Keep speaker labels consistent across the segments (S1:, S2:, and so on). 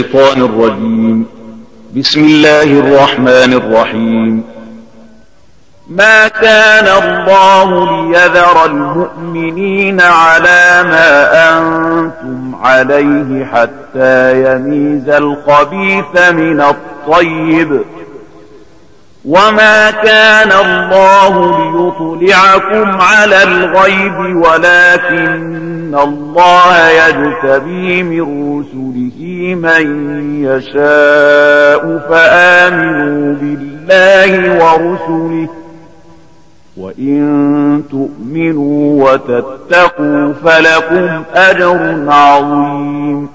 S1: الشيطان الرجيم بسم الله الرحمن
S2: الرحيم ما كان الله ليذر المؤمنين على ما أنتم عليه حتى يميز الخبيث من الطيب وما كان الله ليطلعكم على الغيب ولكن إن الله يجتبي من رسله من يشاء فآمنوا بالله ورسله وإن تؤمنوا وتتقوا فلكم أجر عظيم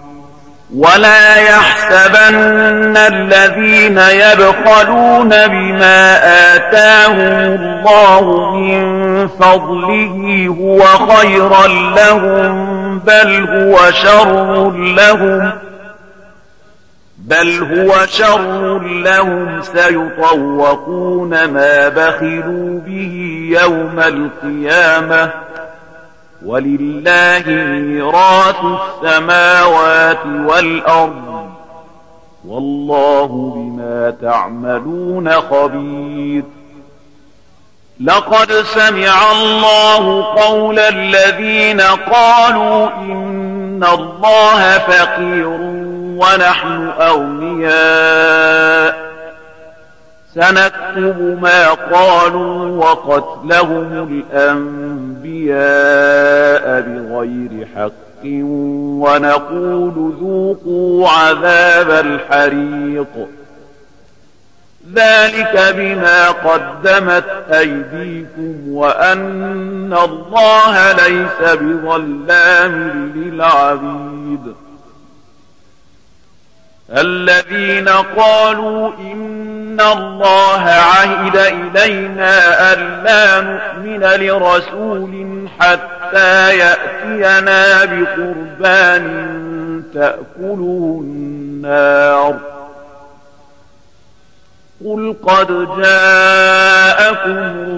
S2: ولا يحسبن الذين يبخلون بما آتاهم الله من فضله هو خيرا لهم بل هو شر لهم بل هو شر لهم سيطوقون ما بخلوا به يوم القيامة ولله ميراث السماوات والأرض والله بما تعملون خبير لقد سمع الله قول الذين قالوا إن الله فقير ونحن أغنياء سنكتب ما قالوا وقتلهم الأنبياء بغير حق ونقول ذوقوا عذاب الحريق ذلك بما قدمت أيديكم وأن الله ليس بظلام للعبيد الذين قالوا إن الله عهد إلينا ألا نؤمن لرسول حتى يأتينا بقربان تأكله النار قل قد جاءكم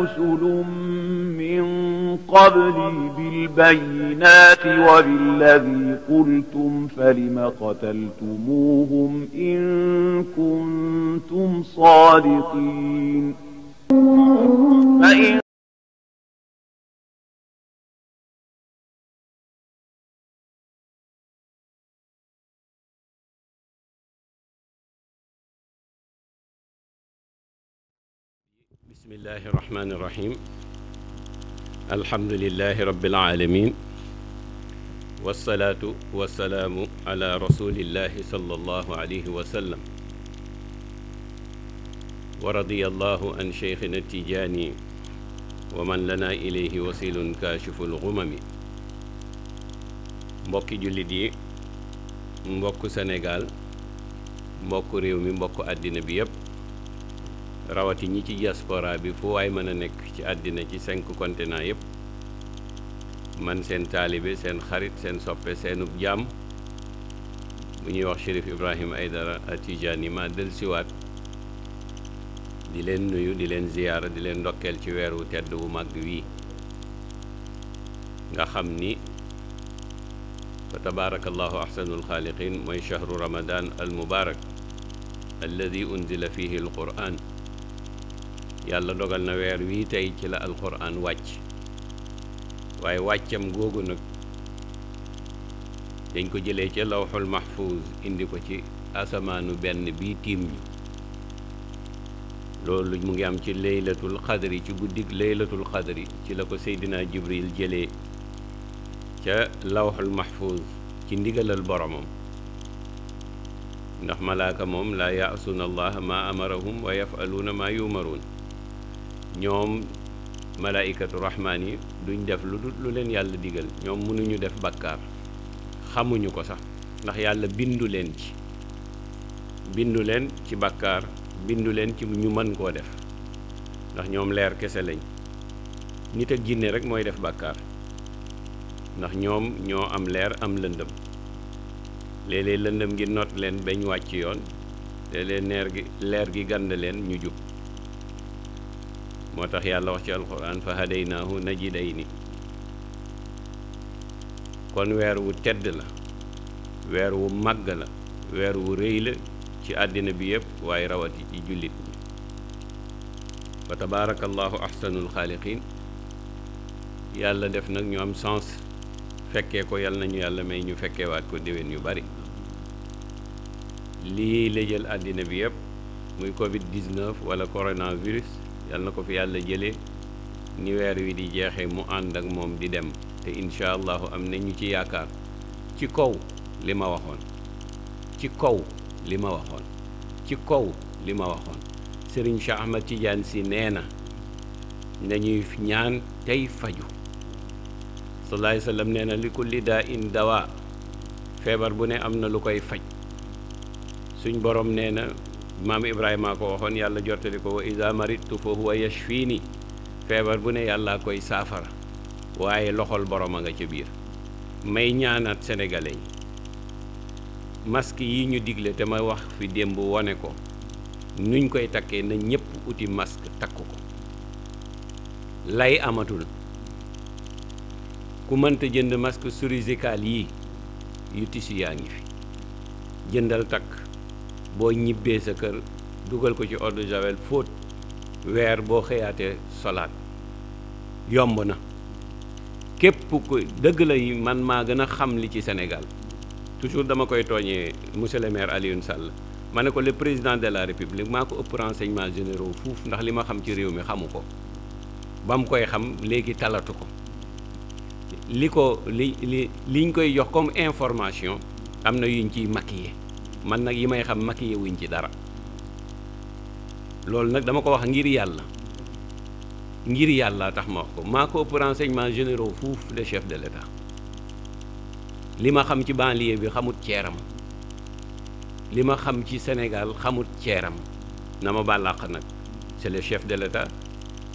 S2: رسل قبلي بالبينات وبالذي قلتم فلم قتلتموهم إن كنتم صادقين
S1: فإن بسم الله الرحمن الرحيم alhamdulilahi
S3: rabbil alamin wasalaatu wasalaamu ala rasulillahi sallallahu alayhi wa sallam wa radiya allahu an cheikhina tijaani wa man lana ilayhi wasilun kaashiful xumami mbokki jullit yi mbokk Sénégal mbokk réew mi mbokk àddina bi yépp rawati ñi ci diaspora bi fu waay mën a nekk ci àddina ci cinq continents yëpp man seen taalibe seen xarit seen soppe seenub jàmm bu ñuy wax Chérif Ibrahima Aïdara Tijaani ma dellusiwaat di leen nuyu di leen ziyaara di leen ndokkeel ci weer wu tedd wu màgg wii nga xam ni fa tabaarakallaahu ahsanul xaaliqiin mooy chahru ramadan al mubaarak alladi unzila fihi al quraan yàlla dogal na weer wii tey ci la alxuraan wàcc waaye wàccam googu nag dañ ko jëlee ca lawxul mahfuuz indi ko ci asamaanu benn bii tiim ñu loolu mu ngi am ci laylatul xadri ci guddig laylatul xadri ci la ko seydinaa jibril jëlee ca lawxul mahfuuz ci ndigalal boromam ndax malaaka moom laa yaasuuna allaha maa amarahum wa yafaluuna maa yumaruun ñoom malaayikatu rahmaan yi duñ def lu lu leen yàlla digal ñoom mënuñu def bàkkaar xamuñu ko sax ndax yàlla bindu leen ci bindu leen ci bàkkaar bindu leen ci ñu mën koo def ndax ñoom leer kese lañ nit a jinne rek mooy def bàkkaar ndax ñoom ñoo am leer am lëndëm léeg lëndëm ngi not leen bañ wàcc yoon léeg neer gi leer gi gànd leen ñu jub moo tax yàlla wax ci alxuraan fa day ni kon weer wu tedd la weer wu màgg la weer wu rëy la ci àddina bi yëpp waaye rawati ci jullit ñi fa tabaarakallaahu ahsanul xaaliqiin yàlla def nag ñu am sens fekkee ko yàlla nañu yàlla may ñu fekkeewaat ko déwén yu bari lii la àddina bi yëpp muy covid 19 wala coronavirus yal na ko fi yàlla jëlee ni weer wi di jeexee mu ànd ak moom di dem te incha am na ñu ci yaakaar ci kaw li ma waxoon ci kaw li ma waxoon ci kaw li ma waxoon Serigne Cheikh Ahmad si nee na nañuy ñaan tey faju sallallahu alayhi nee na li kulli daa in dawa feebar bu ne am na lu koy faj suñ borom nee na maam Ibrahima ko waxoon yàlla jottali ko wa iza maritu fa huwa yashfini feebar bu ne yàllaa koy saafara waaye loxol borom a nga ca biir may ñaanaat sénégalais yi masque yi ñu digle te ma wax fi démb wone ko nuñ koy takkee na ñépp uti masque takk ko lay amatul ku mënta jënd masque chirurgical yi yu tissu yaa ngi fi jëndal takk boo ñibbee sa kër dugal ko ci eau de fóot weer boo xëyaatee solaat yomb na képp ko dëgg la man maa gën a xam li ci Sénégal toujours dama koy tooñee monsieur le maire Alioune Sall ma ne ko le président de la république maa ko ëpp renseignement généraux fuuf ndax li ma xam ci réew mi xamu ko ba mu koy xam léegi talatu ko li ko li li liñ koy jox comme information am na yuñ ciy maquiller man nag yi may xam maquillé wuñ ci dara loolu nag dama ko wax ngir yàlla ngir yàlla tax ma wax ko maa ko ëpp renseignement généraux fuuf le chef de l'État li ma xam ci banlieue bi xamut ceeram li ma xam ci Sénégal xamut ceeram na ma bàllaax nag c'est le chef de l'État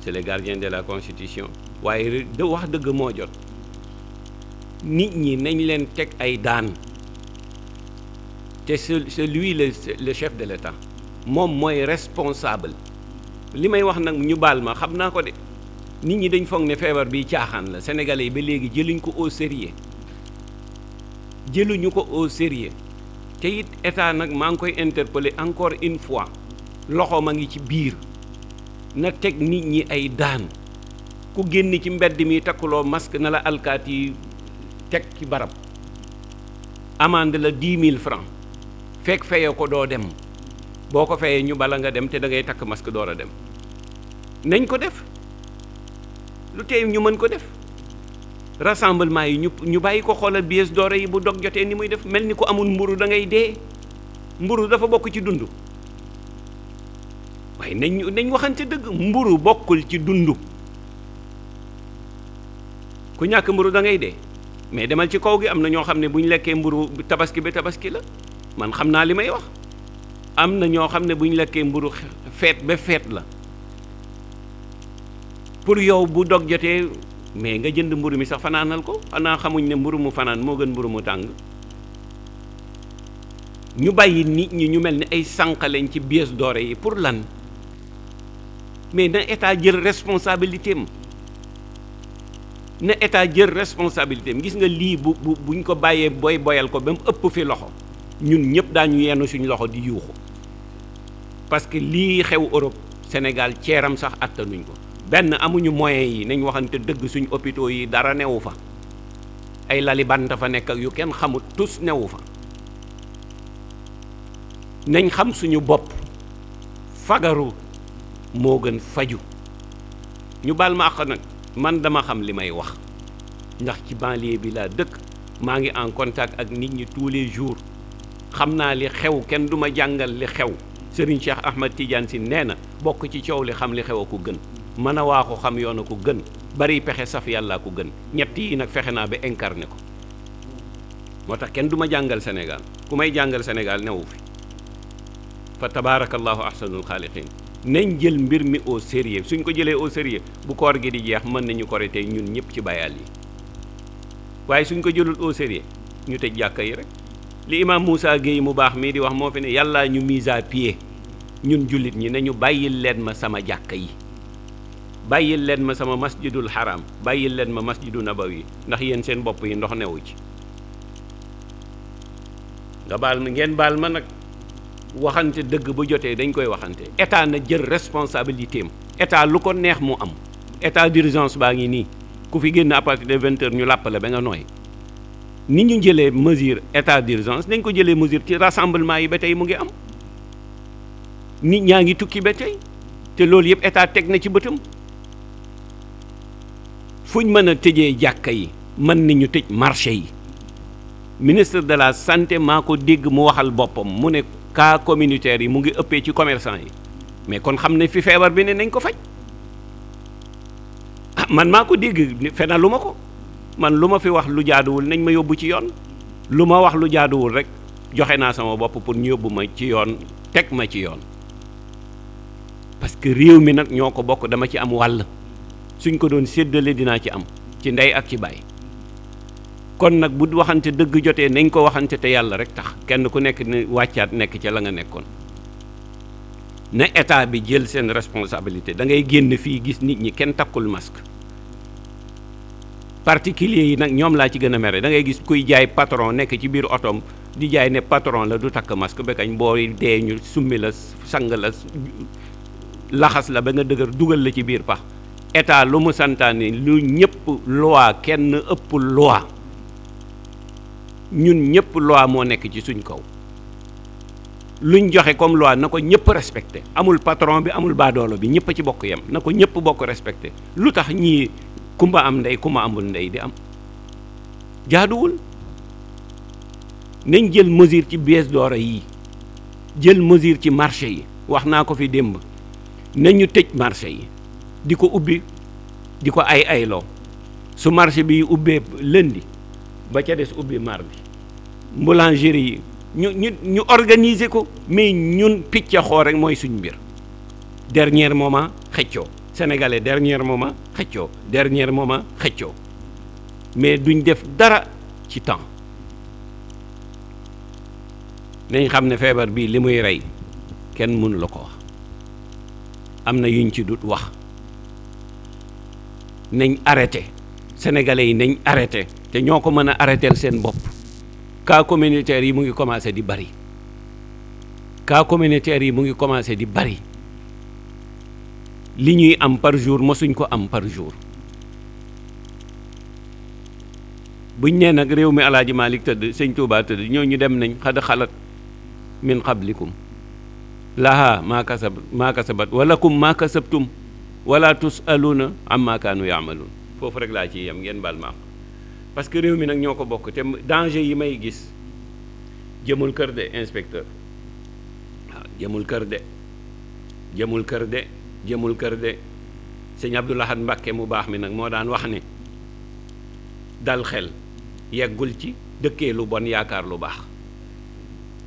S3: c'est le gardien de la constitution waaye wax dëgg moo jot nit ñi nañ leen teg ay daan te c'est lui le le chef de l'État moom mooy responsable li may wax nag ñu baal ma xam naa ko de nit ñi dañ foog ne feebar bi caaxaan la sénégalais yi ba léegi jëluñ ko au sérieux jëluñu ko au sérier te it état nag maa ngi koy interpeller encore une fois loxo ma ngi ci biir na teg nit ñi ay daan ku génn ci mbedd mi takkuloo masque na la alkaati teg ci barab amende la dix mille francs fekk fayee ko doo dem boo ko fayee ñu bala nga dem te da ngay takk masque door a dem nañ ko def lu tey ñu mën ko def rassemblement yi ñu ñu bàyyi ko xoolal billets d'or yi bu dog jotee ni muy def mel ni ko amul mburu da ngay dee mburu dafa bokk ci dund waaye nañ nañ waxante dëgg mburu bokkul ci dund ku ñàkk mburu dangay ngay dee mais demal ci kaw gi am na ñoo xam ne bu ñu lekkee mburu tabaski bi tabaski la man xam naa li may wax am na ñoo xam ne buñ ñu lekkee mburu feet ba feet la pour yow bu dog jotee mais nga jënd mburu mi sax fanaanal ko xanaa xamuñ ne mburu mu fanaan moo gën mburu mu tàng ñu bàyyi nit ñi ñu mel ni ay sànqaleñ ci bies doore yi pour lan mais na état jël responsabilité am na état jël responsabilité am gis nga lii bu bu buñ ko bàyyee boy boyal ko ba mu ëpp fi loxo ñun ñëpp daañu yenn suñ loxo di yuuxu parce que lii xew orop senegaal ceeram sax attanuñ ko benn amuñu moyen yi nañ waxante dëgg suñu hôpitaux yi dara newu fa ay lali bant fa nekk yu kenn xamut tus newu fa nañ xam suñu bopp fagaru moo gën faju ñu baal ma àq nag man dama xam li may wax ndax ci banlieue bi laa dëkk maa ngi en contact ak nit ñi tous les jours xam naa li xew kenn du ma jàngal li xew Serigne Cheikh Ahmad Tidiane si nee na bokk ci coow li xam li xew a ko gën mën a waaxu xam yoon a ko gën bari pexe saf yàllaa ko gën ñett yi nag fexe naa ba incarné ko moo tax kenn duma jàngal Sénégal ku may jàngal Sénégal newu fi fa tabaarakallahu ahsanul xaaliqin nañ jël mbir mi au sérieux suñ ko jëlee au sérieux bu koor gi di jeex mën nañu korite ñun ñëpp ci bayal yi waaye suñ ko jëlul au sérieux ñu tëj jàkka yi rek li imaam Moussa Guèye mu baax mii di wax moo fi ne yàllaa ñu mise à pied ñun jullit ñi ne ñu bàyyil leen ma sama jàkka yi bàyyil leen ma sama masjidul haram bàyyil leen ma masjidu nabawi ndax yéen seen bopp yi ndox neewu ci nga baal ma ngeen baal ma nag waxante dëgg bu jotee dañ koy waxante état na jël responsabilité am état lu ko neex mu am état d'urgence baa ngi nii ku fi génn à de vingt heures ñu làppale ba nga nooy ni ñu jëlee mesure état d'urgence nañ ko jëlee mesure ci rassemblement yi ba tey mu ngi am nit ñaa ngi tukki ba tey te loolu yëpp état teg na ci bëtam fuñ mën a tëjee jàkka yi mën nañu tëj marché yi ministre de la santé maa ko dégg mu waxal boppam mu ne cas communautaire yi mu ngi ëppee ci commerçant yi mais kon xam ne fi feebar bi ne nañ ko faj ah man maa ko dégg fena lu ma ko man lu ma fi wax lu jaaduwul nañ ma yóbbu ci yoon lu ma wax lu jaaduwul rek joxe naa sama bopp pour ñu yóbbu ma ci yoon teg ma ci yoon parce que réew mi nag ñoo ko bokk dama ci am wàll suñ ko doon séddale dinaa ci am ci ndey ak ci baay kon nag bu waxante dëgg jotee nañ ko waxante te yàlla rek tax kenn ku nekk ni wàccaat nekk ca la nga nekkoon na état bi jël seen responsabilité da ngay génn fii gis nit ñi kenn takkul mask particulier yi nag ñoom laa ci gën a mere da ngay gis kuy jaay patron nekk ci biir otom di jaay ne patron la du takk masque ba kañ boo dee ñu summi la sang la laxas la ba nga dëgër dugal la ci biir pax état lu mu santaane lu ñëpp loi kenn ëpp loi ñun ñëpp loi moo nekk ci suñ kaw luñ joxe comme loi na ko ñëpp respecté amul patron bi amul baadoolo bi ñëpp a ci bokk yam na ko ñëpp bokk respecté lu tax ñii kumba am ndey kumba amul ndey di am jaaduwul nañ jël mesure ci pièces d'or yi jël mesure ci marché yi wax naa ko fi démb nañu tëj marché yi di ko ubbi di ko ay ayloo su marché bi ubbee lëndi ba ca des ubbi bi boulangerie yi ñu ñu ñu organiser ko mais ñun picc xoo rek mooy suñ mbir dernier moment xëccoo sénégalais dernier moment xëccoo dernier moment xëccoo mais duñ def dara ci temps nañ xam ne feebar bii li muy rey kenn mënu la ko wax am na yuñ ci dut wax nañ arrêté sénégalais yi nañ arrêté te ñoo ko mën a arrêteel seen bopp kaa communautaire yi mu ngi commencé di bari cas communautaire yi mu ngi commencé di bari li ñuy am par jour mosuñ ko am par jour buñ neen nag réew mi alaaji Malick tëdd sëñ Touba tëdd ñoo ñu dem nañ xad xalat min qablikum laha maa kasab maa kasabat walakum maa kasabtum wala tusaluuna amma kaanu yaamaluun foofu rek laa ciy yem ngeen baal ma parce que réew mi nag ñoo ko bokk te danger yi may gis jëmul kër de inspecteur jëmul kër de jëmul kër de jëmul kër de sëñ Abdou Lahad Mbàkke mu baax mi nag moo daan wax ni dal xel yeggul ci dëkkee lu bon yaakaar lu baax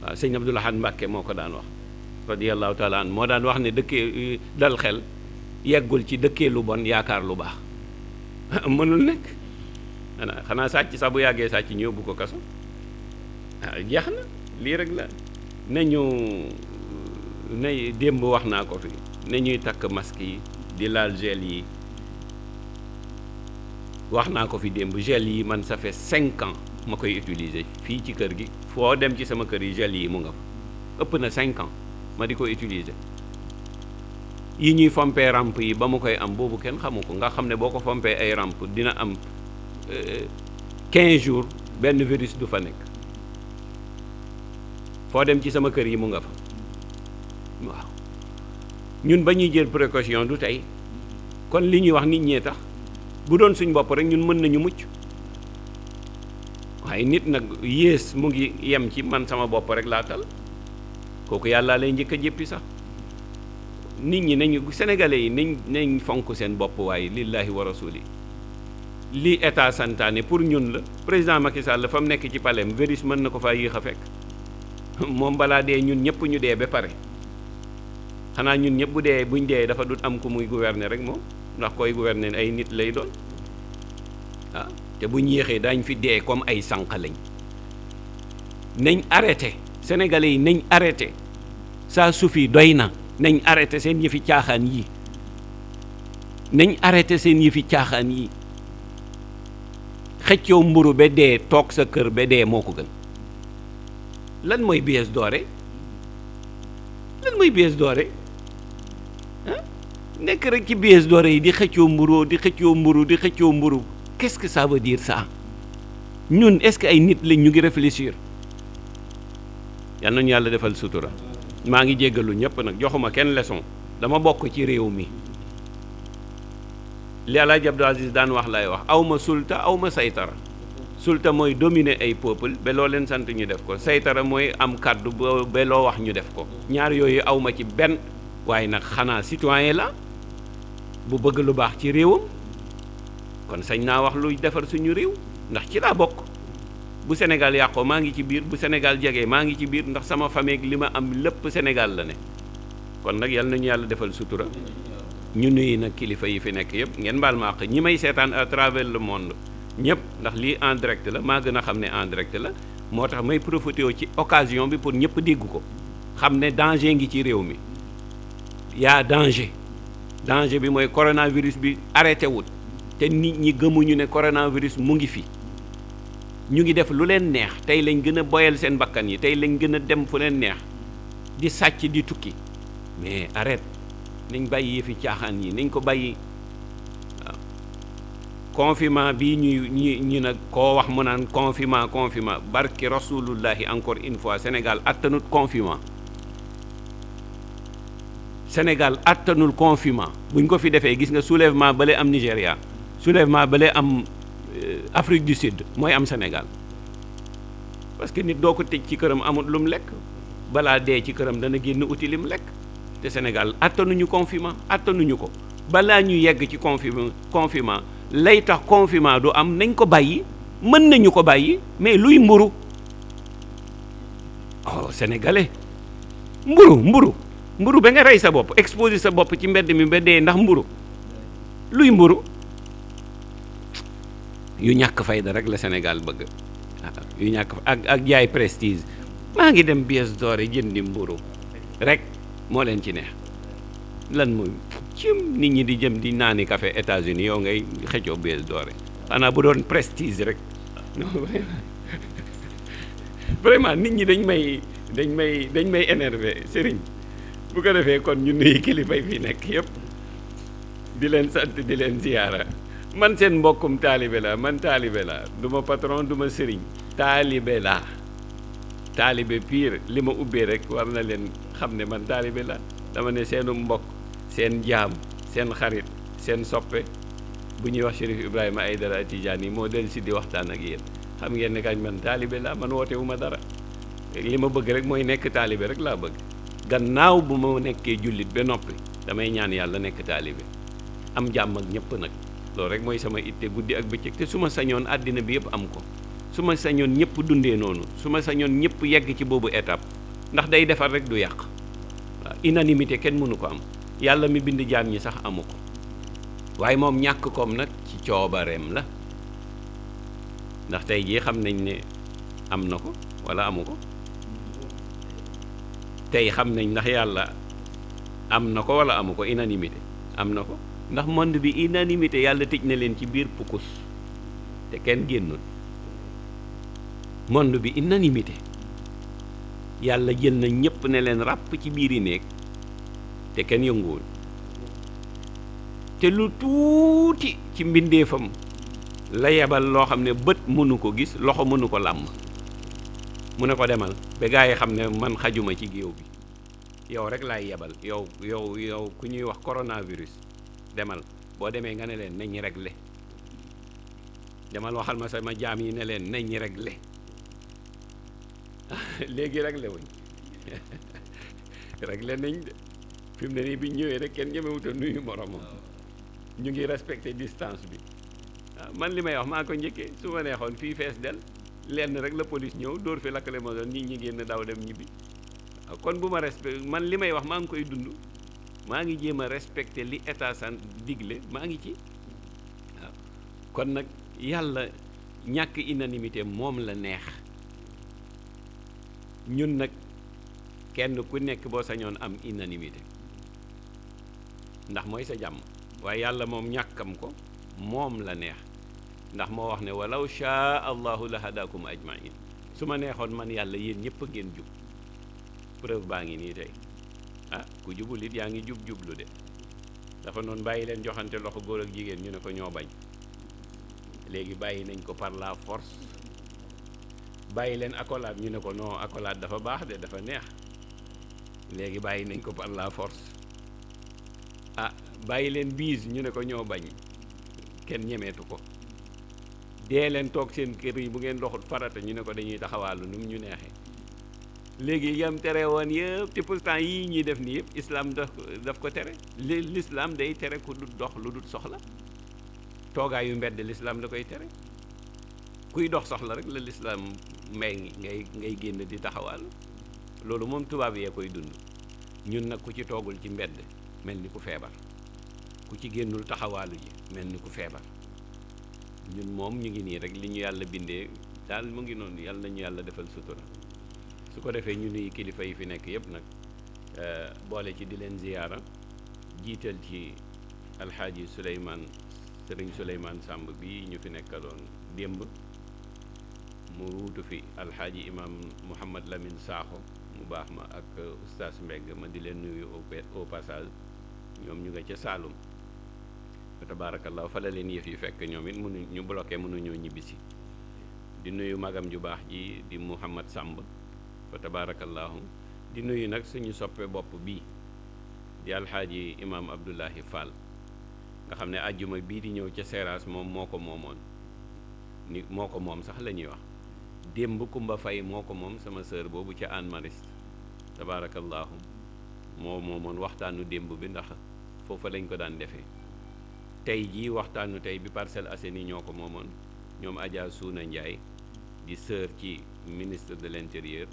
S3: waaw sëñ Abdou moo ko daan wax radiyallahu taala an moo daan wax ne dëkkee euh, dal xel yeggul ci dëkkee lu bon yaakaar lu baax mënul nekk xanaa sàcc sax bu yàggee sàcc ñu yóbbu ko kaso ah, jeex na lii rek la ne ñu ne démb wax naa ko fi ne ñuy takk masque yi di laal gel yi wax naa ko fi démb gel yi man ça fait cinq ans ma koy utilise fii ci kër gi foo dem ci sama kër yi gel yi mu nga fa ëpp na cinq ans ma di ko utilise yi ñuy fompe ramp yi ba mu koy am boobu kenn xamu ko nga xam ne boo ko fompee ay ramp dina am euh, quinze jours benn virus du fa nekk foo dem ci sama kër yi mu nga fa waaw ñun ba ñuy jël précaution du tey kon li ñuy wax nit ñee tax bu doon suñ bopp rek ñun mën nañu mucc waaye nit nag yées mu ngi yem ci man sama bopp rek laa tal kooku yàlla lay njëkk a jéppi sax nit ñi nañu sénégalais yi nañ nañ fonk seen bopp waaye lillahi wa rasuli li état santaane pour ñun la président Macky Sall fa mu nekk ci palais virus mën na ko faa yéex a fekk moom balaa dee ñun ñëpp ñu dee ba pare xanaa ñun ñëpp bu dee buñ dee dafa dut am ku muy gouverner rek moom ndax koy gouverner ay nit lay doon ah, te buñ yéexee daañ fi dee comme ay sànq lañ nañ arrêté sénégalais yi nañ arrêté ça suffit doy na nañ arrêté seen yëfi caaxaan yi nañ arrêté seen yëfi caaxaan yi xëccoo mburu ba dee toog sa kër ba dee moo ko gën lan mooy bies doore lan mooy bies doore nekk rek ci bies doore yi di xëccoo mburu di xëccoo mburu di xëccoo mburu qu'est-ce que ça veut ñun est-ce que ay nit lañ ñu ngi réfléchir yal nañu yàlla defal sutura maa ngi jéggalu ñëpp nag joxuma kenn leçon dama bokk ci réew mi li Alaaji Abdou Aziz daan wax lay wax awma sulta awma saytara sulta mooy dominer ay peuple ba loo leen sant ñu def ko saytara mooy am kàddu ba loo wax ñu def ko ñaar yooyu awma ci benn waaye nag xanaa citoyen la bu bëgg lu baax ci réewam kon sañ naa wax luy defar suñu réew ndax ci laa bokk bu Sénégal yàqoo maa ngi ci biir bu Sénégal jege maa ngi ci biir ndax sama famille li ma am lépp Sénégal la ne kon nag yal nañu yàlla defal sutura ñu nuyu nag kilifa yi fi nekk yëpp ngeen baal ma àq ñi may seetaan à travers le monde ñëpp ndax lii en direct la maa gën a xam ne en direct la moo tax may profité ci occasion bi pour ñëpp dégg ko xam ne danger ngi ci réew mi. y'a danger danger bi mooy coronavirus bi arrêté wul te nit ñi gëmuñu ne coronavirus mu ngi fi ñu ngi def lu leen neex tey lañ gën a boyal seen bakkan yi tey lañ gën a dem fu leen neex di sàcc di tukki mais arrête nañ bàyyi yëfi caaxaan yi nañ ko bàyyi waaw confinement bii ñuy ñi ñu nag koo wax mu naan confinement confinement barki rasulullahi encore une fois Sénégal attanut confinement Sénégal attanul confiment buñ ko fi defee gis nga soulèvement balee am Nigéria soulèvement balee am euh, Afrique du Sud mooy am Sénégal parce que nit doo ko tëj ci këram amul lu mu lekk balaa dee ci këram dana génn uti li mu lekk te Sénégal attanuñu confinement attanuñu ko balaa ñu yegg ci confinement confinement lay tax confiment du am nañ ko bàyyi mën nañu ko bàyyi mais luy mburu oh sénégalais mburu mburu mburu ba nga rey sa bopp exposé sa bopp ci mbedd mi ba dee ndax mburu luy mburu yu ñàkk fayda rek la Sénégal bëgg yu ñàkk ak ak jaay prestige maa ngi dem bies doore jëndi mburu rek moo leen ci neex lan mooy cim nit ñi di jëm di naani café États-Unis yow ngay xëccoo bies doore xanaa bu doon prestige rek vraiment nit ñi dañ may dañ may dañ may énervé Serigne bu ko defee kon ñu nuyu kilifa yi fi nekk yépp di leen sant di leen ziyaara man seen mbokkum taalibe la man taalibe la du ma patron du sëriñ taalibe la taalibe pire li ma ubbee rek war na leen xam ne man taalibe la dama ne seenu mbokk seen jaam seen xarit seen soppe bu ñuy wax Chérif Ibrahima Aïdara Tidiane yi moo del si di waxtaan ak yéen xam ngeen ne kañ man taalibe laa man woote wu ma dara li ma bëgg rek mooy nekk taalibe rek laa bëgg gannaaw bu ma nekkee jullit ba noppi damay ñaan yàlla nekk taalibe am jàmm ak ñëpp nag loolu rek mooy sama itte guddi ak bëccëg te su ma sañoon àddina bi yëpp am ko su ma sañoon ñëpp dundee noonu su ma sañoon ñëpp yegg ci boobu étape ndax day defar rek du yàq waaw unanimité kenn mënu ko am yàlla mi bind jaam ñi sax amu ko waaye moom ñàkk koom nag ci coobareem la ndax tey jii xam nañ ne am na ko wala amu ko tey xam nañ ndax yàlla am na ko wala amu ko unanimité am na ko ndax monde bi unanimité yàlla tëj na leen ci biir pukkus te kenn génnul monde bi unanimité yàlla jël na ñëpp ne leen ràpp ci biir yi néeg te kenn yënguwul te lu tuuti ci mbindeefam la yebal loo xam ne bët mënu ko gis loxo mënu ko làmm mu ne ko demal ba yi xam ne man xajuma ci géew bi yow rek laay yebal yow yow yow ku ñuy wax coronavirus demal boo demee nga ne leen nañ ñi réglé demal waxal ma sama jaam yi ne leen nañ ñi réglé léegi réglé wuñ réglé nañ de fi mu ne nii bi ñëwee rek kenn ñemewuta nuyu moromam ñu ngi respecté distance bi ah, man li may wax maa ko njëkkee su ma neexoon fii fees del lenn rek la police ñëw dóor fi lacrymogène nit ñi génn daw dem ñibbi ah, kon bu ma respect man li may wax maa ngi koy dund maa ngi jéem a respecté li état san digle maa ngi ci waaw ah, kon nag yàlla ñàkk unanimité moom la neex ñun nag kenn ku nekk boo sañoon am unanimité ndax mooy sa jàmm waaye yàlla moom ñàkkam ko moom la neex ndax moo wax ne walaw shaa allahu la hadakum ajmain su ma neexoon man yàlla yéen ñëpp ngeen jub preuve baa ngi nii tey ah ku jubul it yaa ngi jub jublu de dafa noon bàyyi leen joxante loxo góor ak jigéen ñu ne ko ñoo bañ léegi bàyyi nañ ko par la force bàyyi leen accolade ñu ne ko non accolade dafa baax de dafa neex léegi bàyyi nañ ko par la force ah bàyyi leen biis ñu ne ko ñoo bañ kenn ñemeetu ko dee leen toog seen kër yi bu ngeen doxul farata ñu ne ko dañuy taxawaalu nu mu ñu neexee léegi yam tere woon yëpp te pourtant yii ñuy def nii yëpp islam daf daf ko tere li l'islam day tere ku du dox lu dul soxla toogaayu mbedd l'islam da koy tere kuy dox soxla rek la l'islam may ngi ngay ngay génn di taxawaalu loolu moom tubaab yee koy dund ñun nag ku ci toogul ci mbedd mel ni ku feebar ku ci génnul taxawaalu ji mel ni ku feebar ñun moom ñu ngi nii rek li ñu yàlla bindee daal mu ngi noonu yàlla nañu yàlla defal sutura su ko defee ñu nuyu kilifa yi fi nekk yëpp nag eh, boole ci di leen ziyaara jiital ci alxaaji Souleymane sëriñ Souleymane sàmb bi ñu fi nekkaloon démb mu wuutu fi alxaaji imam Mouhamad lamin Sakho mu baax ma ak oustaz Mbeng ma di leen nuyu au passage ñoom ñu nga ca Saalum tabaarakallaa fa la leen yëf yi fekk ñoom it mënu ñu bloqué mënuñoo ñibbisi di nuyu magam ju baax ji di Mouhamad Samb fa tabaarakallaahu di nuyu nag suñu soppe bopp bii di alxaaji imaam Abdoulahi Fall nga xam ne àjjuma bii di ñëw ca Seras moom moo ko moomoon ni moo ko moom sax lañuy wax démb Kumba Fay moo ko moom sama sœur boobu ca Anne Mariste tabaarakallaahu moo moomoon waxtaanu démb bi ndax foofa lañ ko daan defee tey jii waxtaanu tey bi Parcelles Assainies ñoo ko moomoon ñoom Adja Suuna Ndiaye di sœur ci ministre de l'intérieur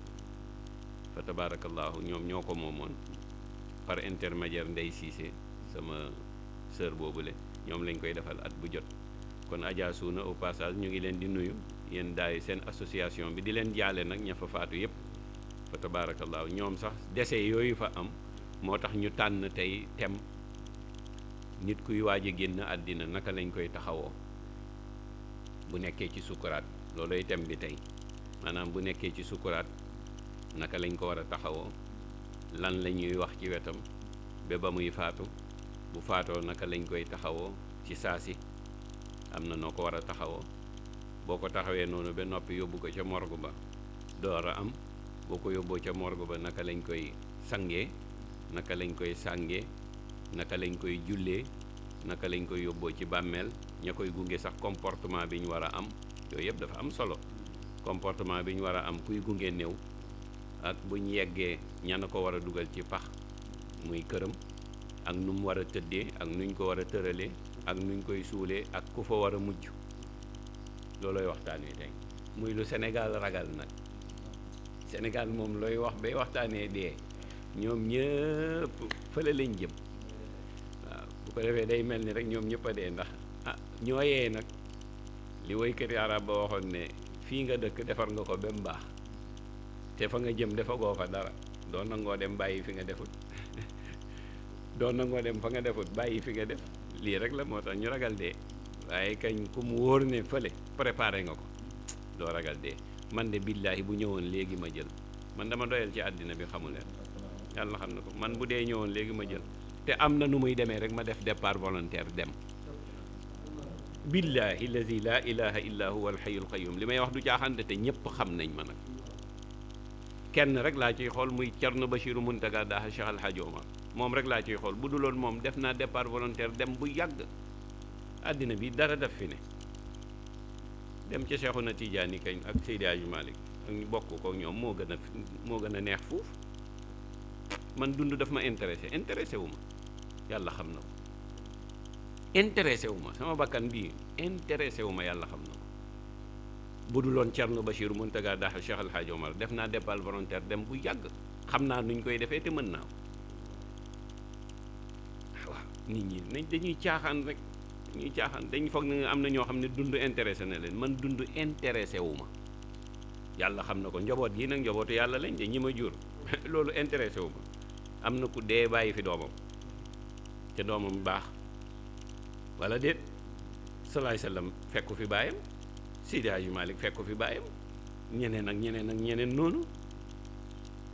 S3: fa tabaarakallaahu ñoom ñoo ko moomoon par intermédiaire Ndey siise sama boobu boobule ñoom lañ koy defal at bu jot kon Adja Suuna au passage ñu ngi leen di nuyu yéen daay seen association bi di leen jaale nag ña fa faatu yëpp fa tabaarakallaahu ñoom sax dese yooyu fa am moo tax ñu tànn tey tem nit kuy waaj a génn àddina naka lañ koy taxawoo bu nekkee ci sukuraat looloy thème bi tey maanaam bu nekkee ci sukuraat naka lañ ko war a taxawoo lan la ñuy wax ci wetam ba ba muy faatu bu faatoo naka lañ koy taxawoo ci saasi am na noo ko war a taxawoo boo ko taxawee noonu ba noppi yóbbu ko ca morgue ba door a am boo ko yóbboo ca morgue ba naka lañ koy sangee naka lañ koy sàngee naka lañ koy jullee naka lañ koy yóbboo ci bàmmeel ña koy gunge sax comportement bi ñu war a am yooyu yëpp dafa am solo comportement bi ñu war a am kuy gunge néew ak bu ñu yeggee ña na ko war a dugal ci pax muy këram ak nu mu war a tëddee ak nuñ ko war a tëralee ak nuñ koy suulee ak ku fa war a mujj loolooy waxtaan wi tey muy lu Sénégal ragal nag Sénégal moom looy wax bay waxtaanee dee ñoom ñëpp fële lañ jëm. ko day mel ni rek ñoom ñëpp a dee ndax ah ñooyee nag li woykati arab ba waxoon ne fii nga dëkk defar nga ko ba mu baax te fa nga jëm defagoo fa dara doon nangoo dem bàyyi fi nga defut doon nangoo dem fa nga defut bàyyi fi nga def lii rek la moo tax ñu ragal dee waaye kañ ku mu wóor ne fële préparé nga ko doo ragal dee man de billaahi bu ñëwoon léegi ma jël man dama doyal ci àddina bi xamu yàlla xam na ko man bu dee ñëwoon léegi ma jël te am na nu muy demee rek ma def départ volontaire dem billahi lazi la illa huwa alxayul qayum li may wax du caaxaante te ñépp xam nañ ma nag kenn rek laa ciy xool muy Thierno Bachirou Mountaga Daha Cheikh Al Hadj Omar moom rek laa ciy xool bu duloon moom def naa départ volontaire dem bu yàgg àddina bi dara def fi ne dem ca Cheikhouna Tidiane kañ ak Seydi Hadji Malick ak ñu bokk ko ñoom moo gën a moo gën a neex fuuf man dund daf ma intéressé intéressé wu ma yàlla xam na ko intéressé wu ma sama bakkan bii intéressé wu ma yàlla xam na ko bu du loon Thierno Bachir Mountaga Daha Cheikh El Hadj Omar def naa départ volontaire dem bu yàgg xam naa nuñ koy defee te mën naa ko waaw nit ñi nañ dañuy caaxaan rek dañuy caaxaan dañ foog na am na ñoo xam ne dund intéressé na leen man dund intéressé wu ma yàlla xam na ko njaboot yi nag njabootu yàlla lañ de ñi ma jur loolu intéressé wu ma am na ku dee bàyyi fi doomam. te doomam baax wala déet salaay sallam fekku fi baayam Seydi Hadji Malick fekku fi baayam ñeneen ak ñeneen ak ñeneen noonu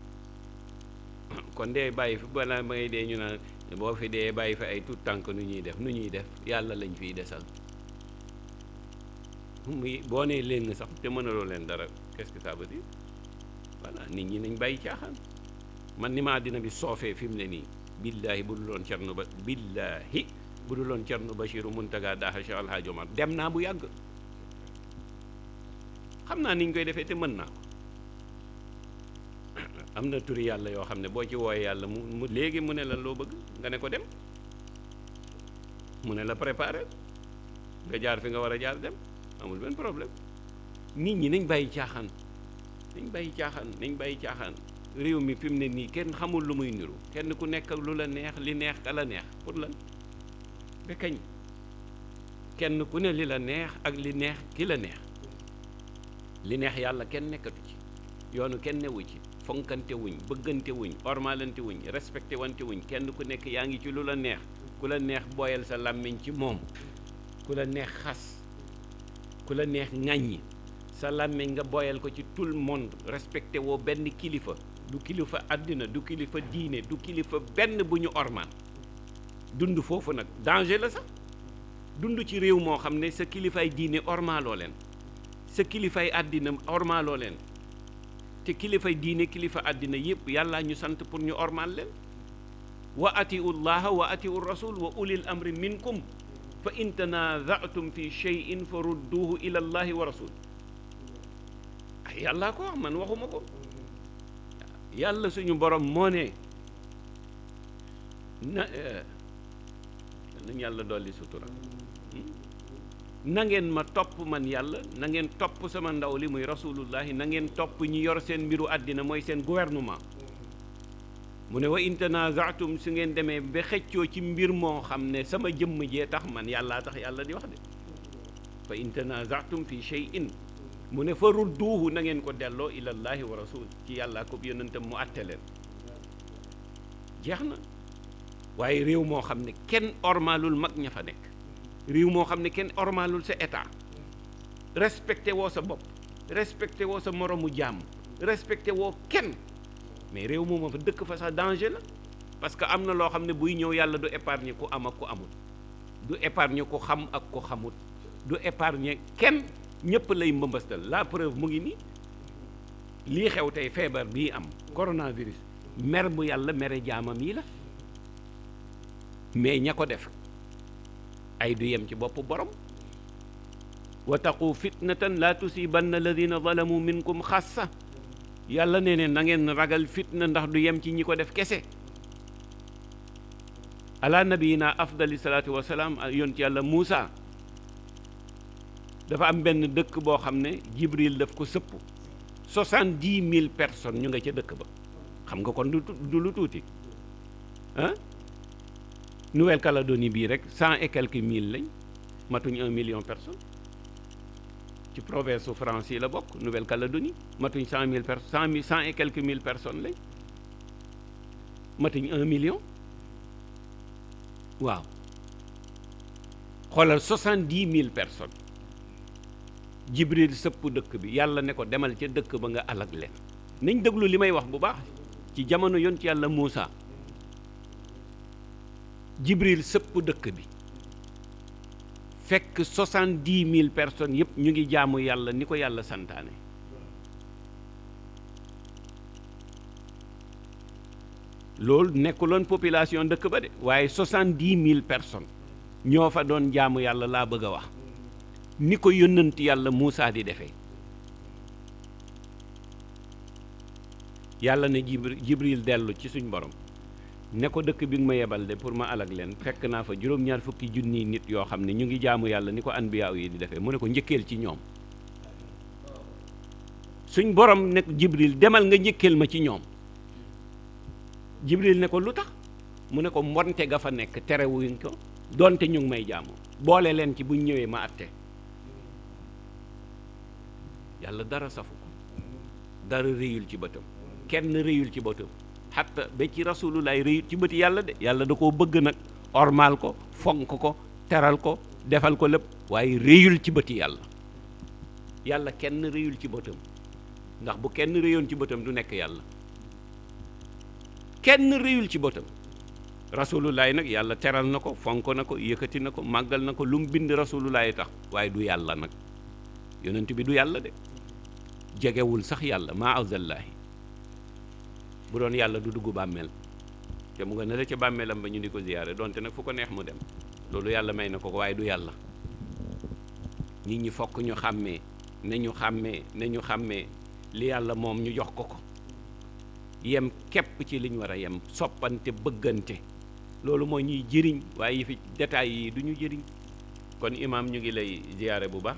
S3: kon dee bàyyi fi balaa may dee ñu naan boo fi dee bàyyi fi ay tout tànk nu ñuy def nu ñuy def yàlla lañ fiy desal muy boo nee leen sax te mënaloo leen dara qu'est-ce que ça veut voilà nit ñi nañ bàyyi caaxaan man ni ma àddina bi soofee fi mu ne nii billaahi bu dul woon Cerno ba billaahi bu dul woon Cerno Bachiru Muntaga Daha Cheikh Al Hadj Omar dem naa bu yàgg xam naa ni ñu koy defee te mën naa ko am na turi yàlla yoo xam ne boo ci wooyee yàlla mu mu léegi mu ne la loo bëgg nga ne ko dem mu ne la préparé nga jaar fi nga war a jaar dem amul benn problème nit ñi nañ bàyyi caaxaan nañ bàyyi caaxaan nañ bàyyi caaxaan réew mi fi mu ne nii kenn xamul lu muy niru kenn ku nekk ak lu la neex li neex ka la neex pour lan ba kañ kenn ku ne li la neex ak li neex ki la neex li neex yàlla kenn nekkatu ci yoonu kenn newu ci fonkante wuñ bëggante wuñ wuñ respecté wante wuñ kenn ku nekk yaa ngi ci lu la neex ku la neex booyal sa làmmiñ ci moom ku la neex xas ku la neex ŋàññi sa làmmiñ nga booyal ko ci tout le monde respecté woo benn kilifa du kilifa àddina du kilifa diine du kilifa benn bu ñu ormaan dund foofu nag danger la sax dund ci réew moo xam ne sa kilifaay diine ormaaloo leen sa kilifaay àddina ormaaloo leen te kilifay diine kilifa àddina yëpp yàlla ñu sant pour ñu ormaal leen wa atiu llaha wa atiu rasul wa ulil amri minkum fa in tanazatum fi cheyin wa rasul ay yàllaa ko wax waxuma ko yàlla suñu borom moo ne na eh, yàlla dolli sutura hmm? na ngeen ma topp man yàlla na ngeen topp sama ndaw li muy rasulullahi na ngeen topp ñi yor seen mbiru àddina mooy seen gouvernement mu ne wa in tanazaatum su ngeen demee ba xëccoo ci mbir moo xam ne sama jëmm jee tax man yàllaa tax yàlla di wax de fa in tanazaatum fi shay'in mu ne fa rudduuhu na ngeen ko delloo ilallahi wa rasul ci yàllaa ko yonentam mu àtte leen jeex na waaye réew moo xam ne kenn ormaalul mag ña fa nekk réew moo xam ne kenn ormaalul sa état respecté woo sa bopp respecté woo sa moromu jàmm respecté woo kenn mais réew moom a fa dëkk fa sa danger la parce que am na loo xam ne buy ñëw yàlla du épargne ku am ak ku amul du épargne ku xam ak ku xamut du épargne kenn ñépp lay mbëmbastal la preuve mu ngi nii lii xew tey feebar bii am coronavirus mer bu yàlla mere jaamam yi la mais ña ko def ay du yem ci bopp borom wa taqu fitnatan la tusibanna alladina zalamu minkum xassa yàlla nee ne na ngeen ragal fitna ndax du yem ci ñi ko def kese ala nabiyina afdali salaatu wasalaam yoon ci yàlla Muusa dafa am benn dëkk boo xam ne Jibril daf ko sëpp soixante-dix mille personnes ñu nga ca dëkk ba xam nga kon du lu tuuti ah Nouvelle-Calédonie bii rek cent et mille lañ matuñ un million personnes ci province su la bokk Nouvelle-Calédonie matuñ cent mille personnes cent mille cent et quelques mille personnes lañ matuñ un million waaw xoolal soixante-dix mille personnes jibril sëpp dëkk bi yàlla ne ko demal ca dëkk ba nga alag leen nañ déglu li may wax bu baax ci jamono yoon ci yàlla Muusa jibril sëpp dëkk bi fekk soixante-dix mille personnes yëpp ñu ngi jaamu yàlla ni ko yàlla santaane loolu nekkuloon population dëkk ba de waaye soixante-dix mille personnes ñoo fa doon jaamu yàlla laa bëgg a wax ni ko yónnant yàlla Muusaa di defee yàlla ne jibri jibril dellu ci suñ borom ne ko dëkk bi nga ma yebal de pour ma alag leen fekk naa fa juróom-ñaar fukki junniy nit yoo xam ne ñu ngi jaamu yàlla ni ko anbiyaaw yi di defee mu ne ko njëkkeel ci ñoom suñ borom ne jibril demal nga njëkkeel ma ci ñoom jibril ne ko lu tax mu ne ko mbonte ga fa nekk terewuñ ko donte ñu ngi may jaamu boole leen ci buñ ñëwee ma atte yàlla dara safu ko dara réyul ci bëtam kenn réyul ci bëtam xatta ba ci rasulullaay réyul ci bëti yàlla de yàlla da koo bëgg nag ormaal ko fonk ko teral ko defal ko lépp waaye réyul ci bëti yàlla yàlla kenn réyul ci bëtam ndax bu kenn réyoon ci bëtam du nekk yàlla kenn réyul ci bëtam rasulullah nag yàlla teral na ko fonk na ko yëkkati na ko màggal na ko lu mu bind rasulullah tax waaye du yàlla nag yonent bi du yàlla de jegewul sax yàlla maa awzallaahi bu doon yàlla du dugg bàmmeel te mu nga ne ci bàmmeelam ba ñu di ko ziyaare donte nag fu ko neex mu dem loolu yàlla may na ko ko waaye du yàlla nit ñi fokk ñu xàmmee ne ñu xàmmee ne ñu xàmmee li yàlla moom ñu jox ko ko yem képp ci liñ war a yem soppante bëggante loolu moo ñuy jëriñ waaye yi fi détails yi du ñu jëriñ kon imaam ñu ngi lay ziyaare bu baax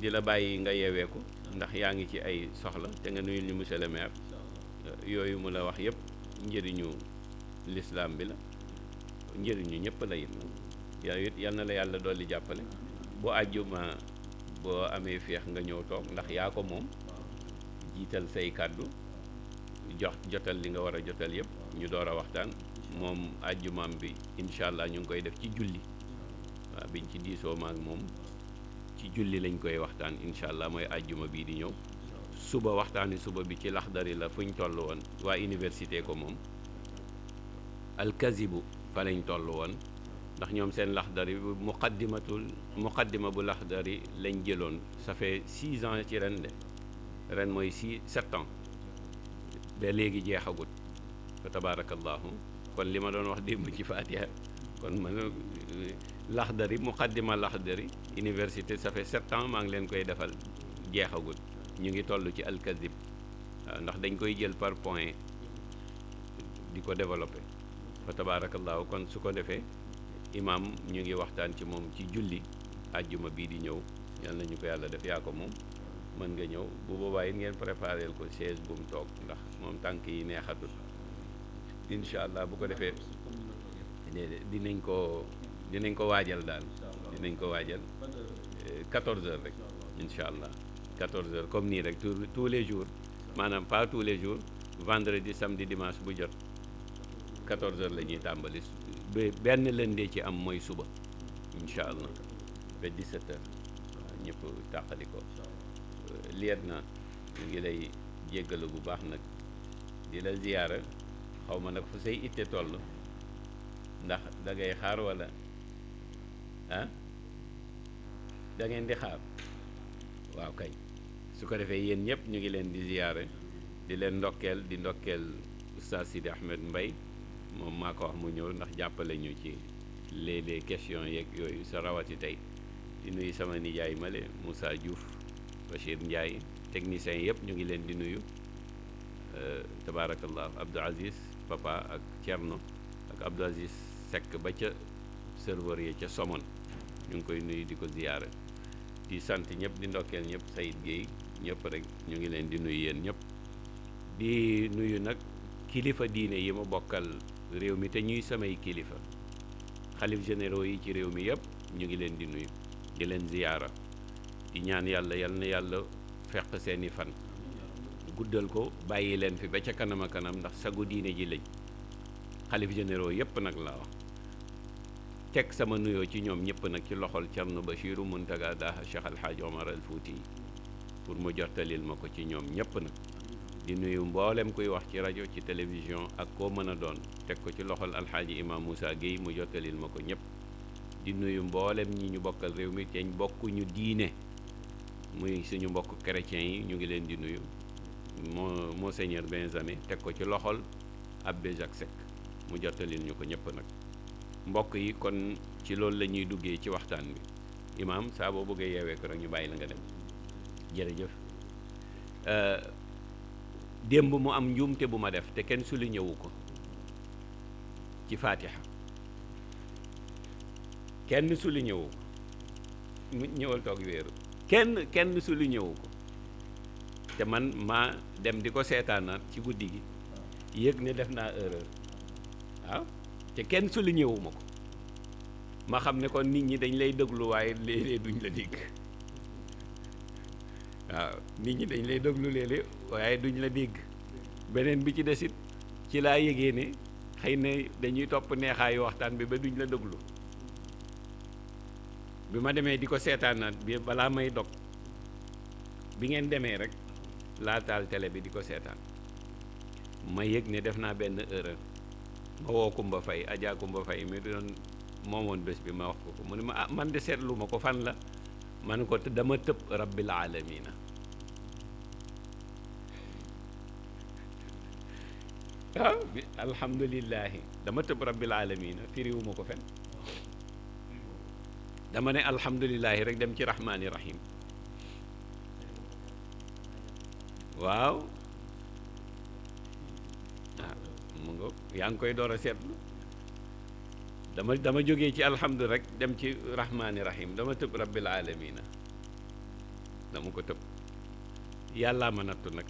S3: di la bàyyi nga yeewee ko ndax yaa ngi ci ay soxla te nga nuyu ñu monsieur le maire yooyu mu la wax yëpp njëriñu lislaam bi la njëriñu ñëpp la it yal na la yàlla dool dolli jàppale bu àjjuma boo amee feex nga ñëw toog ndax yaa ko moom jiital say kàddu jox jotal li nga war a jotal yëpp ñu door a waxtaan moom àjjumaam bi incha allah ñu ngi koy def ci julli waaw biñ ci diisoo maak moom ci julli lañ koy waxtaan incha allah mooy àjjuma bii di ñëw suba waxtaani suba bi ci laxdari la fuñ toll woon waa université ko moom alkazibu fa lañ toll woon ndax ñoom seen laxdari muqaddimatul muqaddima bu laxdari lañ jëloon ça fait six ans ci ren de ren mooy six sept ans ba léegi jeexagut fa tabaarakallaahu kon li ma doon wax démb ci faatiha kon man laxdari muqaddima laxdari université ça fait sept ans maa ngi leen koy defal jeexagul ñu ngi toll ci alkazib waaw euh, ndax dañ koy jël par point di ko développé fa tabaarakallaahu kon su ko defee imaam ñu ngi waxtaan ci moom ci julli àjjuma bii di ñëw yal nañu ñu ko yàlla def yaa ko moom mën nga ñëw bu boobaa it ngeen préparé ko chaise bu mu toog ndax moom tànk yi neexatul incha allah bu ko defee dinañ ko dinañ ko waajal daal dinañ ko waajal 14 eh, heures rek incha allah 14 comme nii rek tous tous les jours maanaam pas tous les jours vendredi samedi dimanche bu jot 14 heures la ñuy tàmbali benn benn de ci am mooy suba incha allah ba 17 heures waaw ñëpp tàqali ko eh, liet na ñu ngi lay jéggalu bu baax nag di la ziyaara xaw ma nag fu say itte toll ndax da ngay xaar wala ah da ngeen di xaar waaw kay su ko defee yéen ñëpp ñu ngi leen di ziyaare di leen ndokkeel di ndokkeel oustaz Sidi Ahmed Mbaye moom maa ko wax mu ñëw ndax jàppale ñu ci léeg-léeg questions yeeg yooyu sa rawati tey di nuyu sama nijaay male Moussa Diouf Bachir Ndiaye techniciens yëpp ñu ngi leen di nuyu euh, tabaarakallah Abdou Aziz papa ak Thierno ak Abdou Aziz Seck ba ca serveur yi ca Somone ñu ngi koy nuyu di ko ziyaara di sant ñëpp di ndokkeel ñëpp Sayid Guèye ñëpp rek ñu ngi leen di nuyu yéen ñëpp di nuyu nag kilifa diine yi ma bokkal réew mi te ñuy samay kilifa xalif généraux yi ci réew mi yëpp ñu ngi leen di nuyu di leen ziyaara di ñaan yàlla yal na yàlla feq seeni fan guddal ko bàyyi leen fi ba ca kanam kanam ndax sagu diine ji lañ xalif généraux yëpp nag laa wax teg sama nuyoo ci ñoom ñëpp nag ci loxol Thierno Bachirou Mountaga Daha Cheikh Al Hadj Omar Al Fouti pour mu jottalil ma ko ci ñoom ñëpp nag di nuyu mboolem kuy wax ci rajo ci télévision ak koo mën a doon teg ko ci loxol Al Hadj Imam Moussa Guèye mu jottalil ma ko ñëpp di nuyu mboolem ñi ñu bokkal réew mi te ñu bokk ñu diine muy suñu mbokk chrétiens yi ñu ngi leen di nuyu moo monseigneur Benjamin teg ko ci loxol abbé Jacques Seck mu jottalil ñu ko ñëpp nag. mbokk yi kon ci loolu la ñuy duggee ci waxtaan bi imaam saa boo bëggee yeewee ko rek ñu bàyyi la nga dem jërëjëf euh, démb mu am njuumte bu ma def te kenn sulu li ñëwu ko ci faatiha kenn su li ñëwu ko mu ñëwal toog wéeru kenn kenn su li ñëwu ko te man maa dem di ko seetaanaat ci guddi gi yëg ne def naa erreur waaw ah? te kenn souligné wu ma ko ma xam ne kon nit ñi dañ lay déglu waaye léeg duñ la dégg waaw nit ñi dañ lay déglu léeg waaye duñ la dégg beneen bi ci desit ci laa yégee ne xëy na dañuy topp neexaayu waxtaan bi ba duñ la déglu bi ma demee di ko seetaan seetaanaat bi balaa may dog bi ngeen demee rek laa taal télé bi di ko seetaan ma yëg ne def naa benn erreur ma woo Kumba Fay Adja Kumba Fay mi doon moomoon bés bi ma wax ko ko mu ne ma ah man de seetlu ma ko fan la ma ne ko te dama tëb rabbil alamina ah, dama tëb rabbil alamina firiwuma ko fen dama ne alhamdulilahi rek dem ci rahmaani waaw mu nga yaa ngi koy door a seetlu dama dama jóge ci alhamdu rek dem ci rahmaani rahim dama tëb rabbil alamina dama ko tëb yàllaa ma nattu nag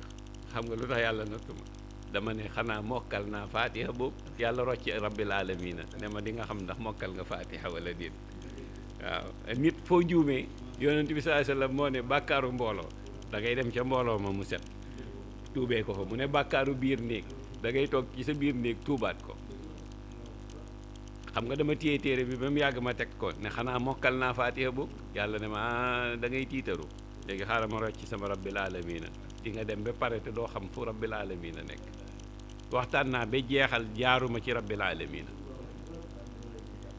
S3: xam nga lu tax yàlla nattu ma dama ne xanaa mokkal naa faatiha boobu yàlla rocci rabbil alamina ne ma di nga xam ndax mokkal nga faatiha wala déet waaw nit foo juumee yonent bi sallallahu alayhi wasallam moo ne bàkkaaru mbooloo dangay dem ca mbooloo ma mu set tuubee ko ko mu ne bàkkaaru biir néeg da ngay toog ci sa biir néeg tuubaat ko xam nga dama téye téere bi ba mu yàgg ma teg ko ne xanaa mokkal naa faatiha boobu yàlla ne ma ah da tiitaru léegi xaaral ma rocc sama rabbil alamina di nga dem ba pare te doo xam fu rabbil alamina nekk waxtaan naa ba jeexal jaaruma ci rabbil alamina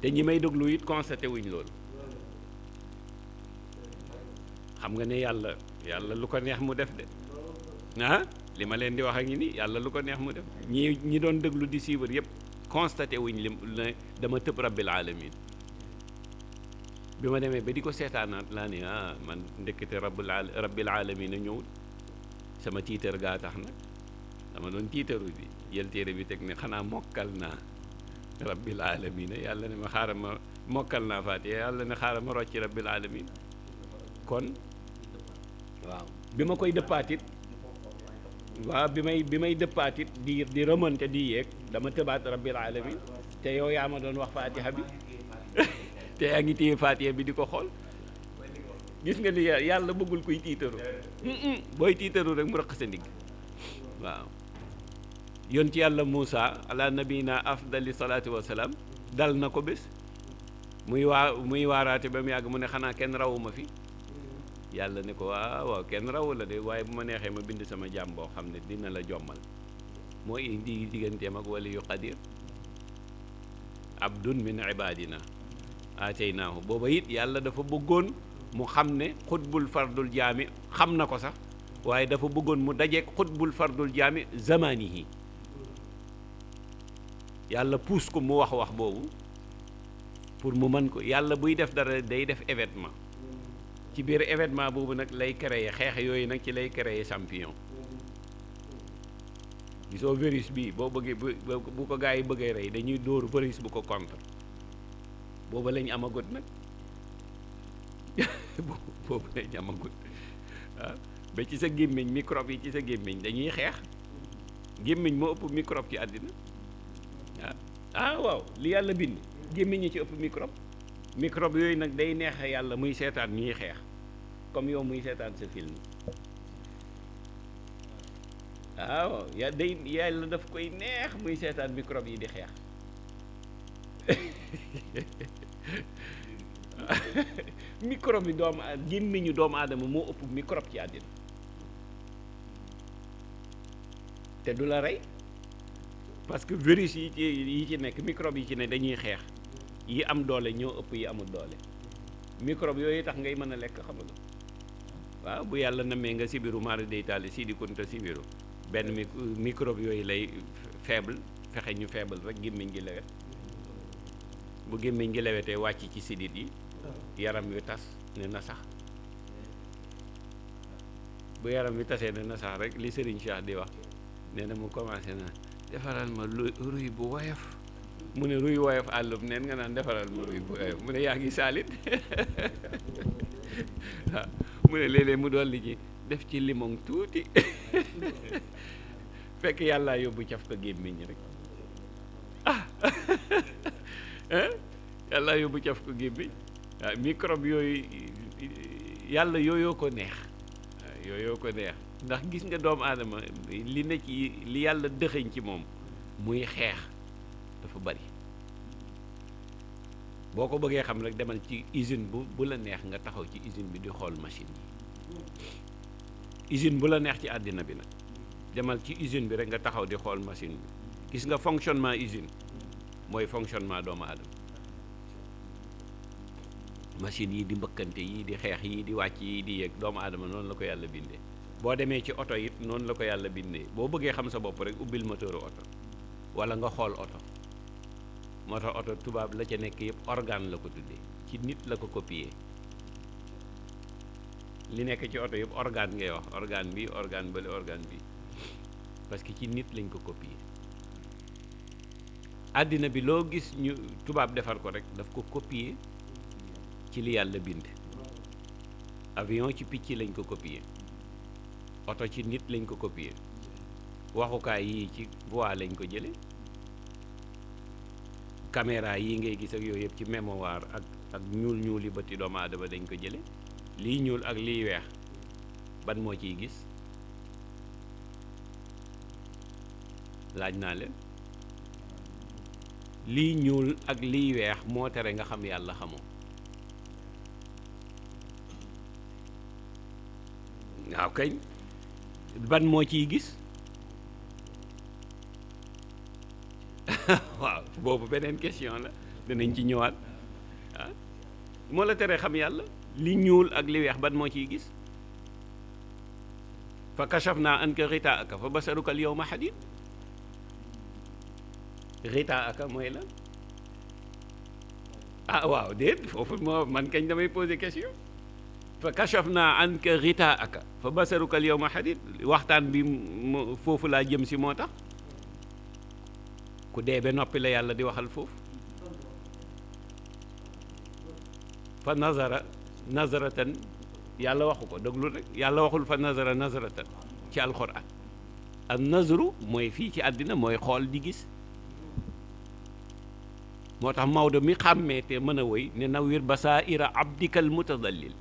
S3: te ñi may déglu it constaté wuñ loolu xam nga ne yàlla yàlla lu ko neex mu def de ah li ma leen di wax a ngi ni yàlla lu ko neex mu def ñi ñi doon déglu di suivre yëpp constaté wuñ lim ne dama tëb rabbil alamin bi ma demee ba di ko seetaanaat laa ne ah man ndekete rabbul al rabbil alamin a ñëwul sama tiitar gaa tax nag dama doon tiitaru bi jël bi teg ne xanaa mokkal naa rabbil alamin yàlla ne ma xaaral ma mokkal naa faate yàlla ne xaaral ma rocci rabbil alamin kon waaw bi ma koy dëppaatit waaw bi may bi may dëppaatit di di remonté di yéeg dama tëbaat rabbil alamin te yow yaa ma doon wax fatiha bi te yaa ngi téye fatiha bi di ko xool gis nga ni yàlla bëggul kuy tiitaru booy tiitaru rek mu rëq ndigg waaw yon ci yàlla Moussa ala nabina afdali salaatu wa salaam dal na ko bés muy waa muy waaraate ba mu yàgg mu ne xanaa kenn rawuma fi yàlla ne ko waaw ah, waaw kenn raw la de waaye bu ma neexee ma bind sama jàmm boo xam ne dina la jommal moo indi digganteem ak waliyu qadir abdun min ibadina aataynaahu booba it yàlla dafa bëggoon mu xam ne xutbul fardul jaami xam na ko sax waaye dafa bëggoon mu dajeeg xutbul fardul jaami zamanihi yàlla puus ko mu wax wax boobu pour mu mën ko yàlla buy def dara day def événement ci biir événement boobu nag lay créer xeex yooyu nag ci lay créer champion gisoo virus bi boo bëggee bu ko gaa yi bëggee rey dañuy dóor virus bu ko contre booba lañ amagut nag boobu lañ amagut ah ba ci sa gémmiñ microbe yi ci sa gémmiñ dañuy xeex gémmiñ moo ëpp microbe ci àddina ah, ah waaw li yàlla bind gémmiñ ci ëpp microbe microbe yooyu nag day neex yàlla muy seetaan ñuy xeex comme yow muy seetaan sa film waaw ah, oh, ya day yàlla daf koy neex muy seetaan microbe yi di xeex microbe bi doom gémmiñu doomu aadama moo ëpp microbe ci àddina te du la rey parce que virus yi ci yi ci nekk microbe yi ci ne dañuy xeex yi am doole ñoo ëpp yi amul doole microbe yooyu tax ngay mën a lekk xam nga waaw bu yàlla namee nga sibiru maara day taali sii di kunta sibiru benn mi microbe yooyu lay feeble fexe ñu faible rek gémmiñ gi lewet bu gémmiñ gi lewetee wàcc ci sidit yi yaram yu tas ne na sax bu yaram wi tasee ne na sax rek li Serigne Cheikh di wax nee na mu commencé na defaral ma lu ruy bu woyof mu ne ruy woyof àllum neen nga naan defaral ma ruy bu woyof mu ne yaa ngi saalit waaw mu ne léeg-léeg mu dolli ji def ci limon tuuti fekk yàlla yóbbu caf ko gémmiñ rek ah yàllaa ah, yooyu yàlla yooyoo ko neex ah, yooyoo ko neex ndax gis nga doomu aadama li ne ci li yàlla dëxëñ ci moom muy xeex dafa bari boo ko bëggee xam rek demal ci usine bu bu la neex nga taxaw ci usine bi di xool machine yi usine bu la neex ci àddina bi nag demal ci usine bi rek nga taxaw di xool machine bi gis nga fonctionnement usine mooy fonctionnement doomu aadama machine yi di mbëkkante yi di xeex yi di wàcc yi di yéeg doomu aadama noonu la ko yàlla bindee boo demee ci oto it noonu la ko yàlla bindee boo bëggee xam sa bopp rek ubbil moteuru oto wala nga xool oto moo tax oto tubaab la ca nekk yëpp organe la ko tuddee ci nit la ko copier li nekk ci oto yëpp organe ngay wax organe bi organ bële organe bi parce que ci nit lañ ko copier àddina bi loo gis ñu tubaab defar ko rek daf ko copier ci li yàlla bind avion ci picc lañ ko copier oto ci nit lañ ko copier waxukaay yi ci bois lañ ko jële caméra yi ngay gis ak yooyu yëpp ci mémoire ak ak ñuul ñuul yi doomu aadama dañ ko jële lii ñuul ak lii weex ban moo ciy gis laaj naa leen lii ñuul ak lii weex moo tere nga xam yàlla xamoo waaw kañ ban moo ciy gis boobu beneen question la danañ ci ñëwaat ah moo la tere xam yàlla li ñuul ak li weex ban moo ciy gis fa kachafna anka ghitaaka fa basaruka al la ah waaw déet foofu moo man kañ fa kachafna anka ghitaaka fa basaruka al waxtaan bi foofu laa jëm si moo tax ku dee ba noppi la yàlla di waxal foofu fa nazara nazaratan yàlla waxu ko déglu rek yàlla waxul fa nazara nazaratan ci alxuraan ak nazaru mooy fii ci àddina mooy xool di gis moo tax Maodo mi xàmmee te mën a woy ne nawir basaa'ira abdikal mutadallil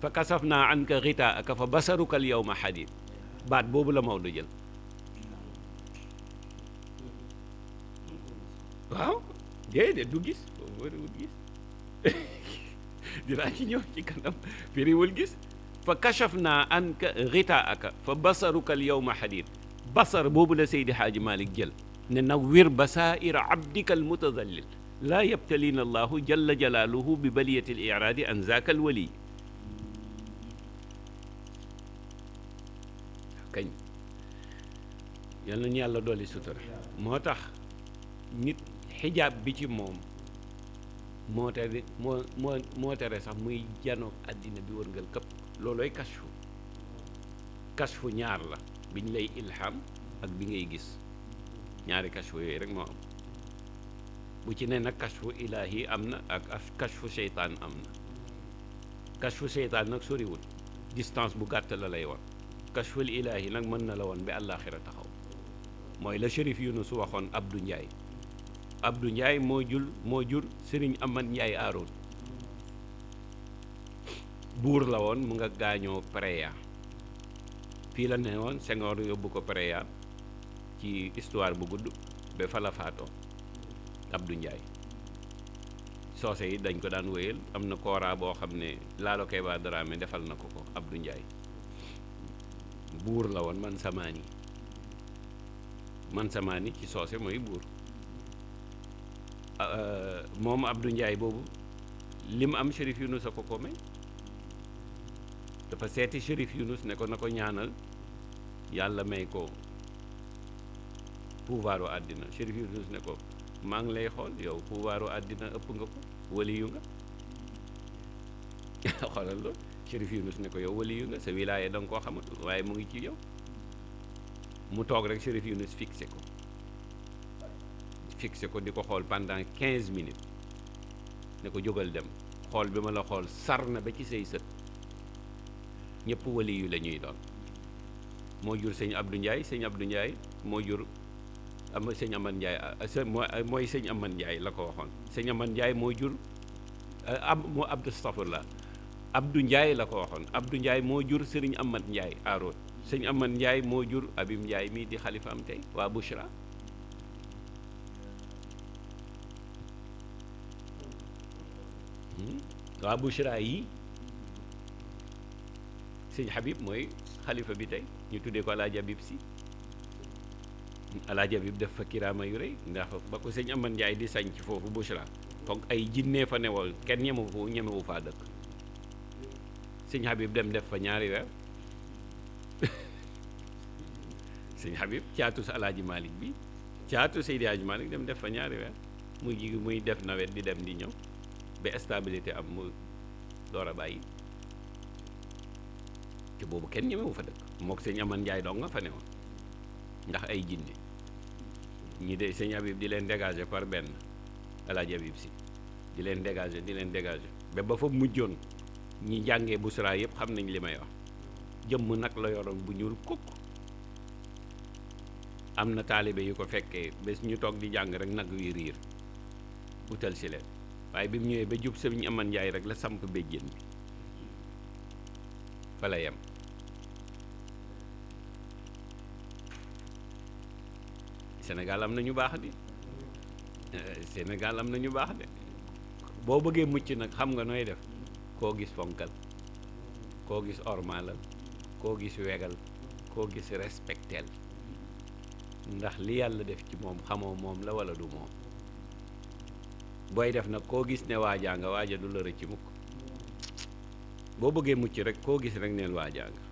S3: fa kasaf naa anka xitaa fa basaruka al yawma xadid baat boobu la Maodo jël waaw déedéet du gis boobu wërewul gis dinaa ci ñëw ci kanam firiwul gis fa kachaf naa an ka rita aka fa basaruka al yowma xadid basar boobu la Seydi Xaaji Malik jël ne nag wir basaira abdika al mutazallil laa yabtaliina allahu jalla jalaaluhu bi baliyati al iraadi an zaaka al wali kañ yal nañu yàlla dolli sutura moo tax nit xijaab bi ci moom moo tere moo moo tere sax muy janoog àddina bi wërngal këpp loolooy kashfu kashfu ñaar la biñ lay ilham ak bi ngay gis ñaari kashfu yooyu rek moo am bu ci ne nag kashfu ilaahi am na ak ak kashfu seytaan am na kashfu seytaan nag soriwul distance bu gàtt la lay wan kashful ilaahi nag mën na la woon bi àllaaxira taxaw mooy la shérif su waxoon Abdou Ndiaye Abdou njaay moo jul moo jur Serigne Amad Ndiaye Aaroon buur la woon mu nga gaañoo Preya fii la ne woon Senghor yóbbu ko Preya ci histoire bu gudd ba fa la njaay soose yi dañ ko daan wéyal am na kooraa boo xam ne Laalo Keba Dramé defal na ko ko Abdou njaay buur la woon man samaani man samaani ci soose mooy buur Ah, euh, moom Abdou njaay boobu li mu am Chérif Yunus a ko ko may dafa seeti Chérif Yunus ne ko na ko ñaanal yàlla may ko pouvoiru àddina Chérif Yunus ne ko maa ngi lay xool yow pouvoiru àddina ëpp nga ko waliyu nga xoolal loolu Chérif Yunus ne ko yow waliyu nga sa wilaaye da nga koo xamul waaye mu ngi ci yow mu toog rek Chérif Yunus fixé ko fixé ko di ko xool pendant 15 minutes ne ko jógal dem xool bi ma la xool sar na ba ci say sët ñëpp wali yu la ñuy doon moo jur sëñ abdu njaay sëñ Abdou Ndiaye moo jur am sëñ Aman Ndiaye mooy sëñ Aman Ndiaye la ko waxoon sëñ Aman Ndiaye moo jur am moo Abdou Stafurla la ko waxoon Abdou njaay moo jur sëriñ Amat Ndiaye aaroot sëñ Amat Ndiaye moo jur Abim Ndiaye mii di xalifaam tey waa Bouchra waa Bouchra yi sëñ Habib mooy xalifa bi tey ñu tuddee ko Alaaji Habib si Alaaji Habib def fa kiraama yu rëy ndax ba ko sëñ Aman Njaay di sañc foofu Bouchra foog ay jinnee fa newoon kenn ñemewu fa ñemewu faa dëkk sëñ Habib dem def fa ñaari weer sëñ Habib caatu sa Alaaji Malick bi caatu Seydi Hadji Malick dem def fa ñaari weer muy jigi muy def nawet di dem di ñëw ba stabilité am mu door a bàyyi te boobu kenn ñemewu fa dëkk mook sëñ aman njaay dong nga fa ne woon ndax ay jinne ñi de sëñ Habib di leen dégager par benn alaaji Habib si di leen dégager di leen dégager ba ba fa mujjoon ñi jàngee busra yëpp xam nañ li may wax jëmm nag la yoroon bu ñuul kukk am na taalibe yu ko fekkee bés ñu toog di jàng rek nag wi riir utal si leen waaye bi mu ñëwee ba jub sëriñ Aman Njaay rek la samp béjjén bi fa la yem Sénégal am na ñu baax de eh, Sénégal am na ñu baax de boo bëggee mucc nag xam nga nooy def koo gis fonkal koo gis ormalal koo gis wegal koo gis respectel ndax li yàlla def ci moom xamoo moom la walla du moom booy def nag koo gis ne waajaa nga waaja du la rëcc mukk boo bëggee mucc rek koo gis rek neel waajaa nga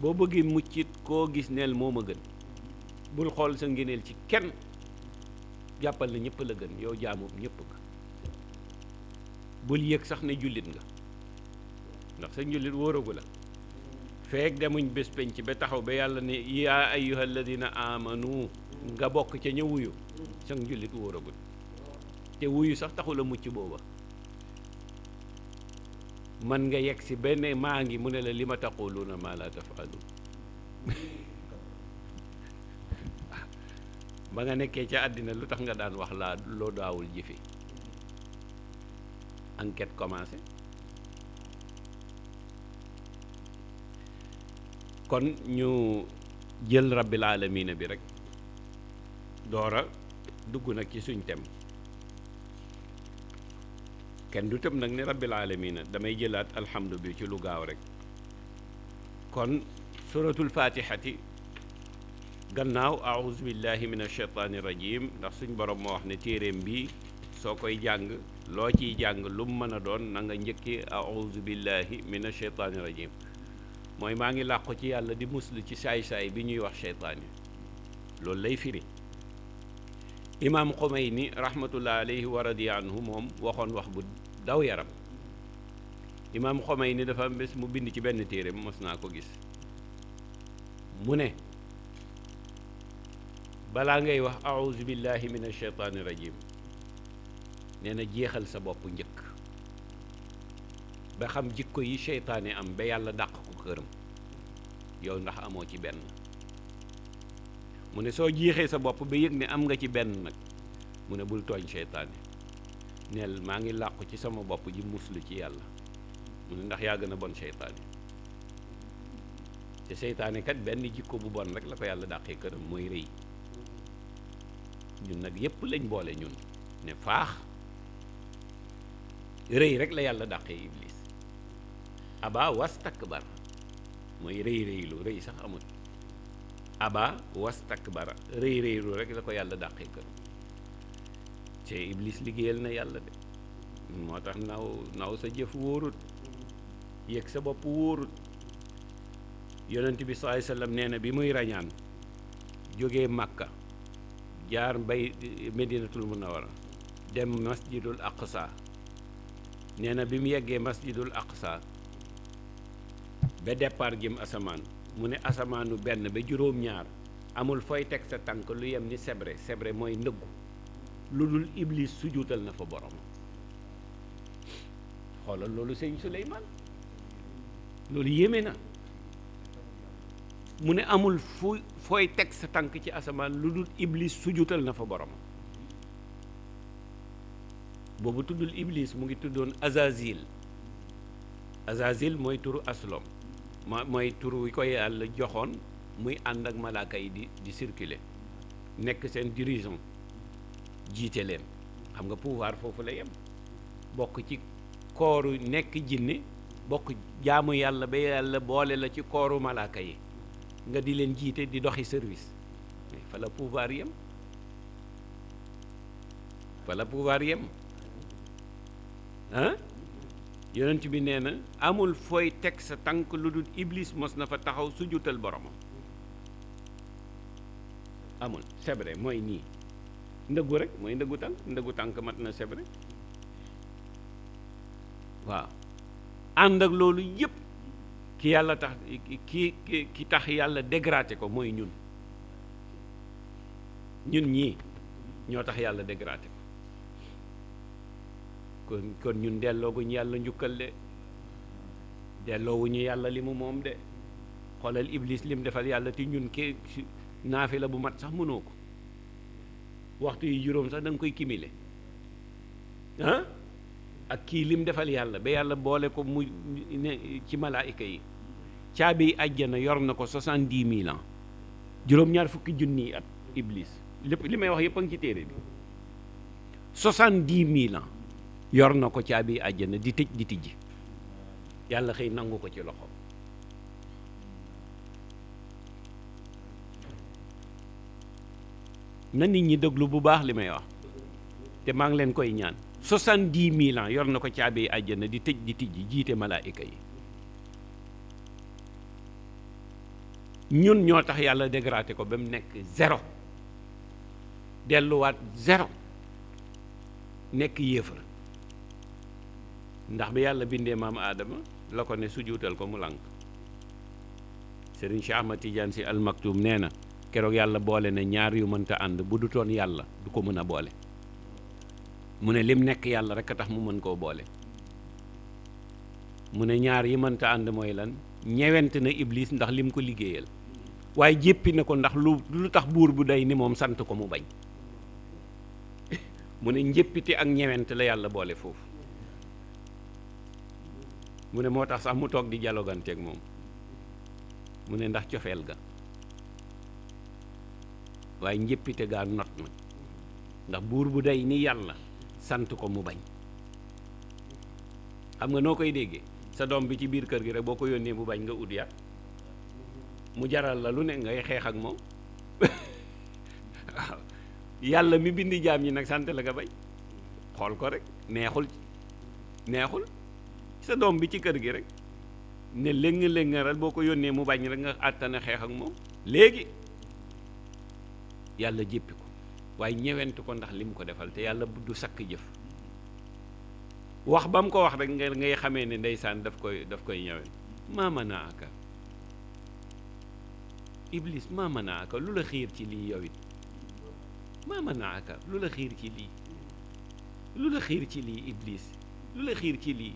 S3: boo bëggee mucc koo gis neel moo gën bul xool sa ngeneel ci kenn jàppal na ñëpp la gën yow jaamu ñëpp nga bul yëg sax ne jullit nga ndax sa njullit wóoragu la feek demuñ bés penc ba taxaw ba yàlla ne yaa ayyuha alladina amanu nga bokk ca ña wuyu sa njullit wóoragul te wuyu sax taxul a mucc booba mën nga yegg si benn maa ngi mu ne la li ma taquluuna maa laa tafaaluun ba nga nekkee ca àddina lu tax nga daan wax laa loo daawul jëfe enquête commencé kon ñu jël rabbil aalamiina bi rek doora dugg nag ci suñ tem kenn du tëb nag ne rabbil aalamiina damay jëlaat alhamdu bi ci lu gaaw rek kon suratul fatihati gannaaw aouzu billahi min ashaytaani rajim ndax suñ borom moo wax ne téeréem bi soo koy jàng loo ciy jàng lu mu mën a doon na nga njëkki aouzu billahi min ashaytaani rajim mooy maa ngi làqu ci yàlla di muslu ci saay-saay bi ñuy wax seytaan loolu lay firi imaam Khomeini rahmatullah wa radiya moom waxoon wax bu daw yaram imaam xomay ni dafa am bés mu bind ci benn téere mos naa ko gis mu ne balaa ngay wax auzu billahi min asheytaani rajim nee na jeexal sa bopp njëkk ba xam jikko yi seytaane am ba yàlla dàq ko këram yow ndax amoo ci benn mu ne soo jeexee sa bopp ba yëg ne am nga ci benn nag mu ne bul tooñ seytaane neel maa ngi làqu ci sama bopp ji muslu ci yàlla mu ne ndax yaa gën a bon seytaane te seytaane benn jikko bu bon rek la ko yàlla dàqee këram mooy rëy ñun nag yépp lañ boole ñun ne faax rëy rek la yàlla dàqee was aba wastakbara mooy rëy rëylu rëy sax amut aba wastakbara rëy rëylu rek la ko yàlla dàqee këram te Iblis liggéeyal na yàlla de moo tax naw naw sa jëf wóorut yëg sa bopp wóorut yonent bi saai sallam nee na bi muy rañaan jóge Màkka jaar bay Medinatul Munawara dem masjidul aksa nee na bi mu yeggee masjidul Aqsa ba départ jëm asamaan mu ne asamaanu benn ba juróom-ñaar amul fooy teg sa tànk lu yem ni sebre sebre mooy ndëggu lu dul iblis sujuutal na fa borom xoolal loolu sëñ Souleymane loolu yéeme na mu ne amul fu fooy teg sa tànk ci asamaan lu dul iblis sujuutal na fa borom boobu tuddul iblis mu ngi tuddoon Azazil Azazil mooy turu aslom ma mooy turu wi ko yàlla joxoon muy ànd ak malaaka yi di di circuler nekk seen dirigeant. jiite leen xam nga pouvoir foofu la yem bokk ci kooru nekk jinne bokk jaamu yàlla ba yàlla boole la ci kooru malaaka yi nga di leen jiite di doxi service fa la pouvoir yem fa la pouvoir yem ah yonent bi nee na amul fooy teg sa tànk lu dul iblis mos na fa taxaw sujutal boromam amul c'est mooy nii ndëggu rek mooy ndëggu tànk ndëggu tànk mat na c'est waaw ànd ak loolu yëpp ki yàlla tax ki ki tax yàlla dégradé ko mooy ñun ñun ñii ñoo tax yàlla dégradé ko kon kon ñun dellooguñu yàlla njukkal de delloowuñu yàlla li mu moom de xoolal iblis lim defal yàlla te ñun ke naafi la bu mat sax mënoo ko waxtu yi juróom sax da koy cumuler ak kii lim defal yàlla ba yàlla boole ko mu ne ci malaayika yi caabi àjjana yor na ko soixante-dix mille ans juróom-ñaar fukki junni at iblis lépp li may wax yëpp a ngi ci téere bi soixante-dix mille ans yor na ko caabi àjjana di tëj di tijji yàlla xëy nangu ko ci loxo na nit ñi déglu bu baax li may wax te maa ngi leen koy ñaan soixante-dix mille ans yor na ko caabi àjjana di tëj di tijji jiite malaayika yi ñun ñoo tax yàlla dégradé ko ba mu nekk zéro delluwaat zéro nekk yéefar ndax bi yàlla bindee maam aadama la ko ne sujuutal ko mu lànk Serigne si Ahmad Tidiane si almaktum nee na keroog yàlla boole na ñaar yu mënta ànd bu du toon yàlla du ko mën a boole mu ne lim nekk yàlla rek a tax mu mën koo boole mu ne ñaar yi mënta ànd mooy lan ñewent na iblis ndax lim ko liggéeyal waaye jéppi na ko ndax lu lu tax buur bu day ni moom sant ko mu bañ mu ne njéppite ak ñewent la yàlla boole foofu mu ne moo tax sax mu toog di dialoganteeg moom mu ne ndax cofeel ga waaye njëppite gaa not nag ndax buur bu day ni yàlla sant ko mu bañ xam nga noo koy déggee sa doom bi ci biir kër gi rek boo ko yónnee mu bañ nga ut yar mu jaral la lu ne ngay xeex ak moom yàlla mi bindi jaam yi nag sant la nga bay xool ko rek neexul neexul sa doom bi ci kër gi rek ne léng léngaral boo ko yónnee mu bañ rek nga àttana xeex ak moom léegi yàlla jéppi ko waaye ñëwent ko ndax li mu ko defal te yàlla du sakk jëf wax ba mu ko wax rek nga ngay xamee ne ndeysaan daf koy daf koy ñëwent maamana aka iblis maamana aka lu la xiir ci lii yow it maamana aka lu la xiir ci lii lu xiir ci lii iblis lu la xiir ci lii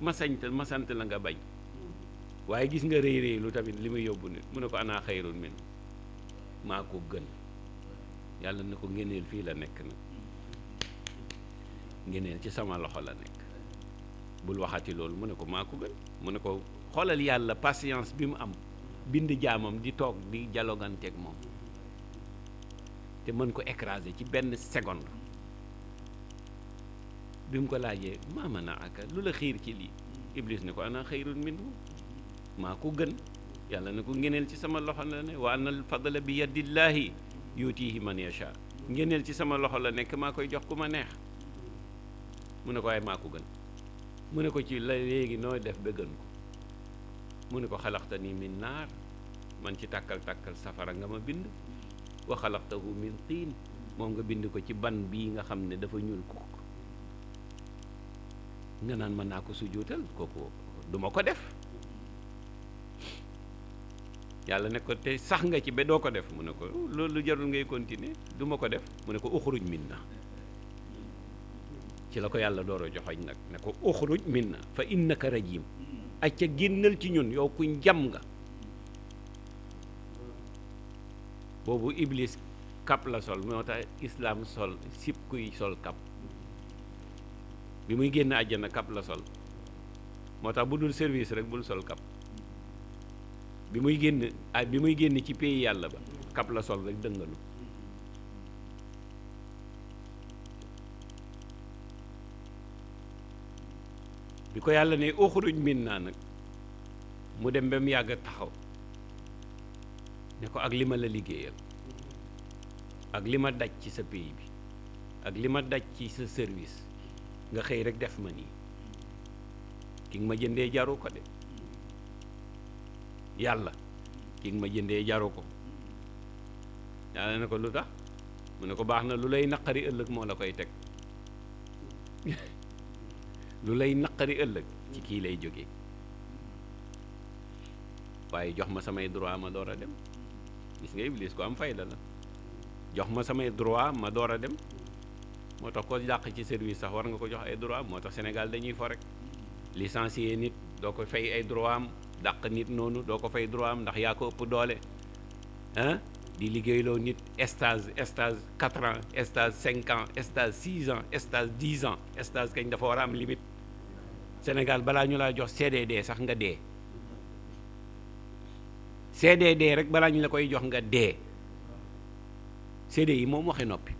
S3: masañta masant la nga bañ waaye gis nga réy réy lu tamit li muy yóbbu nit mu ne ko anaa xayrun min maa ko gën yàlla na ko ngeneel fii la nekk nag ngeneel ci sama loxo la nekk bul waxati loolu mu ne ko maa ko gën mu ne ko xoolal yàlla patience bi mu am bind jaamam di toog di dialoganteeg moom te mën ko écraser ci benn seconde bi mu ko laajee maama na aka lu la xiir ci lii iblis ne ko ana xayrun minhu maa ko gën yàlla na ko ngeneel ci sama loxo la ne wa anal fadla bi yadillahi yuutihi man yasha ngénneel ci sama loxo la nekk maa koy jox ku ma neex mu ne ko ay maa gën mu ne ko ci la léegi nooy def ba gën mu ne ko xalaxta ni min naar man ci tàkkal-tàkkal safara nga ma bind wa xalaxtahu min tiin moom nga bind ko ci ban bii nga xam ne dafa ñuul kook nga naan mën naa ko sujjóotal kooku duma ko def yàlla ne ko te sax nga ci ba doo ko def mu ne ko loolu jarul ngay continuer duma ko def mu ne ko uxuruj min na ci la ko yàlla dooro a joxoñ nag ne ko uxuruj min na fa innaka rajim acca génnal ci ñun yow ku njam nga boobu iblis kap la sol moo tax islaam sol sib kuy sol kap bi muy génn àjjana kap la sol moo tax bu dul service rek bul sol kap bi muy génn ah bi muy génn ci pays yàlla ba kap la sol rek dëngalu bi ko yàlla ne uxruj min naa nag mu dem ba mu yàgg taxaw ne ko ak li ma la liggéeyal ak li ma daj ci sa pays bi ak li ma daj ci sa service nga xëy rek def ma nii ki nga ma jëndee jaru ko de yàlla ki ma jëndee jaru ko yàlla na ko lu tax mu ne ko baax na lu lay naqari ëllëg moo la koy teg lu lay naqari ëllëg ci kii lay jóge waaye jox ma samay droit ma door a dem gis nga iblis ko am fayda la jox ma samay droit ma door a dem moo tax ko dàq ci service sax war nga ko jox ay droit moo tax senegal dañuy fo rek licencié nit doo ko fay ay droit am dàq nit noonu doo ko fay droit am ndax yaa ko ëpp doole ah di liggéeyloo nit stage stage quatre ans stage cinq ans stage six ans stage dix ans stage kañ dafa war a am limite Sénégal balaa ñu laa jox CDD sax nga dee CDD rek balaa ñu la koy jox nga dee CD yi moom waxe noppi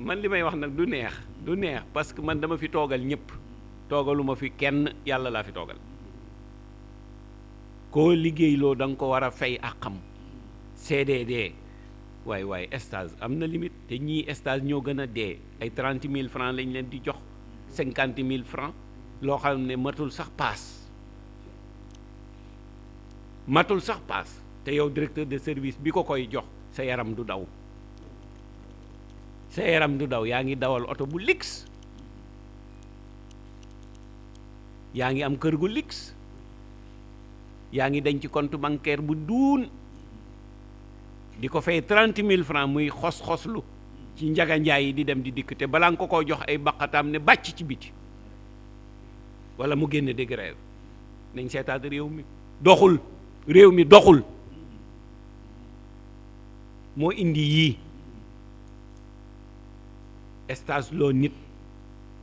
S3: man li may wax nag du neex du neex parce que man dama fi toogal ñëpp toogaluma fi kenn yàlla laa fi toogal koo liggéeyloo da nga ko war a fay àqam CDD waaye waaye stage am na limite te ñii stage ñoo gën a dee ay trente mille francs lañ leen di jox cinquante mille francs loo xam ne matul sax paas matul sax paas te yow directeur de service bi ko koy jox sa yaram du daw sa yaram du daw yaa ngi dawal oto bu lix yaa ngi am kër gu lix yaa ngi ci compte bancaire bu duun di ko fay trent mille francs muy xos-xoslu ci njaga yi di dem di dikk te balaa nga ko jox ay baqataam ne bàcc ci biti wala mu génn di grève nañ seetaat réew mi doxul réew mi doxul moo indi yii stage loo nit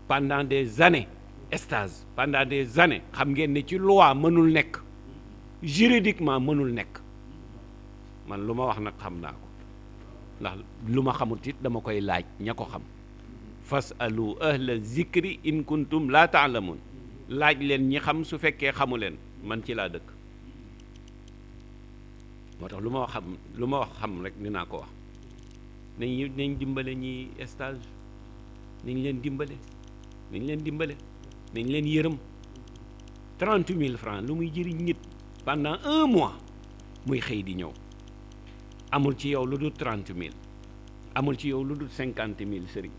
S3: pendant des années stage pendant des années xam ngeen ne ci loi mënul nekk juridiquement mënul nekk man lu ma wax nag xam naa ko ndax lu ma xamut it dama koy laaj ña ko xam fasalu ahla zikri in kuntum laa taalamun laaj leen ñi xam su fekkee xamu leen man ci laa dëkk moo tax lu ma wax xam lu ma wax xam rek naa ko wax nañ nañ dimbale ñi stage nañ leen dimbale nañ leen dimbale nañ leen yërëm trente mille francs lu muy jëriñ nit pendant un mois muy xëy di ñëw amul ci yow lu dul trente mille amul ci yow lu dul cinquante mille sëriñ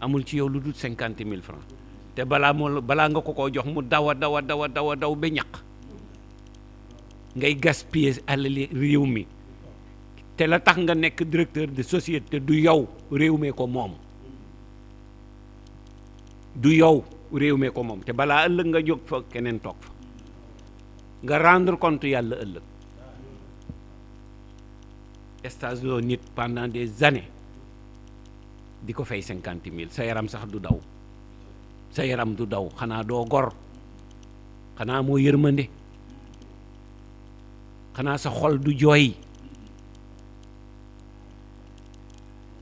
S3: amul ci yow lu dul cinquante mille francs te balaa moo balaa nga ko koo jox mu daw a daw a daw a daw a daw ba ñaq ngay gas gaspiller alali réew mi te la tax nga nekk directeur de société du yow réew mee ko moom du yow réew mee ko moom te balaa ëllëg nga jóg fa keneen toog fa nga rendre compte yàlla ëllëg station nit pendant des années di ko fay cinquante mille sa yaram sax du daw sa yaram du daw xanaa doo gor xanaa moo yërmande xanaa sa xol du jooy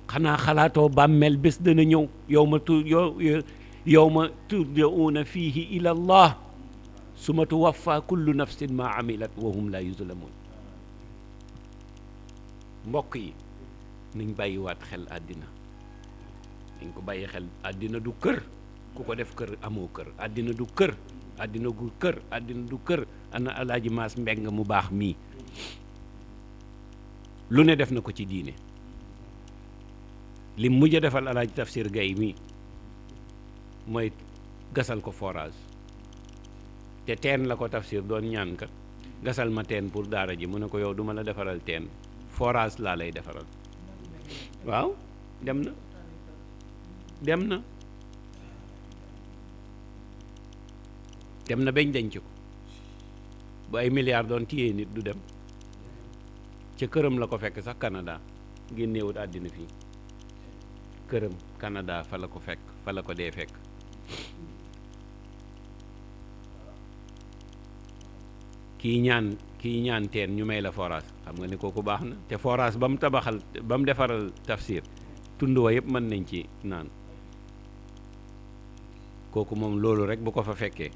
S3: xanaa xalaatoo bàmmeel bés dana ñëw yow ma tur yow yow ma turjauna fiihi ila suma tuwaffa kullu nafsin ma amilat wa hum la yuzlamun mbokk yi nañ bàyyiwaat xel àddina dañ ko bàyyi xel àddina du kër ku ko def kër amoo kër àddina du kër àddina gu kër àddina du kër ana alaaji maas mbeng mu baax mii lu ne def na ko ci diine li mujj a defal alaaji tafsir gay mii mooy gasal ko forage te teen la ko tafsir doon ñaan ka gasal ma teen pour daara ji mu ne ko yow duma la defaral teen forage laa lay defaral waaw dem na dem na dem na bañ denc ko bu ay milliards doon téye nit du dem ca këram la ko fekk sax Canada génneewut àddina fii këram Canada fa la ko fekk fa la ko dee fekk kii ñaan kii ñaan teen ñu may la forage xam nga ni kooku baax na te forage ba mu tabaxal ba mu defaral tafsir tund wa yëpp mën nañ ci naan kooku moom loolu rek bu ko fa fekkee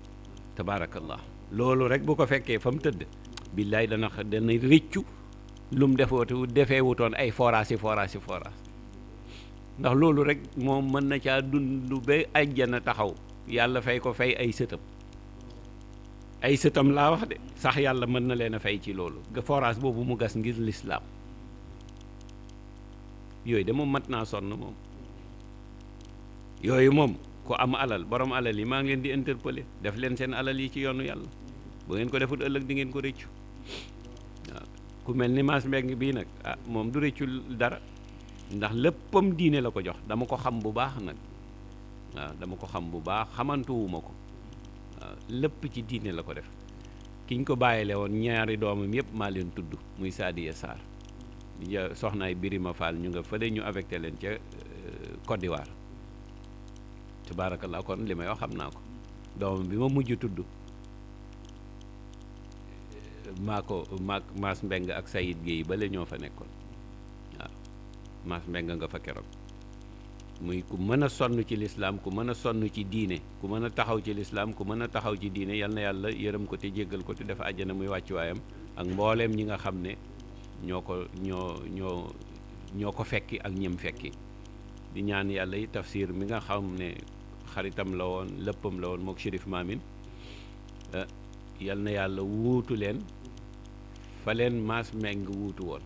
S3: tabaarakallah loolu rek bu ko fekkee fa mu tëdd billaay dana dana rëccu lu mu defootu defee wutoon ay forage yi forage ndax loolu rek moom mën na ca dund ba ajjana taxaw yàlla fay ko fay ay sëtam ay sëtam laa wax de sax yàlla mën na leen a fay ci loolu forage boobu mu gas ngir lislaam yooyu de moom mat naa sonn moom yooyu moom ku am alal borom alal yi maa ngi leen di interpeller def leen seen alal yi ci yoonu yàlla bu ngeen ko deful ëllëg di ngeen ko rëccu waaw ku mel ni Mass Mbengue bii nag ah moom du rëccu dara ndax léppam diine la ko jox dama ko xam bu baax nag waaw dama ko xam bu baax xamantuwuma ko lépp ci diine la ko def kiñ ko bàyyile woon ñaari doomam yëpp maa leen tudd muy Saadiya Sarr ja soxnaay Birima Fall ñu nga fële ñu affecté leen ca euh, Côte d'Ivoire tabaarakallaa kon li ma wax xam naa ko doomam bi ma mujj tudd euh, maa ko maak Maas Mbeng ak sayit Géey ba la ñoo fa nekkoon waaw Maas Mbeng nga fa keroog muy ku mën a sonn ci lislaam ku mën a sonn ci diine ku mën a taxaw ci lislaam ku mën a taxaw ci diine yal na yàlla yërëm ko te jéggal ko te dafa àjjana muy waayam ak mbooleem ñi nga xam ne ñoo ko ñoo ñoo ñoo ko fekki ak ñëm fekki di ñaan yàlla yi tafsir mi nga xam ne xaritam la woon léppam la woon mook Chérif Mamine eh, yal na yàlla wuutu leen fa leen maas mbeng wuutu woon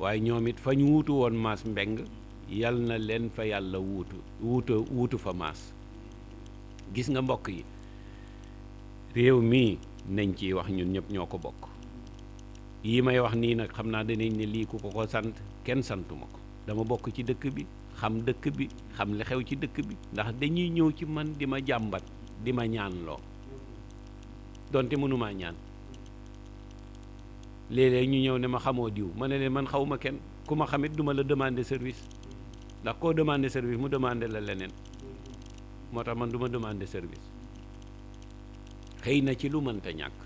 S3: waaye ñoom it fa ñu wuutu woon maas mbeng yal na leen fa yàlla wuutu wuutu wuutu fa maas gis nga mbokk yi réew mii nañ ciy wax ñun ñëpp ñoo ko bokk yii may wax nii nag xam naa danañ ne lii ku ko ko sant kenn santuma ko dama bokk ci dëkk bi xam dëkk bi xam li xew ci dëkk bi ndax dañuy ñëw ci man di ma jàmbat di ma ñaan loo donte mënumaa ñaan léeg ñu ñëw ne ma xamoo diw ma ne leen man xawuma kenn ku ma xamit duma la demander service ndax koo demandé service mu demandé la leneen moo tax man du ma demandé service xëy na ci lu mënta ñàkk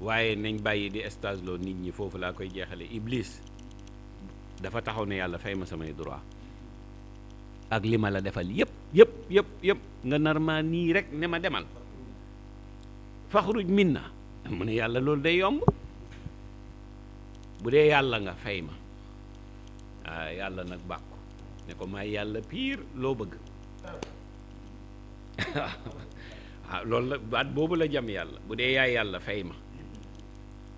S3: waaye nañ bàyyi di stage nit ñi foofu laa koy jeexale Iblis dafa taxaw ne yàlla fay ma samay droit ak li ma la defal yëpp yëpp yëpp yëpp nga nar ma nii rek ne ma demal faxruj min na mu ne yàlla loolu day yomb bu dee yàlla nga fay ma ah yàlla nag bàkku ne ko may yàlla piir loo bëgg lool ah, loolu la baat boobu la jam yàlla bu dee yaay yàlla fay ma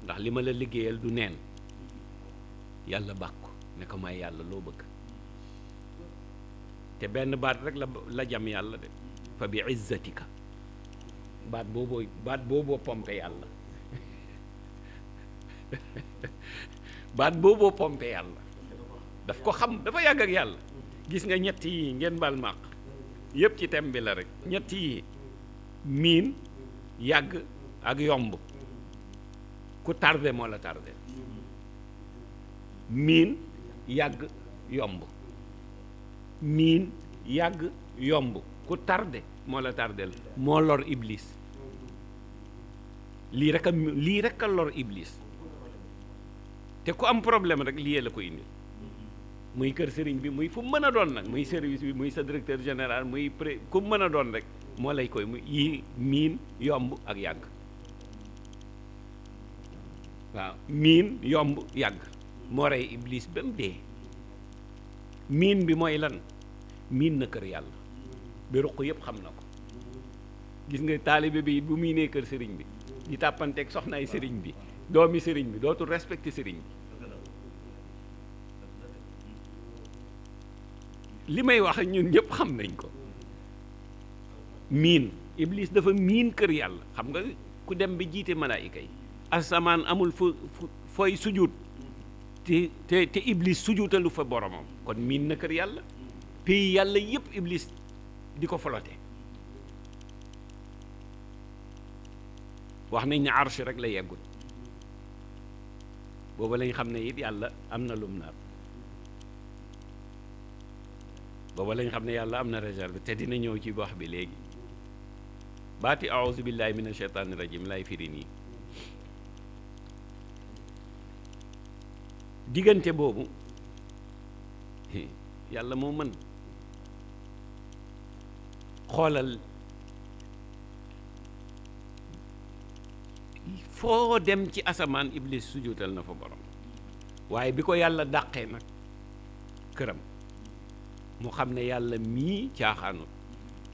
S3: ndax li ma la liggéeyal du neen yàlla bàkku ne ko may yàlla loo bëgg te benn baat rek la la jam yàlla de fa bi izzatika baat booboo baat booboo pompe yàlla baat booboo pompe yàlla daf ko xam dafa yàgg ak yàlla gis nga ñett yi ngeen bal màq yëpp ci thème bi la rek ñett yi miin yàgg ak yomb ku tardé moo la tardé miin yàgg yomb miin yàgg yomb ku tardé moo la tardel moo lor iblis lii rek lii rek a lor iblis te ku am problème rek lii la ko indi muy kër sëriñ bi muy fu mën a doon nag muy service bi muy sa directeur général muy pré ku mën a doon rek moo lay koy yi miin yomb ak yàgg waaw miin yomb yàgg moo rey iblis ba mu dee miin bi mooy lan miin na kër yàlla bi ruq yëpp xam na ko gis nga taalibe bi bu miinee kër sëriñ bi di tàppanteeg soxnaay sëriñ bi doomi sëriñ bi dootul respecte sëriñ bi li may wax ñun ñëpp xam nañ ko miin iblis dafa miin kër yàlla xam nga ku dem bi jiite malaayika yi asamaan amul fu fooy sujut te te te iblis sujutalu fa boromam kon miin na kër yàlla pays yàlla yëpp iblis di ko folote wax nañ ne arsh rek la yeggut boobu lañ xam ne it yàlla am na lum naar booba lañ xam ne yàlla am na bi te dina ñëw ci wax bi léegi baati aouzu billahi mina sheytaani rajim lay firi nii diggante boobu yàlla moo mën xoolal foo dem ci asamaan iblis sujjuutal na fa borom waaye bi ko yàlla dàqee nag këram mu xam ne yàlla mii caaxaanut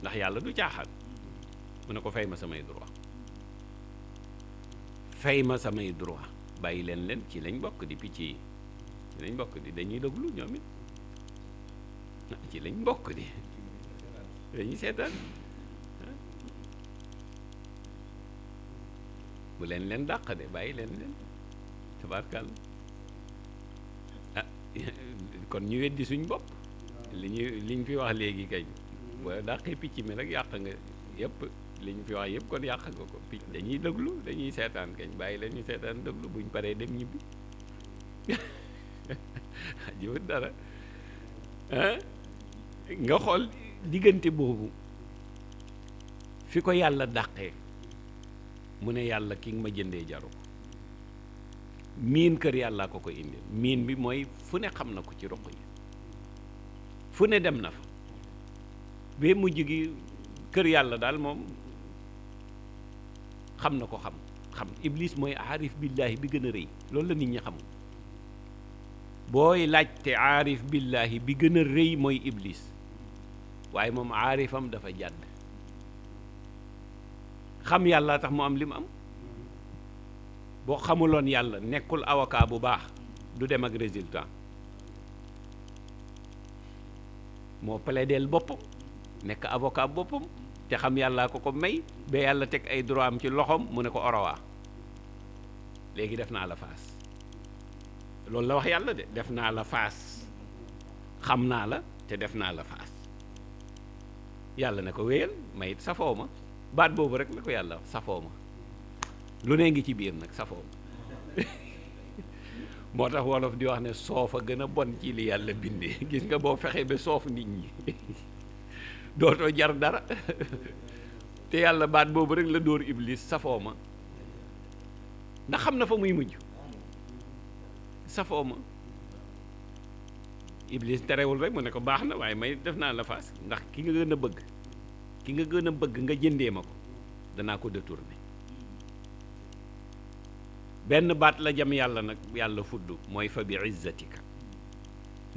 S3: ndax yàlla du caaxaan mu ne ko fay ma samay droit fay ma samay droit bàyyi leen leen ci lañ bokk di picc yi ci lañ bokk di dañuy déglu ñoom it ah, ci lañ mbokk di dañuy seetaan ah. bu leen leen dàq de bàyyi leen leen tabaarkàlla ah kon ñu weddi suñ bopp li ñu li ñu fi wax léegi kañ boo dàqee picc mi rek yàq nga yëpp li ñu fi wax yëpp ko yàq nga ko picc dañuy déglu dañuy seetaan kañ bàyyi la ñu seetaan déglu buñ paree dem ñibbi jiwut dara ah nga xool diggante boobu fi ko yàlla dàqee mu ne yàlla ki nga ma jëndee jaru ko miin kër yàllaa ko ko indi miin bi mooy fu ne xam na ko ci roq yi fu ne dem na fa ba mujj gi kër yàlla daal moom xam na ko xam xam iblis mooy aarif billaahi bi gën a rëy loolu la nit ñi xamul booy laajte aarif billaahi bi gën a rëy mooy iblis waaye moom aarifam dafa jàdd xam yàlla tax mu am li mu am boo xamuloon yàlla nekkul avocat bu baax du dem ak résultat moo plaideel bopp nekk avocat boppam te xam yàllaa ko ko may ba yàlla teg ay droit am ci loxoom mu ne ko orowaa léegi def naa la faas loolu la wax yàlla de def naa la faas xam naa la te def naa la faas yàlla ne ko wéyal mayit safoo ma baat boobu rek la ko yàlla safoo ma lu ne ngi ci biir nag safoo ma moo tax wolof di wax ne soof a gën a bon ci li yàlla bindee gis nga boo fexee ba soof nit ñi dootoo jar dara te yàlla baat boobu rek la dóor iblis safoo ma ndax xam na fa muy mujj safoo ma iblis terewul rek mu ne ko baax na waaye may def naa la faas ndax ki nga gën a bëgg ki nga gën a bëgg nga jëndee ma ko danaa ko détourné benn baat la jam yàlla nag yàlla fudd mooy fa bi izzatika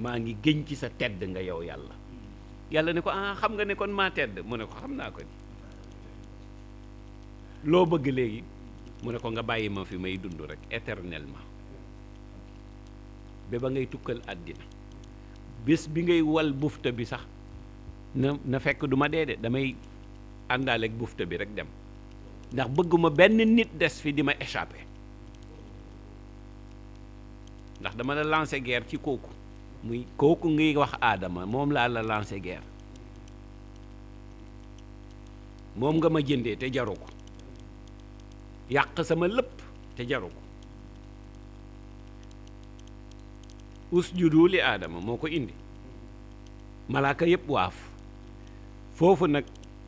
S3: maa ngi génn ci sa tedd nga yow yàlla yàlla ne ko ah xam nga ne kon maa tedd mu ne ko xam naa ko ni loo bëgg léegi mu ne ko nga bàyyi ma fi may dund rek éternellement ba ba ngay tukkal àddina bés bi ngay wal bufta bi sax na fekk du ma dee de damay àndaaleeg bufta bi rek dem ndax bëgguma benn nit des fi di ma échappé ndax dama la lancé guerre ci kooku muy kooku ngi wax aadama moom laa la lancé guerre moom nga ma jëndee te jaru ko yàq sama lëpp te jaru ko usjudu li aadama moo ko indi malaaka yépp waaf foofu nag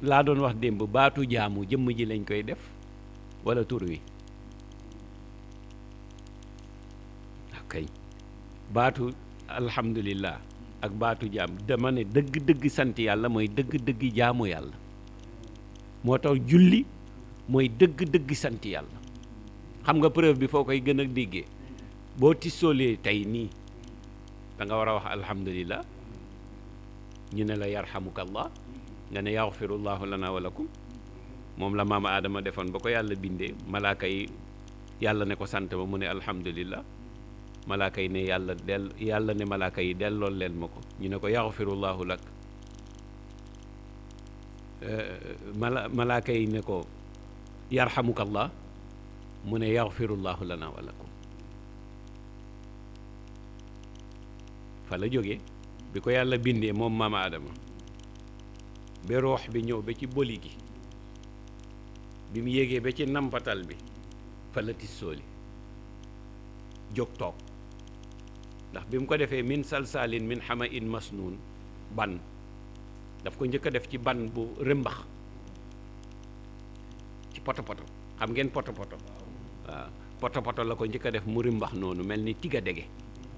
S3: laa doon wax démb baatu jaamu jëmm ji lañ koy def wala tur wi kay baatu alhamdulillah ak baatu jaam dama ne dëgg-dëgg sant yàlla mooy dëgg-dëgg jaamu yàlla moo tax julli mooy dëgg-dëgg sant yàlla xam nga preuve bi foo koy gën a déggee boo tisoolee tey nii danga war a wax alhamdulillah ñu ne la yarhamuka allah nga ne yaxfirullahu lana wa lakum moom la maama aadama defoon ba ko yàlla bindee malaaka yi yàlla ne ko sant ba mu ne alhamdulillah malaaka yi ne yàlla dell yàlla ne malaaka yi delloo leen ma ko ñu ne ko yaxfirullahu lak euh, mala malaaka yi ne ko yarhamukallah mu ne yaxfirullahu lana walla ko fa la jógee bi ko yàlla bindee moom maama Adama ba roox bi ñëw ba ci boli gi bi mu yéegee ba ci nampatal bi fa la tissooli jóg toog ndax bi mu ko defee min salsaalin min xama in masnuun ban daf ko njëkk a def ci ban bu rëmbax ci poto poto xam ngeen poto poto waaw poto poto la ko njëkk def mu rëmbax noonu mel ni tiga dege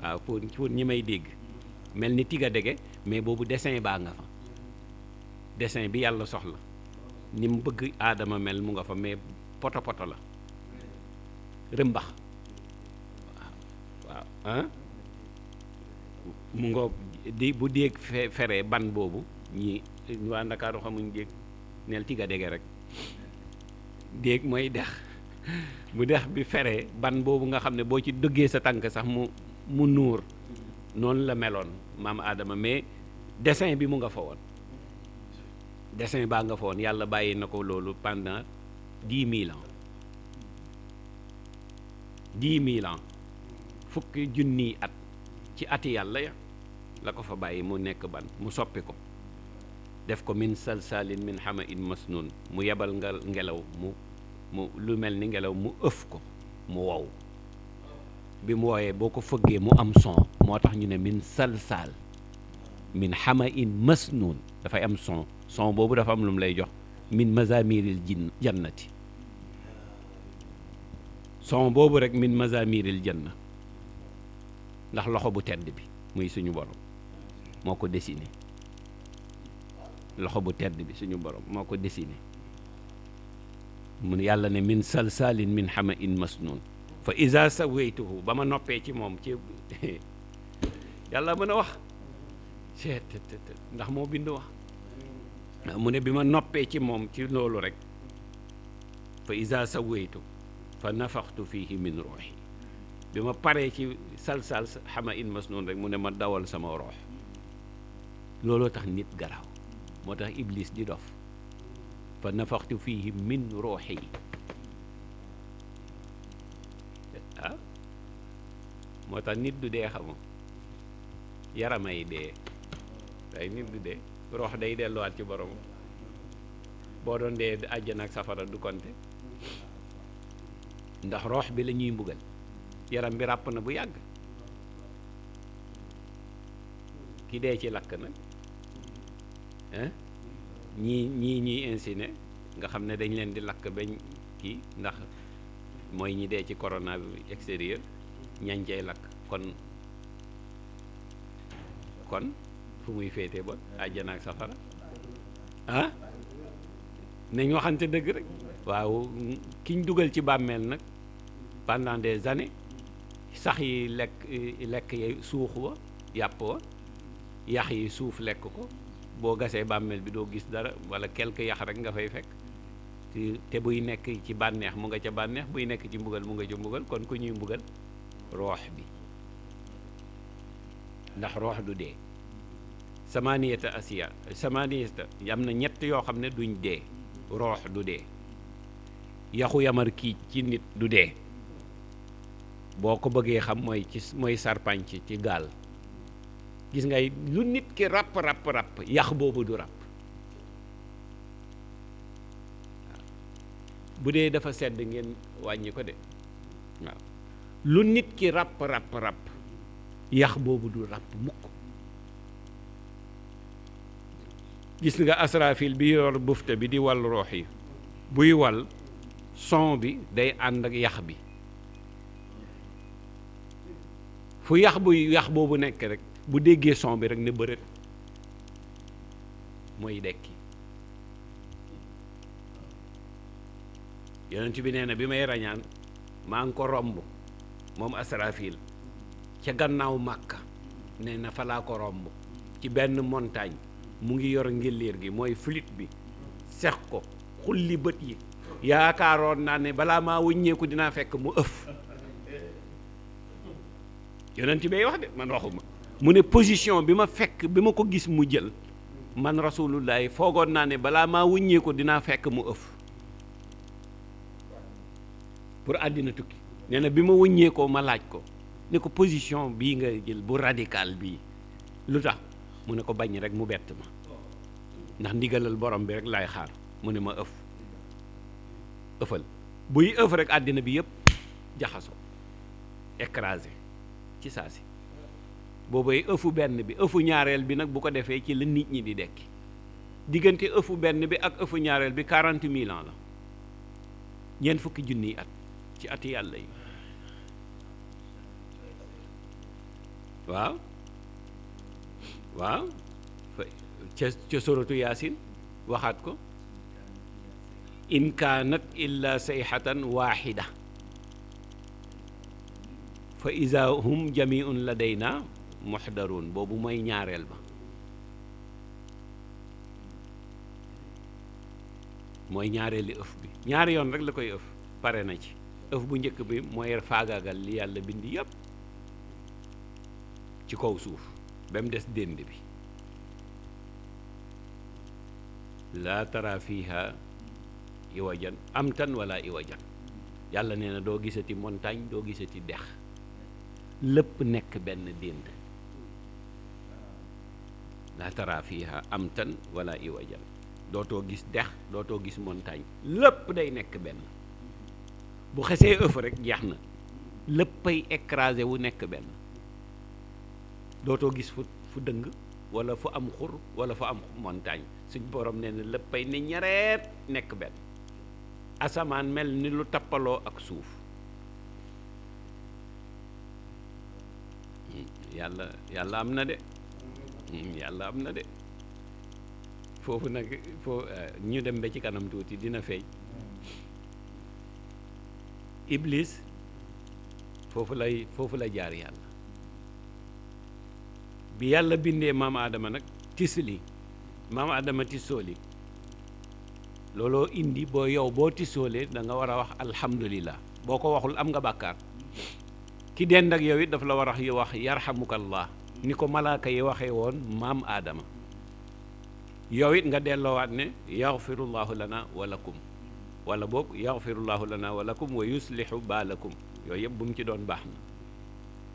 S3: waaw pour ñi may dégg mel ni tiga dege mais boobu dessin baa nga fa desin bi yàlla soxla ni mu bëgg aadama mel mu nga fa mais poto poto la rëmbax waaw waaw mu ngoog di bu déeg fe feree ban boobu ñi waa ndakaaru xamuñ déeg neel tiga dege rek déeg mooy dex bu dex bi fere ban boobu nga xam ne boo ci dëggee sa tànk sax mu mu nuur noonu la meloon maam aadama mais desin bi mu nga fa woon dessin baa nga fa woon yàlla bàyyi na ko loolu pendant dix mille ans dix mille ans fukki junniy at ci ati yàlla la ko fa bàyyi mu nekk ban mu soppi ko def ko min salsalin min xama in masnun mu yebal nga ngelaw mu mu lu mel ni ngelaw mu ëf ko mu wow bi mu wowee boo ko fëggee mu am son moo tax ñu ne min salsal min xama in masnun dafay am son son boobu dafa am lum lay jox min mazamiril jin jannati son boobu rek min mazamiril janna ndax loxo bu tedd bi muy suñu borom moo ko dessiné loxo bu tedd bi suñu borom moo ko dessiné mun yàlla ne min salsalin min xama in masnun fa iza sawaytuhu ba ma noppee ci moom ci yàlla mën a wax ndax moo bind wax mu ne bi ma noppee ci moom ci loolu rek fa iza sawaytu fa nafaxtu fihi min ruuxi bi ma paree ci salsal xama in masnun rek mu ne ma dawal sama roox looloo tax nit garaaw moo tax ibliis di dof fa nafaxtu fiihi min ruuxi ah moo tax nit du dee xamu yaramay dee waaye nit du dee rox day delluwaat ci borom boo doon dee àjjana ak safara du konte ndax rox bi lañuy ñuy mbugal yaram bi ràpp na bu yàgg ki dee ci lakk na ah ñii ñii ñuy insiné nga xam ne dañ leen di lakk bañ kii ndax mooy ñi dee ci corona bi extérieur ñañ cay lakk kon kon fu muy féete ba àjjana ak safara ah nañ waxante dëgg rek waaw kiñ dugal ci bàmmeel nag pendant des années sax yi lekk lekk yi suux wa yàpp wa yax yi suuf lekk ko boo gasee bàmmeel bi doo gis dara wala quelque yax rek nga fay fekk te buy nekk ci bànneex mu nga ca bànneex buy nekk ci mbugal mu nga ca mbugal kon ku ñuy mbugal roox bi ndax roox du dee samaniyata asiya samaniyata yam na ñett yoo xam ne duñ dee roox du dee yaxu yamar kii ci nit du dee boo ko bëggee xam mooy ci mooy sarpañ ci gaal gis ngay lu nit ki ràpp ràpp ràpp yàq boobu du ràpp bu dee dafa sedd ngeen wàññi ko de lu nit ki ràpp ràpp ràpp yàq boobu du ràpp mukk gis nga asraafil bi yor bufte bi di wal roox yi buy wal son bi day ànd ak yax bi fu yax buy yax boobu nekk rek bu déggee son bi rek ne bërët mooy dekki yonent bi nee na bi may rañaan maa ngi ko romb moom asrafil ca gannaaw màkka ne na falaa ko romb ci benn montagne mu ngi yor ngéléer gi mooy flûte bi sex ko xulli bët yi yaakaaroon naa ne balaa maa wëññeeku dinaa fekk mu ëf yonent bay wax de man waxuma mu ne position bi ma fekk bi ma ko gis mu jël man rasulullahi foogoon naa ne balaa maa wëññee ko dinaa fekk mu ëf pour àddina tukki nee na bi ma wëññee ko ma laaj ko ne ko position bii nga jël bu radical bii lu tax mu ne ko bañ rek mu bett ma ndax ndigalal borom bi rek laay xaar mu ne ma ëf ëfal buy ëf rek àddina bi yëpp jaxasoo écrasé ci saa si boobay ëfu benn bi ëfu ñaareel bi nag bu ko defee ci la nit ñi di dekki diggante ëfu benn bi ak ëfu ñaareel bi quarante mille ans la ñeent fukki junniy at ci ati yàlla yi waaw waaw ca ca yaasin waxaat ko in kaanat illa sayxatan waaxida fa ida hum jamiun ladayna muxdaroon boobu mooy ñaareel ba mooy ñaareeli ëf bi ñaari yoon rek la koy ëf pare na ci ëf bu njëkk bi mooy faagaagal li yàlla bind yépp ci kaw suuf ba mu des dénd bi laa tara iwajan amtan wala iwajan yàlla nee na doo gisati montagne doo gisati dex lépp nekk benn dénd la tara fiha amtan wala iwajan dootoo gis dex dootoo gis montagne lépp day nekk benn bu xesee ëf rek jeex na léppay écrasé wu nekk benn dootoo gis fu fu dëng walla fu am xur wala fu am montagne suñ borom nee na léppay ne ñareet nekk benn asamaan mel ni lu tappaloo ak suuf hmm, yàlla yàlla am na de Mm, yàlla am na de foofu nag foo eh, ñu dem ba ci kanam tuuti dina feeñ iblis foofu lay foofu la jaar yàlla bi yàlla bindee maam aadama nag tisli maam aadama tisooli looloo indi boo yow boo tisoolee da nga war a wax alhamdulillah boo ko waxul am nga bàkkaar ki dend ak yow it daf la war a wax yarhamukallah ni ko malaaka yi waxee woon maam aadama yow it nga delloowaat ne yaxfirullaahu lana wa lakum wala boog yaxfirullaahu lana wa lakum wa yuslihu baalakum yooyu yëpp bu mu ci doon baax na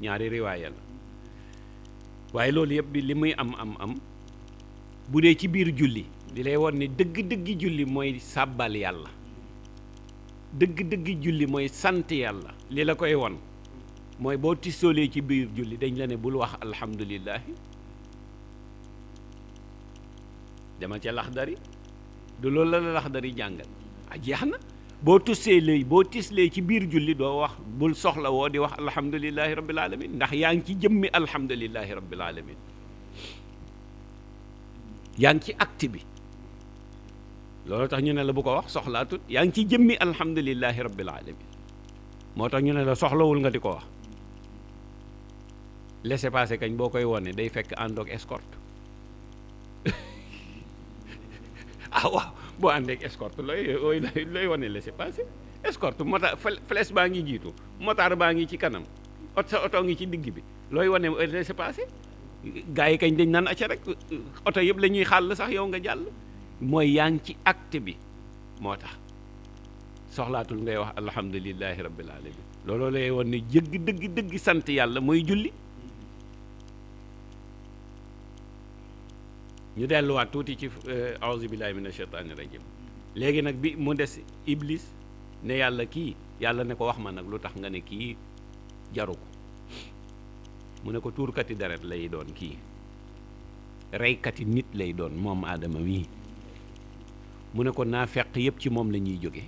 S3: ñaari riwaaya la waaye loolu yëpp li muy am am am bu dee ci biir julli di lay woon ni dëgg-dëgg julli mooy sàbbal yàlla dëgg-dëgg julli mooy sant yàlla li la koy won mooy boo tisoolee ci biir julli dañ la ne bul wax alhamdulillahi demal ca laxdari du loolu la la laxdari jàngal a ah, jeex na boo tussee lay boo tislee ci biir julli doo wax bul soxla woo di wax alhamdulillahi rabbil alamin ndax yaa ngi ci jëmmi alhamdulillahi rabbil alamin yaa ngi ci acte bi tax ñu ne la bu ko wax soxlaatut yaa ngi ci jëmmi alhamdulillahi rabbil alamin moo tax ñu ne la soxlawul nga di ko wax laissez kañ boo koy wone day fekk ànd ak escorte ah waaw boo ànd ak escorte looy looy looy wone laissez passer escorte mota flèche baa ngi jiitu motard baa ngi ci kanam ot sa oto ngi ci digg bi looy wone euh, laissez passer gars yi kañ dañ naan acca rek euh, oto yëpp la ñuy xàll sax yow nga jàll mooy yaa ngi ci acte bi moo tax soxlaatul ngay wax alhamdulillahi rabbil alamin looloo lay woon jëgg dëgg dëgg sant yàlla mooy julli ñu delluwaat tuuti ci euh, aouzu billahi mina shaytaani rajim léegi nag bi mu des iblis ne yàlla kii yàlla ne ko wax ma nag lu tax nga ne kii jaru ko mu ne ko tuurkati deret lay doon kii reykati nit lay doon moom aadama mii mu ne ko naafeq yëpp ci moom la ñuy jóge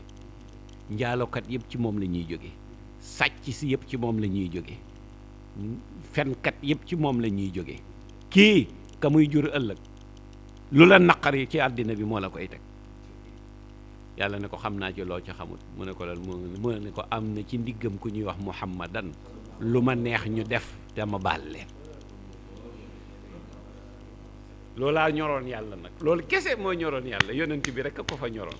S3: njaalookat yëpp ci moom la ñuy jóge sàcc si yëpp ci moom la ñuy jóge fenkat yëpp ci moom la ñuy jóge kii ka muy jur ëllëg lu la yi ci àddina bi moo la koy teg yàlla ne ko xam naa ci loo ci xamut mu ne ko lan mu ne ko am na ci ndiggam ku ñuy wax muhammadan lu ma neex ñu def te ma baal leen laa ñoroon yàlla nag loolu kese mooy ñoroon yàlla yonent bi rek ko fa ñoroon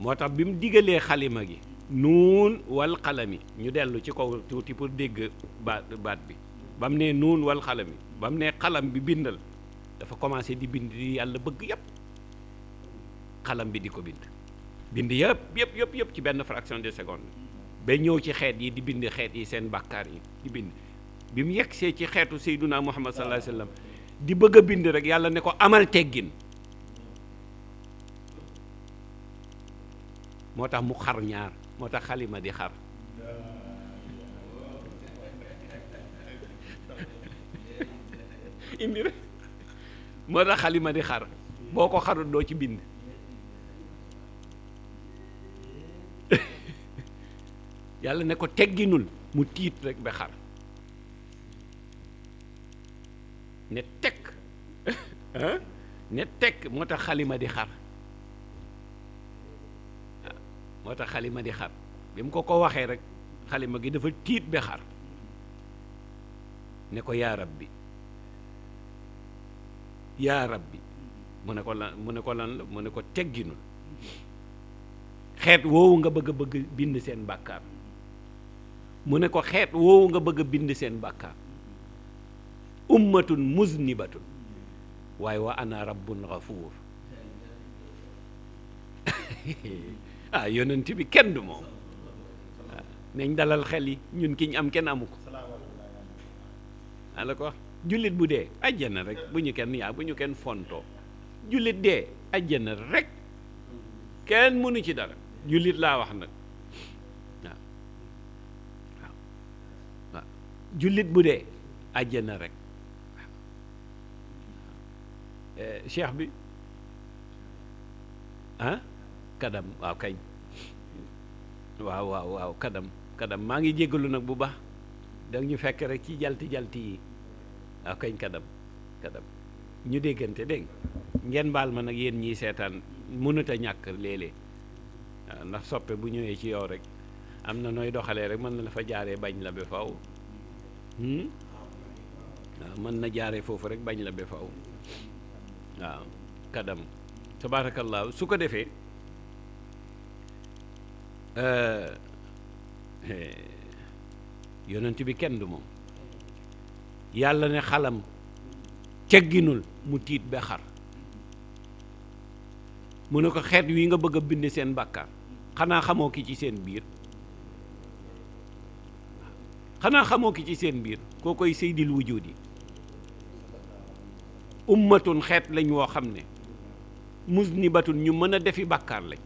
S3: moo tax bi mu digalee xalima gi nuun wal xalami ñu dellu ci kaw tuuti pour dégg baat baat bi ba mu nee nuun wal xalam ba mu ne xalam bi bindal dafa commencé di bind li yàlla bëgg yëpp xalam bi di ko bind bind yëpp yëpp yëpp yëpp ci benn fraction de seconde ba ñëw ci xeet yi di bind xeet yi seen bàkkaar yi di bind bi mu yekk see ci xeetu Seyduna Muhammad sallallahu alayhi wa di bëgg a bind rek yàlla ne ko amal teggin moo tax mu xar ñaar moo tax xalima di xar indi rek moo tax xalima di xar boo ko xarut doo ci bind yàlla ne ko tegginul mu tiit rek ba xar ne tekk ne tekk moo tax xalima di xar ah, moo tax xalima di xar bi mu ko ko waxee rek xalima gi dafa tiit bi xar ne ko yaa bi yaa rabbi mu ne ko lan mu ne ko lan mu ne ko tegginul xeet woowu nga bëgg a bëgg bind seen bàkkaar mu ne ko xeet woowu nga bëgg a bind seen bàkkaar ummatun muznibatun waaye wa ana rabbun ghafuur ah yonent bi kenn du moom ah, nañ dalal xel yi ñun ki ñu am kenn amu ko ala ko jullit bu dee ajjana rek bu ñu kenn yaa bu ñu kenn fontoo jullit dee ajjana rek kenn mënu ci dara jullit laa wax nag waaw waaw waaw bu dee ajjana rek eh, cheikh bi ah kadam kadam maa ngi jéggalu nag bu baax da ñu fekk rek ci jalti jalti yi waaw ah, kañ kadam kadam ñu déggante dégg ngeen baal ma nag yéen ñiy seetaan mënut a ñàkk léeg-léeg waaw ah, ndax soppe bu ñëwee ci yow rek am na nooy doxalee rek mën na la fa jaaree bañ la ba faw waaw hmm? ah, mën na jaaree foofu rek bañ la ba faw waaw kadam tabaarakallaahu su ko defee eh, eh, yonent bi kenn du moom yàlla ne xalam cegginul mu tiit ba xar mu ne ko xeet wi nga bëgg a bind seen bàkkaar xanaa xamoo ki ci seen biir xanaa xamoo ki ci seen biir koo koy seydil wujudi ummatun xeet lañ woo xam ne musnibatun ñu mën a defi bàkkaar lañ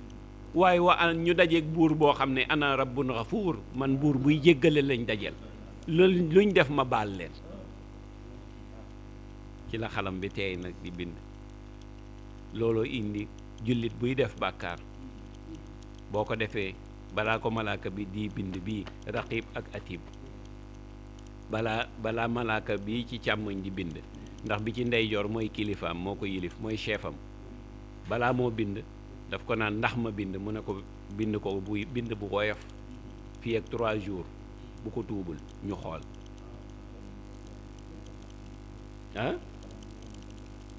S3: waaye wa an ñu dajeeg buur boo xam ne ana rabbun xafuur man buur buy jéggale lañ dajeel loolu luñ def ma baal leen ci la xalam bi teey nag di bind looloo indi jullit buy def bàkkaar boo ko defee balaa ko malaaka bi di bind bii raqib ak atib balaa balaa malaaka bi ci càmmoñ di bind ndax bi ci ndeyjoor mooy kilifaam moo ko yilif mooy chefam balaa moo bind daf ko naan ndax ma bind mu ne ko bind ko buy bind bu woyof fii ak trois jours bu ko tuubul ñu xool ah?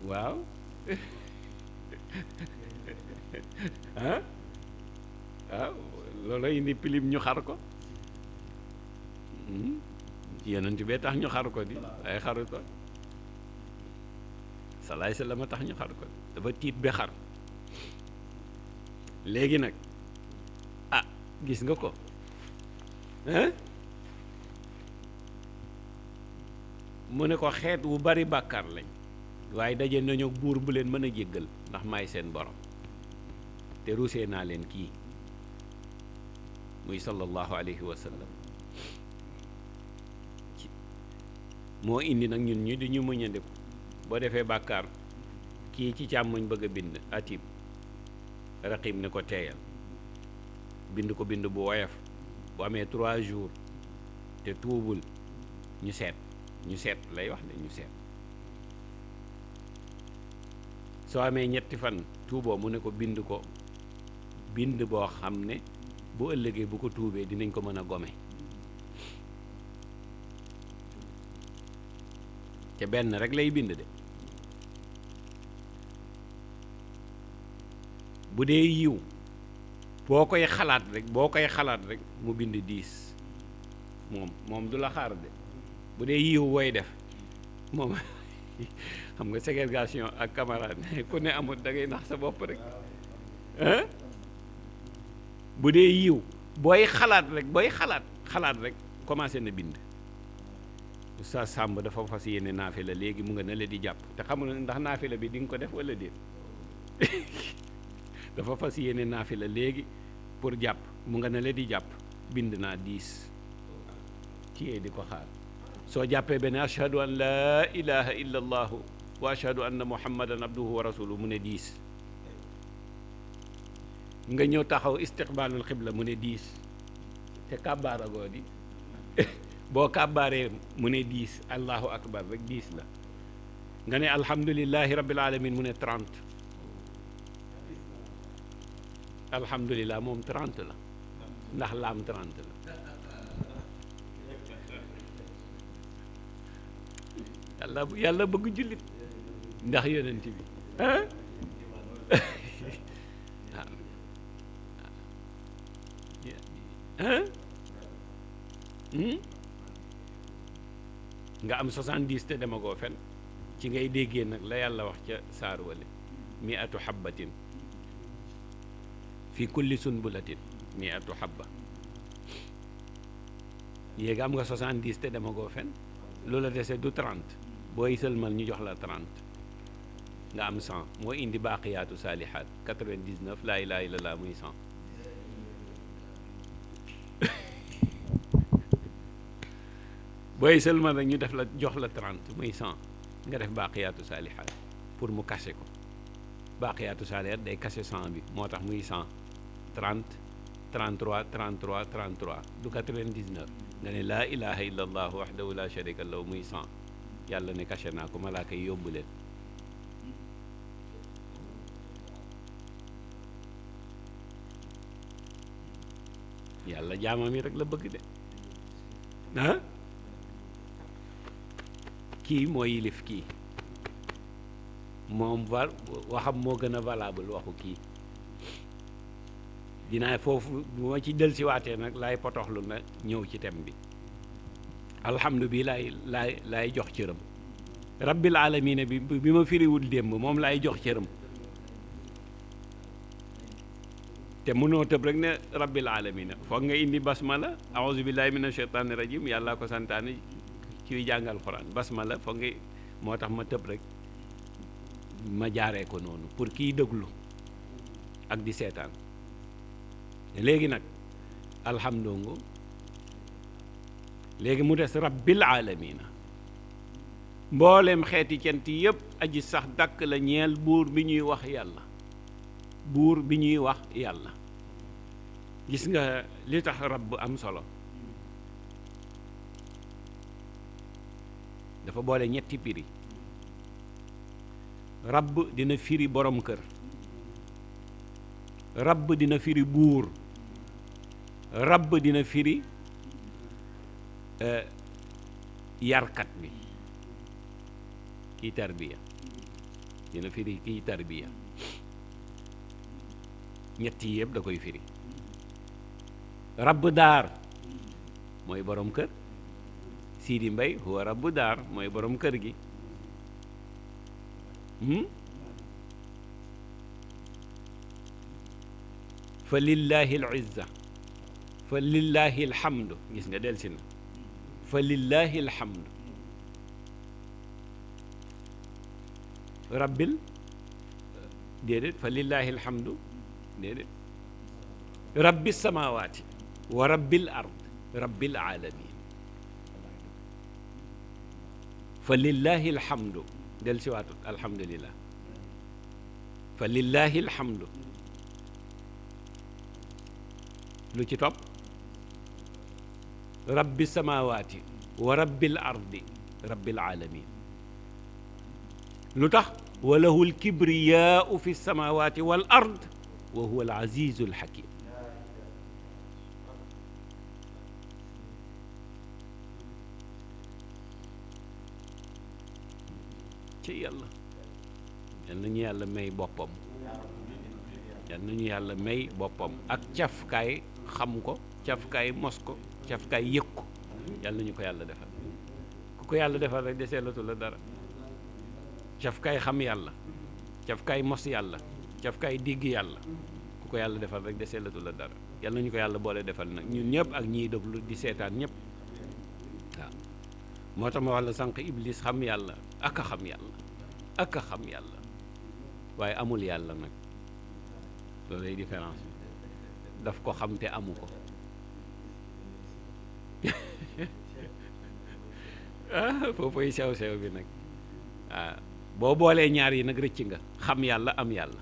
S3: waaw ah waaw looloo indi pilim ñu xar ko hmm? yonent bee tax ñu xar ko di ay xaru ko salaay la a tax ñu xar ko dafa tiit bi xar léegi nag ah gis nga ko hein mu ne ko xeet wu bari bàkkaar lañ waaye daje nañu buur bu leen mën a jéggal ndax may seen borom te ruse naa leen kii muy sallallahu alayhi wa sallam moo indi nag ñun ñu di ñu muñandiku boo defee bàkkaar kii ci càmmoñ bëgg a bind atib raqib ne ko teeyal bind ko bind bu woyof bu amee trois jours te tuubul ñu seet ñu seet lay wax ne ñu seet soo amee ñetti fan tuuboo mu ne ko bind ko bind boo xam ne bu ëllëgee bu ko tuubee dinañ ko mën a gome te benn rek lay bind de bu dee yiw boo koy xalaat rek koy xalaat rek mu bind diis moom moom du la xaar de bu dee yiw wooy def moom xam nga ségrégation ak camarade ku ne amul da nax sa bopp rek bu dee yiw booy xalaat rek booy xalaat xalaat rek commencé na bind sa Sàmb dafa fas yéene naafe la léegi mu nga na la di jàpp te xamul ndax naafila bi di nga ko def wala déet dafa fas yéene naafe la léegi pour jàpp mu nga na la di jàpp bind naa diis kiyee di ko xaar soo jàppee benn ashhadu laa ilaha illa wa ashhadu anna muhammadan abduhu wa rasuluhu mu ne diis nga ñëw taxaw istiqbaalul xibla mu ne diis te kàbbaaragoo di boo kàbbaaree mu ne diis allahu akbar rek diis la nga ne alhamdulilahi rabbil alamin mu ne trente alhamdulilah moom trente la ndax laam trente la yàlla bëgg jullit ndax yonent bi ah nga am 70 te dama koo fen ci ngay déggee nag la yàlla wax ca saar wale miatu xabbatin fi kulli sunbulatin miatu xabba yéegi am nga 70 te dama koo fen loola dese du 30 booy sëlmal ñu jox la 30 nga am 100 moo indi baaqiyaatu saalihaat la laa ilaaha la muy 100 booy seulement nag ñu def la jox la 30 muy 100 nga def baaqiyaatu saalihaat pour mu kase ko baaqiyaatu saalihaat day kase 100 bi moo tax muy 100 30 33 33 33 du 99 nga ne laa ilaaha illallaah wahdahu laa sharika lahu muy 100 yàlla ne kase naa ko malaaka yi yóbbu leen yàlla jaamam yi rek la bëgg de ah kii moo yilif kii moom waxam moo gën a valable waxu kii dinaa foofu bu ma ci dellusiwaatee nag laay potoxlu na ñëw ci tem bi alhamdu bi laay laay laay jox cëram rabbil alamina bi bi ma firiwul démb moom laay jox cëram te mënoo tëb rek ne rabbil alamina foog nga indi basmala aouzu billahi mina sheytaani rajim yàllaa ko santaane ciy jàngal xuraan la foog nga moo tax ma tëb rek ma jaaree ko noonu pour kiy déglu ak di seetaan léegi nag alhamdongo léegi mu des rabbil alamina mboolem xeeti cant yëpp aji sax dàkk la ñeel buur bi ñuy wax yàlla buur bi ñuy wax yàlla gis nga li tax rabb am solo dafa boole ñetti piri rab dina firi borom kër rabb dina firi buur rabb dina firi eh, yarkat bi kiy tarbiya dina firi kiy tarbiya ñett yi yëpp da koy firi rabb daar mooy borom kër Sidi Mbay huwa rabb daar mooy borom kër gi hmm? fa lillahi al alhamdu gis nga delsi na fa lillahi alhamdu rabbil déedéet fa lillahi alhamdu déedéet rabbi samawaati wa rabbil ard rabbil alamin fa lillahi alhamdu del si waatut alhamdulillah fa lillahi alhamdu lu ci topp rabbi samawaati wa rabbil ardi rabbil alamin lu tax wa lahu alkibriyaau fi samawaati wal ard wa huwa al azizul hakim ci yàlla yal nañu yàlla may boppam yal nañu yàlla may boppam ak cafkaay xam ko cafkaay mos ko cafkaay yëg ko yal nañu ko yàlla defal ku ko yàlla defal rek deseelatu la dara cafkaay xam yàlla cafkaay mos yàlla cafkaay digg yàlla ku ko yàlla defal rek deseelatu la dara yàlla nañu ko yàlla boole defal nag ñun ñëpp ak ñiy déglu di seetaan ñëpp moo tax ma wax la sànq iblis xam yàlla ak a xam yàlla ak a xam yàlla waaye amul yàlla nag loolay différence daf ko xam amu ko ah, sew sew bi nag waaw boo ñaar yi nag rëcc xam yàlla am yàlla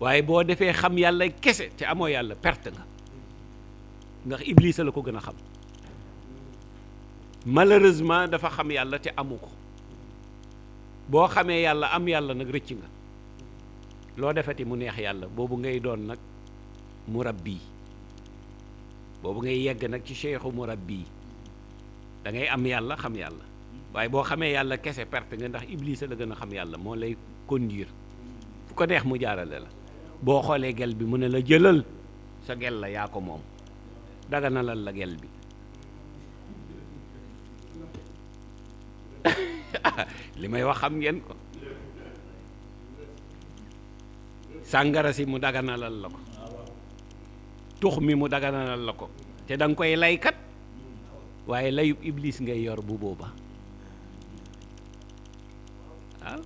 S3: waaye boo defee xam yàlla kese te amoo yàlla perte nga ndax Iblis la ko gën a xam malheureusement dafa xam yàlla te amu ko boo xamee yàlla am yàlla nag rëcc nga loo defeti mu neex yàlla boobu ngay doon nag murabbi boobu ngay yegg nag ci cheikhu murabbi da ngay am yàlla xam yàlla waaye boo xamee yàlla kese perte nga ndax Iblis la gën a xam yàlla moo lay conduire fu ko neex mu jaarale la boo xoolee gel bi mu ne la jëlal sa gel la yaa ko moom daganalal la gel bi li may wax xam ngeen ko sàngara si mu daganalal la ko tux mi mu daganalal la ko te danga koy laykat waaye layub ibliis ngay yor bu booba waaw ah,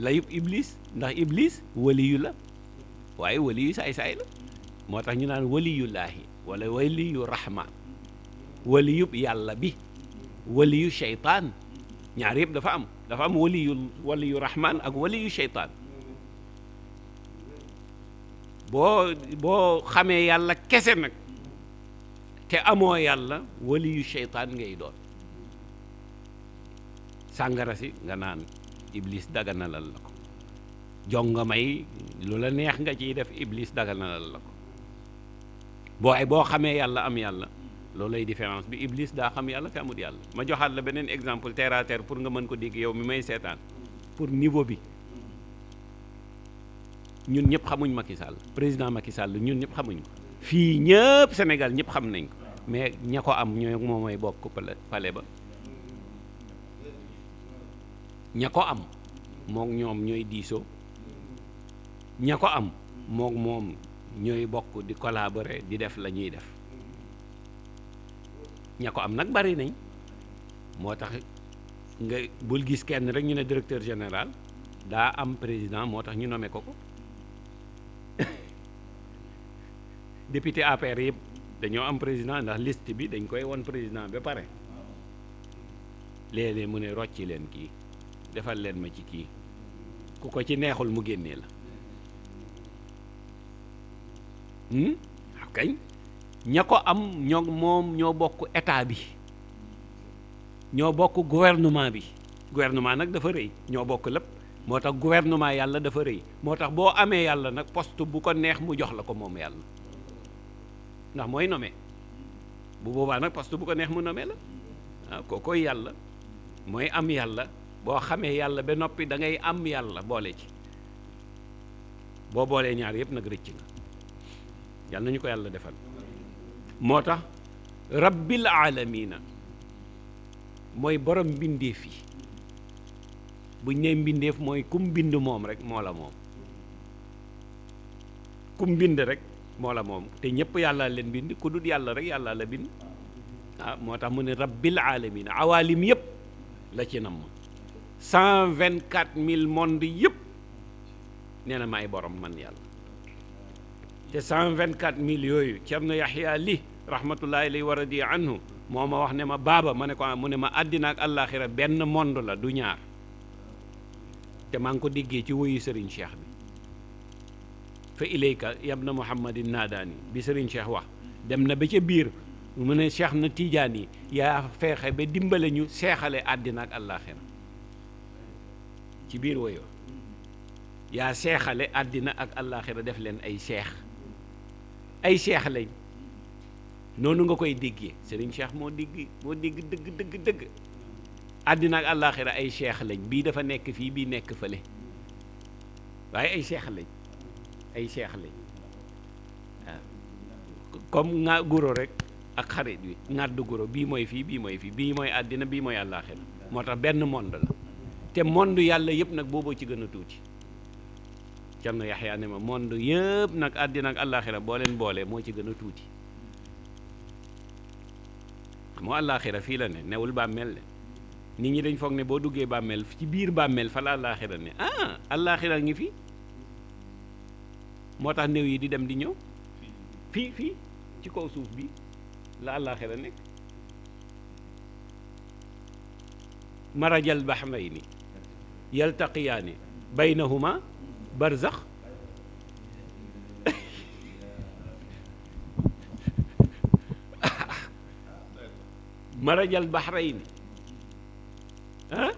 S3: layub iblis ndax iblis waliyu la waaye wali yu saay-saay la moo tax ñu naan waliyullaahi wala waliyu rahma waliyu yàlla bi waliyu seytaan ñaar yëpp dafa am dafa am waliyu waliyu rahman ak waliyu seytaan boo boo xamee yàlla kese nag te amoo yàlla waliyu seytaan ngay doon sàngara si nga naan iblis daganalal la ko jox nga may lu la neex nga ciy def iblis na la ko boo ay boo xamee yàlla am yàlla loolu lay différence bi iblis daa xam yàlla te amul yàlla ma joxaat la beneen exemple terre pour nga mën ko dégg yow mi may seetaan pour niveau bi ñun ñëpp xamuñ Macky Sall président Macky Sall ñun ñëpp xamuñ ko fii ñëpp Sénégal ñëpp xam nañ ko mais ña ko am ñooy moo mooy bokk pale ba ña ko am moom ñoom ñooy diisoo ña ko am mook moom ñooy bokk di collaborer di def la ñuy def ña ko am nag bari nañ moo tax nga bul gis kenn rek ñu ne directeur général daa am président moo tax ñu nommé ko ko député APR yëpp dañoo am président ndax liste bi dañ koy won président ba pare léeg mu ne rocci leen kii defal leen ma ci kii ku ko ci neexul mu génnee la Hmm? waaw ña ko am ñoo moom ñoo bokk état bi ñoo bokk gouvernement bi gouvernement nag dafa rëy ñoo bokk lépp moo tax gouvernement yàlla dafa rëy moo tax boo amee yàlla nag poste bu ko neex mu jox la ko moom yàlla ndax mooy nommé bu boobaa nag poste bu ko neex mu nommé la koo ah, kookoy yàlla mooy am yàlla boo xamee yàlla ba noppi da ngay am yàlla boole ci boo boolee ñaar yëpp nag rëcc nga yàlla nañu ko yàlla defal moo tax rabbil aalamiina mooy borom mbindeef yi buñ nee mbindeef mooy kum bind moom rek moo la moom kum bind rek moo la moom te ñëpp yàlla leen bind ku yàlla rek yàlla la bind ah moo tax mu ne rabbil aalamiina awaalim yëpp la ci namm cent vingt quatre mille monde yëpp nee na maay borom man yàlla te 124000 yooyu Cerno Yaxya li rahmatullahi lay war a di anhu moo ma wax ne ma baaba ma ne ko ah, mu ne ma àddina ak àllaaxira benn monde la du ñaar te maa ngi ko diggee ci woyu sëriñ Cheikh bi fa ilayka yabna Muhammadin naadaani bi sëriñ Cheikh wax dem na ba ca biir mu ne Cheikh na Tiijaan yi yaa feexe ba dimbale ñu seexale àddina ak àllaaxira ci biir woyoo yaa seexale àddina ak àllaaxira def leen ay seex ay cheikh lañ noonu nga koy déggee Serigne seex moo digg moo digg dëgg dëgg dëgg àddina ak àllaaxira ay cheikh lañ bii dafa nekk fii bii nekk fële waaye ay cheikh lañ ay cheikh lañ waaw comme guro rek ak xarit bi ŋàddu guro bii mooy fii bii mooy fii bii mooy àddina bii mooy àllaaxira moo tax benn monde la te monde yàlla yëpp nag booboo ci gën a tuuti Cerno na ne ma monde yëpp nag àddina ak àllaaxira boo leen boolee moo ci gën a tuuti moo àllaaxira fii la ne newul bàmmeel ne nit ñi dañ foog ne boo duggee bàmmeel ci biir bàmmeel fa la àllaaxira ne ah àllaaxira ngi fi moo tax néew yi di dem di ñëw fii fii ci kaw suuf bi la àllaaxira nekk marajal baxmayni yaltaqiyaani baynahuma barzax marajal bahrayni ah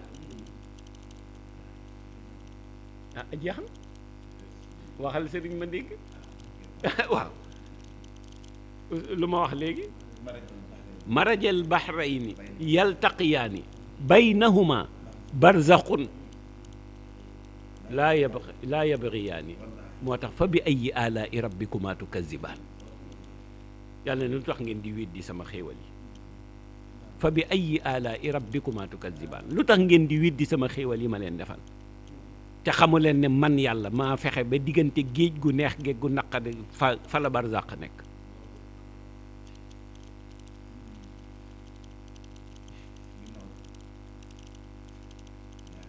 S3: ah jeex na waxal sëriñ ma dégg waaw lu ma wax léegi marajal bahrayni yaltaqiyaani baynahuma barzaxun laa yab laa yabghiyaani moo tax fa bi ayyi alaa'i rabbikumaa tukazzibaan yàlla ne lu tax ngeen di di sama xéewal yi fa bi ayyi alaa'i rabbikumaa tukazzibaan lu tax ngeen di di sama xéewal yi ma leen defal te xamu leen ne man yàlla maa fexe ba diggante géej gu neex géej gu naqade fa fa la barzaq nekk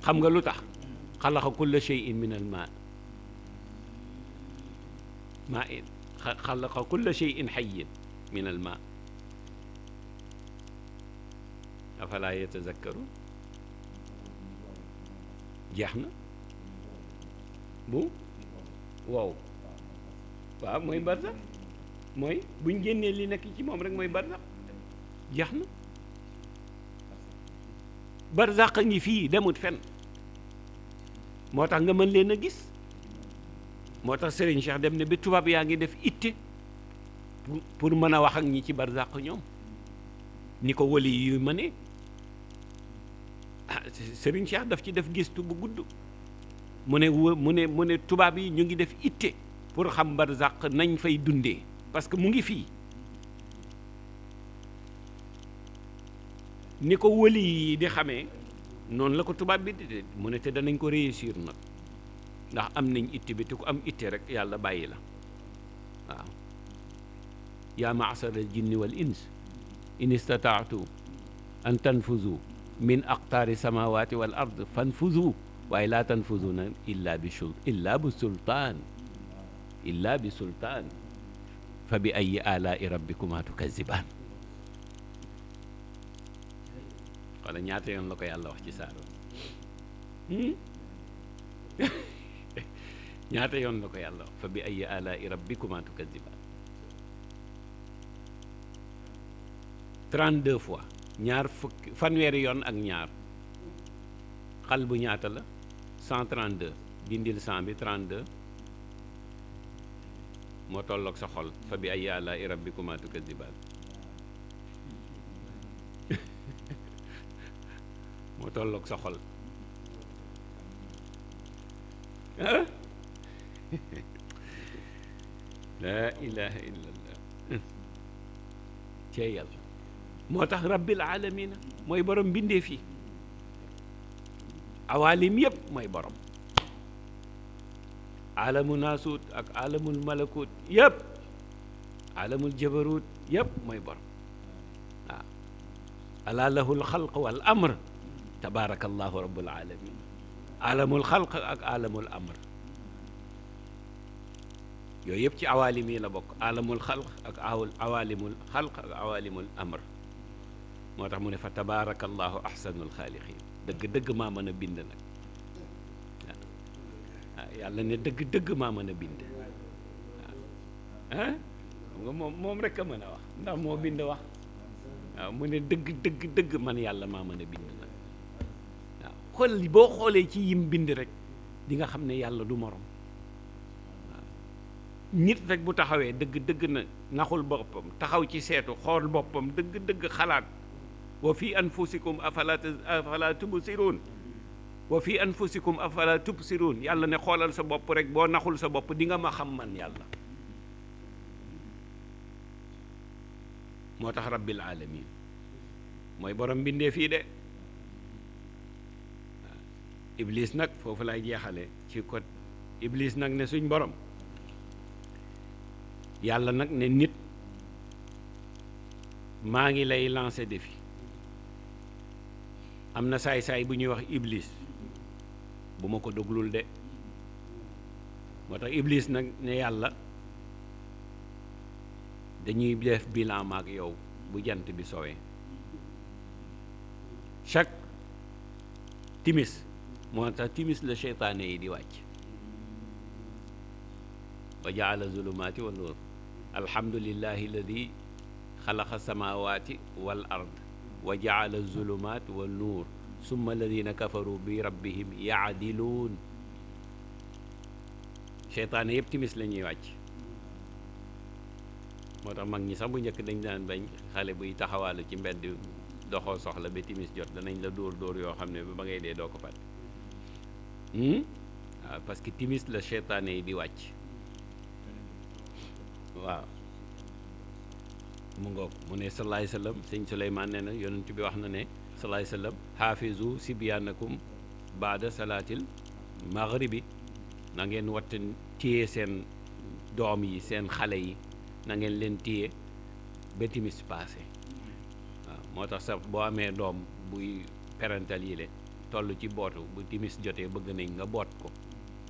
S3: xam nga lu tax xalaqa kulla shay'in min al maa maa in xalaqa kulla shay'in hayyin min al maa afalaa yatazakkaruun jeex na bu wow waaw mooy barsax mooy buñ génnee li nekk ci moom rek mooy barsax jeex na barsax a ngi fii demut fenn moo tax nga mën leen a gis moo tax Serigne Cheikh dem ne bi tubaab yaa ngi def itte pour mën a wax ak ñi ci barzaq ñoom ni ko wali yu mënee ah Serigne Cheikh daf ci def gistu bu gudd mu ne w mu ne mu ne tubaab yi ñu ngi def itte pour xam barzaq nañ fay dundee parce que mu ngi fii ni ko wali yi di xamee noonu la ko tubaab bi di mu ne te danañ ko réussir nag ndax am nañ itti bi te ku am itti rek yàlla bàyyi la waaw yaa maasara jinni wal ins in istataatu an tanfuzu min aqtaari samawati wal ard fanfuzu waaye laa tanfuzuna illa bi sul illa bi sultaan illa bi sultaan fa bi ayi alaa'i rabbikuma tukazibaan wala ñaata yoon la ko yàlla wax ci saar hmm? ñaata yoon la ko yàlla wax fa bi ay alaa'i rabbikuma tukazziban 32 fois ñaar fukki fanweeri yoon ak ñaar xal bu ñaata la 132 dindil 100 bi 32 moo tolloog sa xol fa bi ay bi rabbikuma tukazziban moo tolloog sa xol ah laa ilaha illa allah cee yàlla moo tax rabbil alamina mooy borom mbindee fii awaalim yëpp mooy borom alamu naasuut ak alamul malakuut yëpp alamul jabaruut yëpp mooy borom waaw alaa lahul xalq wal amr tabaarakallaahu rabbul alamin alamul xalq ak alamul amr yooyu yëpp ci awaalim yi la bokk alamul xalq ak awaalimul xalq ak awaalimul amr moo tax mu ne fa tabaarakallaahu ahsanul xaaliqiin dëgg-dëgg maa mën a bind nag waaw ah, yàlla ne dëgg-dëgg maa mën a bind ah xam nga moom moom rek a mën a wax ndax moo bind wax waaw mu ne dëgg dëgg dëgg man yàlla maa mën a bind xool boo xoolee ci yim bind rek di nga xam ne yàlla du morom waaw nit rek bu taxawee dëgg dëgg na naxul boppam taxaw ci seetu xool boppam dëgg dëgg xalaat wa fi anfusikum afala afala tubsiruun wa fi anfusikum afala tubsiruun yàlla ne xoolal sa bopp rek boo naxul sa bopp dinga ma xam man yàlla moo tax rabbil alamin mooy borom bindee fii de iblis nag foofu lay jeexale ci côté iblis nag ne suñ borom yàlla nag ne nit maa ngi lay lancer défi am na saay-saay bu ñuy wax iblis bu ma ko doglul de moo tax iblis nag ne yàlla dañuy def bilan maak yow bu jant bi sowee chaque timis moo tax timis la seytaane yi di wàcc wa jaala zulumaati wa nuur alhamdulillahi alladi xalaqa samaawaati wal ard wa jaala zulumaat wa nuur summa alladina kafaru bi rabbihim yaadiluun seytaane yëpp timis la ñuy wàcc moo tax mag ñi sax bu njëkk dañ daan bañ xale buy taxawaalu ci mbedd doxoo soxla ba timis jot danañ la dóor dóor yoo xam ne ba ngay dee doo ko fàtte waaw hmm? ah, parce que timis la seytaane yi di wàcc waaw mu ngoog mu ne salaay salaam sëñ Souleymane nee na yonent bi wax na ne salaay salaam xaafizu sibyaanakum baada salaatil maghribi na ngeen watta téye seen doom yi seen xale yi na ngeen leen téye ba timis passé waaw moo tax sax boo amee doom buy parental yi leen toll ci bootu bu timis jotee bëgg nañ nga boot ko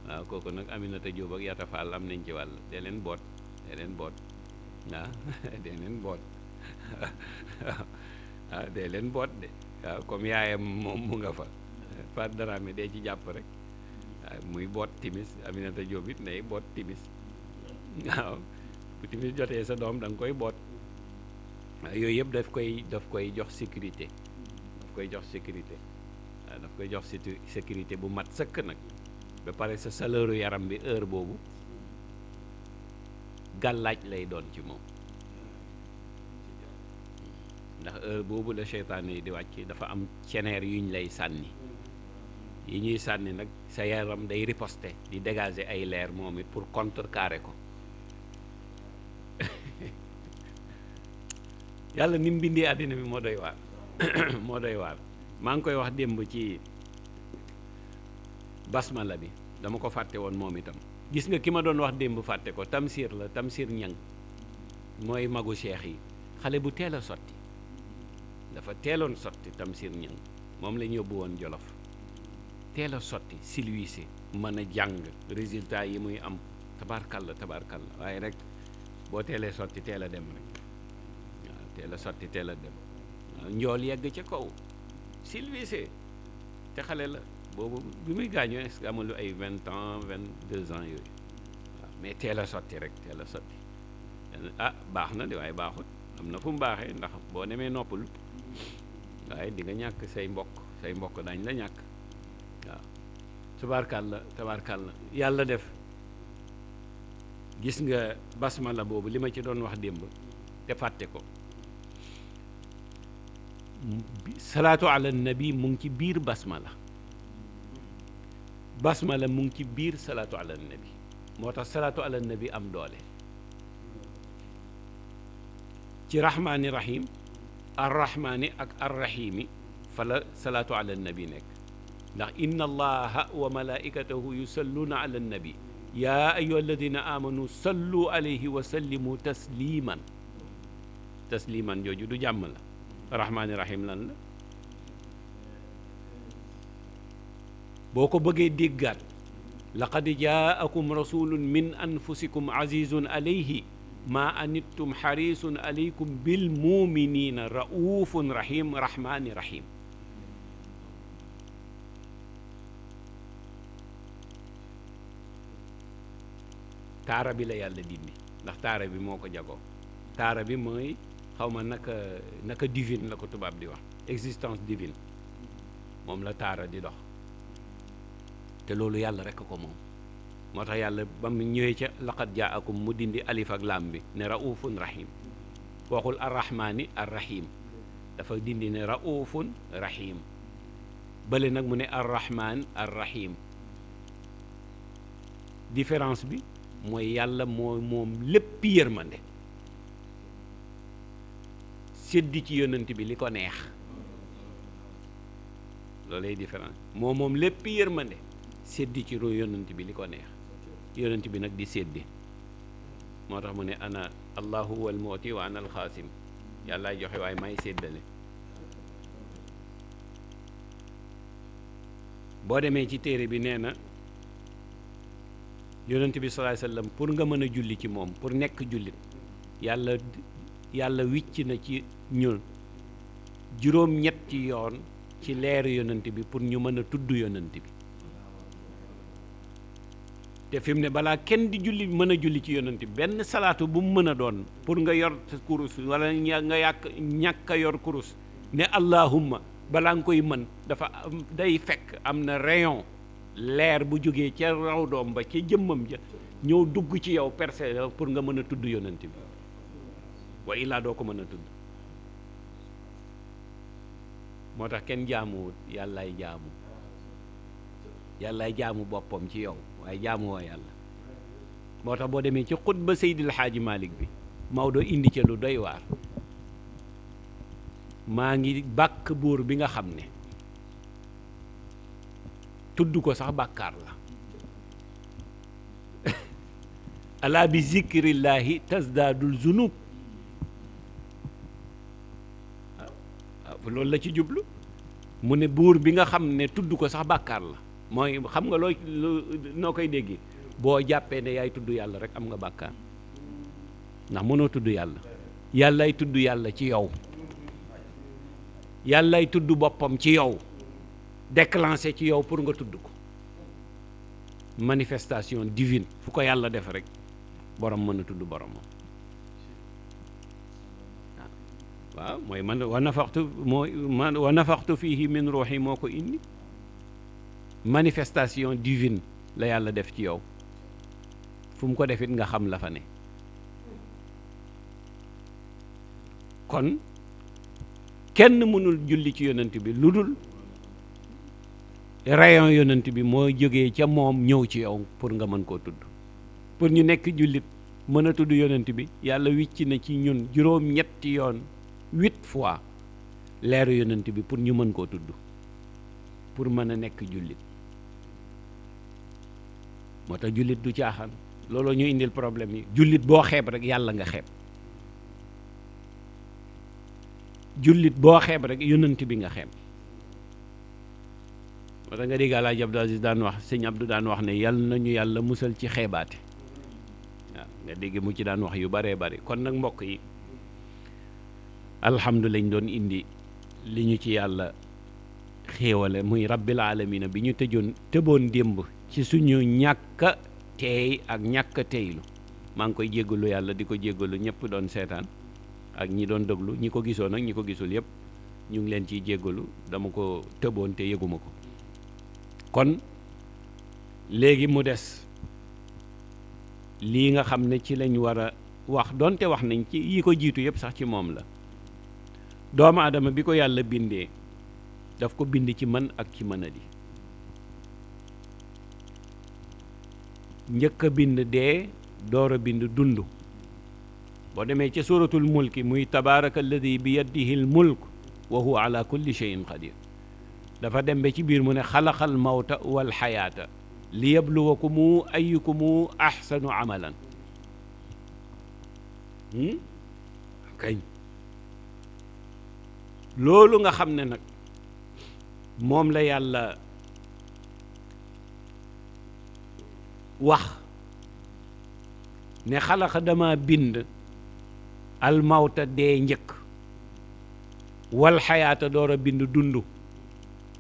S3: waaw kooku nag Aminata Diop ak Yata Fall am nañ ci wàll dee leen boot dee leen boot waaw dee leen boot waaw leen boot de waaw comme yaayam moom mu nga fa Fat Dramé dee ci jàpp rek waaw muy boot timis Aminata Diop it nay boot timis waaw bu timis jotee sa doom da nga koy boot yooyu yëpp daf koy daf koy jox sécurité daf koy jox sécurité koy jox sécurité bu mat sëkk nag ba pare sa saleuru yaram bi heure boobu gàllaaj lay doon ci moom ndax heure boobu la seytaane yi di wàcc dafa am ceneer yuñ lay sànni yi ñuy sànni nag sa yaram day riposte di dégager ay leer moom it pour contre contrecarrer ko yàlla ni mu bindee àddina bi moo doy waar moo doy waar maa ngi koy wax démb ci basmala bi dama ko fàtte woon moom itam gis nga ki ma doon wax démb fàtte ko Tamsir la Tamsir ñang mooy magu cheikh yi xale bu teel a sotti dafa teeloon sotti Tamsir ñang moom la ñu yóbbu woon Jolof teel a sotti silwiise mën a jàng résultat yi muy am tabaarkalla tabaarkalla waaye rek boo teelee sotti teel a dem rek waaw teel a sotti teel a dem waaw njool yegg ca kaw silvissé te xale la boobu bi muy gaañoo est amul ay vingt ans vingt deux yooyu waaw mais teel a sotti rek teel a sotti ah baax na de waaye baaxut am na fu mu baaxee ndax boo demee noppalu waaye dinga ñàkk say mbokk say mbokk dañ la ñàkk waaw tabaarkàlla tabaarkàlla yàlla def gis nga la boobu li ma ci doon wax démb te fàtte ko salaatu ala nabi mu ngi ci biir basmala basmala mu ngi ci biir salaatu ala nabi moo tax salaatu ala nabi am doole ci rahmaani rahim arrahmaani ak arrahimi fa la salaatu ala nabi nekk ndax inna allaha wa malaikatahu yusalluuna ala nabi yaa ayuha alladina amanu sallu alayhi wa sallimu tasliman tasliman jooju du jàmm la rahmaani rahim lan la boo ko bëggee déggaat laqad jaakum rasulun min anfusikum azizun alayhi maa anittum xarisun aleykum bil muminina raufun rahim rahmaani rahim taara bi la yàlla dindi ndax taara bi moo ko jagoo taara bi mooy xaw ma naka naka divine la ko tubaab di wax existence divine moom la taara di dox te loolu yàlla rekk ko moom moo tax yàlla ba mu ñëwee ca laqad jaakum mu dindi alif ak laam bi ne raufun rahim waxul arrahmaani arrahim dafa dindi ne raufun rahim bële nag mu ne arrahman arrahim différence bi mooy yàlla moo moom lépp yërmande séddi ci yonent bi li ko neex loolay différence moo moom lépp yërmande séddi ci ru bi li ko neex yonent bi nag di séddi moo tax mu ne ana allahu huwa almuti wa ana alxaasim yàllaay joxe waaye may séddale boo demee ci téere bi nee na yonent bi salaay sallam pour nga mën a julli ci moom pour nekk jullit yàlla yàlla wicc na ci ñun juróom-ñetti yoon ci leeru yonent bi pour ñu mën a tudd yonent bi te fi ne balaa kenn di julli mën a julli ci yonent bi benn salaatu bu mu mën a doon pour nga yor kurus wala nga yàq ñàkk yor kurus ne allahumma balaa nga koy mën dafa am day fekk am na rayon leer bu jógee ca raw doom ba ca jëmmam ja ñëw dugg ci yow percé pour nga mën a tudd yonent bi wa illaa doo ko mën a tudd moo tax kenn jaamuwut yàllaay jaamu yàllaay jaamu boppam ci yow waaye jaamuwoo yàlla moo tax boo demee ci ba Seydil Xaaji Malik bi Maodo indi ca lu doy waar maa ngi bàkk buur bi nga xam ne tudd ko sax bàkkaar la alaa bi zikrillaahi tasdaadul zunub loolu la ci jublu mu ne buur bi nga xam ne tudd ko sax bàkkaar la mooy xam nga looy noo koy déggee boo jàppee ne yaay tudd yàlla rek am nga bàkkaar ndax mënoo tudd yàlla yàllaay tudd yàlla ci yow yàllaay tudd boppam ci yow déclenché ci yow pour nga tudd ko manifestation divine fu ko yàlla def rek borom mën a tudd boromam waaw mooy man wa nafaxtu mooy man wa nafaxtu fiihi min ruuxi moo ko indi manifestation divine la yàlla def ci yow fum mu ko defit nga xam la fa ne kon kenn mënul julli ci yonent bi lu dul rayon yonent bi moo jógee ca moom ñëw ci yow pour nga mën koo tudd pour ñu nekk jullit mën a tudd yonent bi yàlla wicc na ci ñun juróom ñetti yoon huit fois leeru yonant bi pour ñu mën koo tudd pour mën a nekk jullit moo tax jullit du caaxaan looloo ñu indil problème yi jullit boo xeeb rek yàlla nga xeeb jullit boo xeeb rek yonent bi nga xeeb moo tax nga dégg Alaaji Abdou Aziz daan wax sëñ du daan wax ne yal nañu yàlla musal ci xeebaate waaw nga dégg mu ci daan wax yu baree bari kon nag mbokk yi alhamdu lañ doon indi li ñu ci yàlla xéewale muy rabbil alamina bi ñu tëjoon tëboon démb ci suñu ñàkk a teey ak ñàkk a teeylu maa ngi koy jéggalu yàlla di ko jéggalu ñëpp doon seetaan ak ñi doon déglu ñi ko gisoon nag ñi ko gisul yëpp ñu ngi leen ciy jéggalu dama ko tëboon te yëguma ko kon léegi mu des lii nga xam ne ci lañ war a wax doonte wax nañ ci yi ko jiitu yëpp sax ci moom la doomu aadama bi ko yàlla bindee daf ko bind ci man ak ci mën di njëkk bind dee door a bind dund boo demee ca suratul mulki muy tabaaraka alladi bi yadihi l wa huwa ala kulli cheyin qadir dafa dem ba ci biir mu ne xalaqal mawta wal xayaata li yabluwakumu ayukumu axsanu amalan hmm? loolu nga xam ne nag moom la yàlla wax ne xalaxa dama bind almawta dee njëkk wal xayaata door a bind dund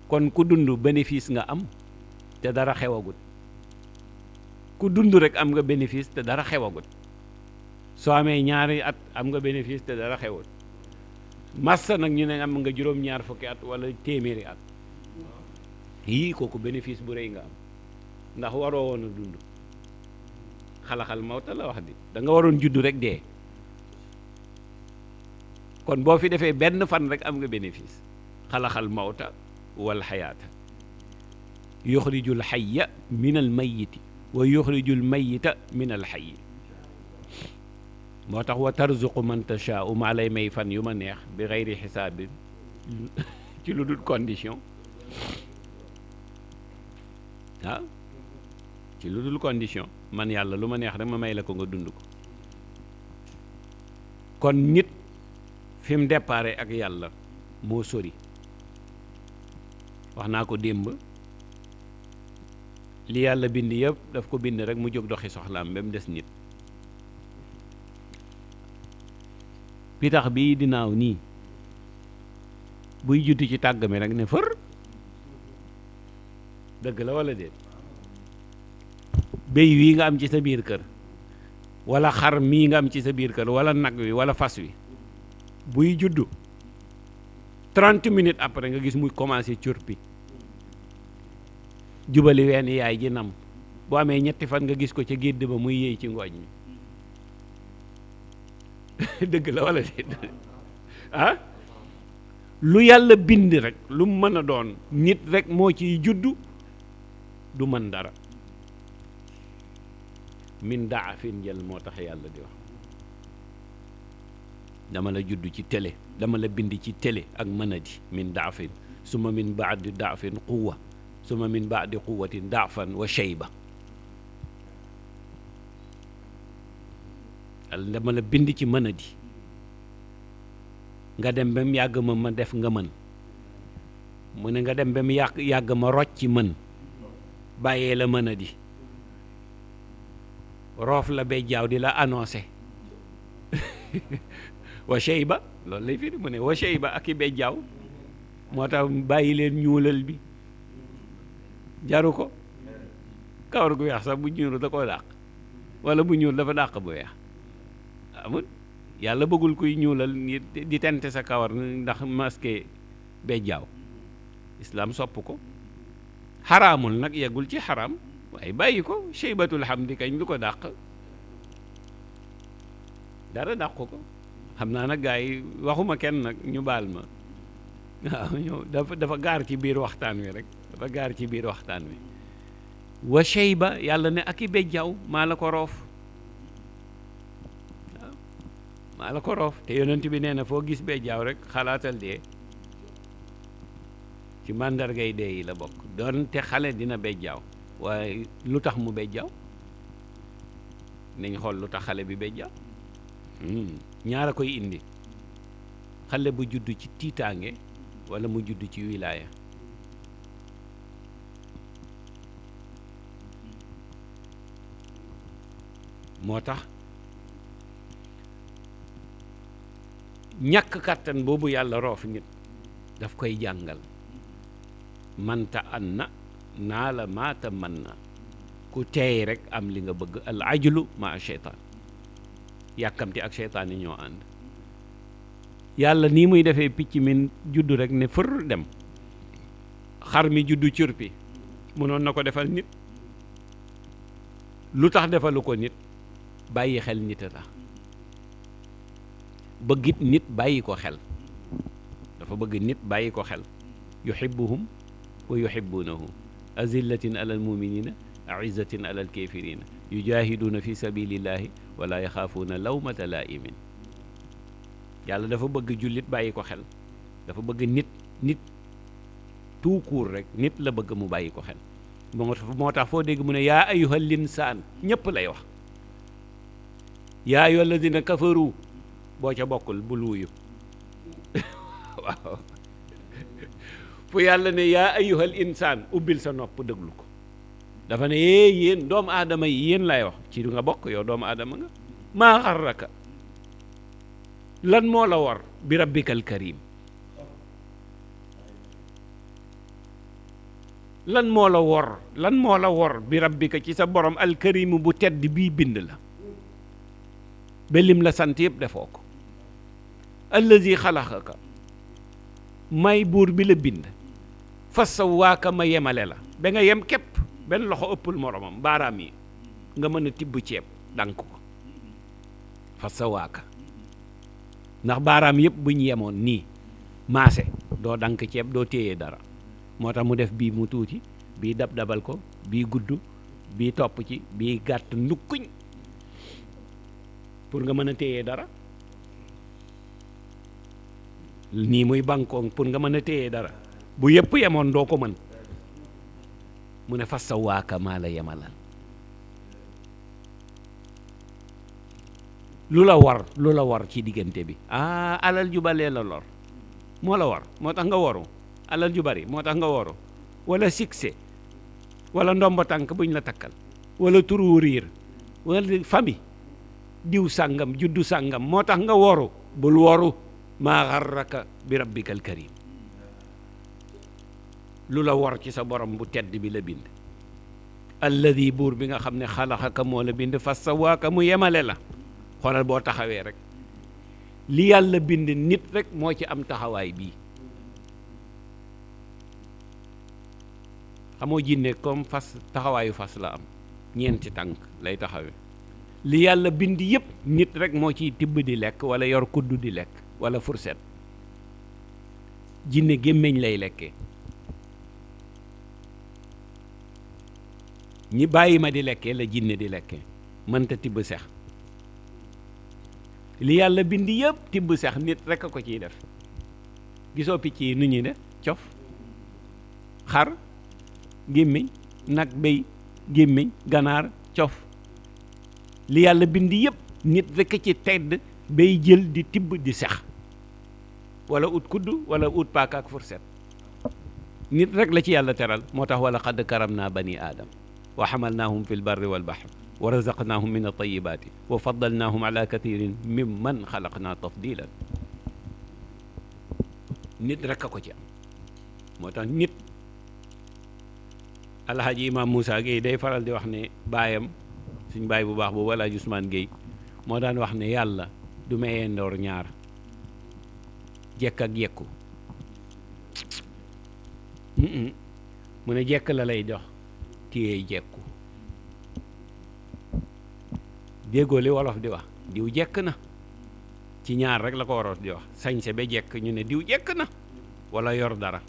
S3: kon ku dund bénéfice nga am te dara xewagut ku dund rek am nga bénéfice te dara xewagut soo amee ñaari at am nga bénéfice te dara xewagut massa nag ñu ne am nga juróom-ñaar fukki at wala téeméeri at yii kooku bénéfice bu rey nga am ndax waroo woon a dund xalaxal mawta la wax di danga waroon juddu rek dee kon boo fi defee benn fan rek am nga bénéfice xalaxal mawta wal xayaata yuxrijul xayya min al mayiti wa yuxrijul mayita min al xayyi moo tax wa tarzuqu man tasha'u maa lay may fan yu ma neex bi xeyri xisaab bi ci lu dul condition ah ci lu dul condition man yàlla lu ma neex rek ma may la ko nga dund ko kon nit fi mu déparé ak yàlla moo sori wax naa ko démb li yàlla bind yëpp daf ko bind rek mu jóg doxi soxlaa ba des nit bitax bii di naaw nii buy judd ci tàgg mi rek ne fër dëgg la wala déet béy wii nga am ci sa biir kër wala xar mii nga am ci sa biir kër wala nag wi wala fas wi buy judd 30 minutes après nga gis muy commencé curpi jubali ween yaay ji nam bu amee ñetti fan nga gis ko ca gédd ba muy yéey ci ngooñ mi dëgg la wala déet ah lu yàlla bind rek lu mu mën a doon nit rekk moo ciy juddu du mën dara min daafin jël moo tax yàlla di wax dama la judd ci télé dama la bind ci télé ak mën di min daafin suma min baadi daafin quwa suma min baadi quwatin daafan wa shayba yàlla dama la bind ci mën a di nga dem ba mu yàgg ma ma def nga mën mu ne nga dem ba mu yàgg yàgg ma rocc ci mën bàyyee la mën a di roof la bay jaaw di la annoncé wa ba loolu lay firi mu ne wa shayba ak i bay jaaw moo tax bàyyi leen ñuulal bi jaru ko kawar gu weex sax bu ñuul da koo dàq wala bu ñuul dafa dàq bu weex amul yàlla bëggul kuy ñuulal di tente sa kawar ndax masque bejjaaw islaam sopp ko xaraamul nag yeggul ci xaraam waaye bàyyi ko sheybatul hamdi kañ lu ko dàq dara dàq ko xam naa nag gars waxuma kenn nag ñu baal ma waaw ñëw dafa dafa gaar ci biir waxtaan wi rek dafa gaar ci biir waxtaan wi wa sheyba yàlla ne ak i bejjaaw maa la ko roof maa la ko te yonent bi nee na foo gis bee jaaw rek xalaatal de ci màndargay dee yi la bokk doonte xale dina bee jaaw waaye lu tax mu bee jaaw nañ xool lu tax xale bi bee jaaw hmm, ñaar a koy indi xale bu judd ci tiitaange walla mu judd ci wilaaya moo tax ñàkk kàttan boobu yàlla roof nit daf koy jàngal manta an na naa la maata man na ku teey rek am li nga bëgg al ajlu ma cheytaan yàkkamti ak cheytaan ñoo ànd yàlla nii muy defee picc mi juddu rekk ne fër dem xar mi juddu curpi mënoon na ko defal nit lu tax defalu ko nit bàyyi xel nit la bëggit nit bàyyi ko xel dafa bëgg nit bàyyi ko xel yuhibbuhum wa yuhibbunahu azillatin alal muminina aizatin alal kafirina yujahiduuna fi sabilillahi wala yaxaafuuna lawmata laimin yàlla dafa bëgg jullit bàyyi ko xel dafa bëgg nit nit tout rek nit la bëgg mu bàyyi ko xel moo tax foo dégg mu ne yaa ayyuhal insaan ñëpp lay wax yaa ayyuhal ladina kafaru boo ca bokkul bul wuyu fu yàlla ne yaa ayyuhal insaan ubbil sa nopp déglu ko dafa ne yee yéen doomu aadama yi yéen lay wax ci du nga bokk yow doomu aadama nga maa xarraka lan moo la war bi rabbikal karim lan moo la wor lan moo la wor bi rabbika ci sa borom alkarimu bu tedd bii bind la ba lim la sant yëpp defoo ko allazi xalaxaka may buur bi la bind fas sawaaka ma yemale la ba nga yem képp benn loxo ëppul moromam baaraam yi nga mën a tibb ceeb dank ko fas sawaaka ndax baaraam yëpp bu ñu yemoon nii maase doo dank ceeb doo téye dara moo tax mu def bii mu tuuti bii dab dabal ko bii gudd bii topp ci bii gàtt ndukkuñ pour nga mën a téye dara Mm-hmm. nii muy bankoo pour nga mën a téye dara bu yépp yemoon doo ko mën mu ne fas sa waaka maa la yemalal lu la war lu la war ci diggante bi ah alal ju balee la lor moo la war moo tax nga waru alal ju bari moo tax nga waru wala succès walla ndombo tànk buñ la takkal wala turu riir wala famille diw sàngam juddu sàngam moo tax nga waru bul waru maa xarraka bi rabbika alkarim lu la war ci sa borom bu tedd bi la bind alladi buur bi nga xam ne xalaxaka moo la bind fa sawaaka mu yemale la xoolal boo taxawee rek li yàlla bind nit rek moo ci am taxawaay bii xamoo jinne comme taxawaayu fas la am ñeenti tànk lay taxawee li yàlla bind yëpp nit rek moo ciy tibb di lekk wala yor kuddu di lekk wala fourchette jinne gémmiñ lay lekke ñi bàyyi ma di lekke la jinne di lekke mënta tibb sex li yàlla bind yëpp tibb sex nit rekk a ko ciy def gisoo picc yi nu ñuy def cof xar gémmiñ nag béy gémmiñ ganaar cof li yàlla bind yëpp nit rek ci tedd bay jël di tibb di sex wala ut kudd wala ut paaka ak nit rek la ci yàlla teral moo tax wala xadd karam naa bani aadam wa xamalnaahum fi lbarri walbaxr wa razaqnaahum min altayibaati wa faddalnaahum ala kathirin mimman xalaqnaa tafdilan nit rek a ko ci moo tax nit alhaji imam Moussa Gueye day faral di wax ni baayam suñ baay bu baax boobu wala Ousmane Gueye moo daan wax ni yàlla du mayee ndoor ñaar jekk ak yekku mu ne jekk la lay dox téyey jekku déggoo li wolof di wax diw jekk na ci ñaar rek la ko waroon di wax sañse ba jekk ñu ne diw jekk na wala yor dara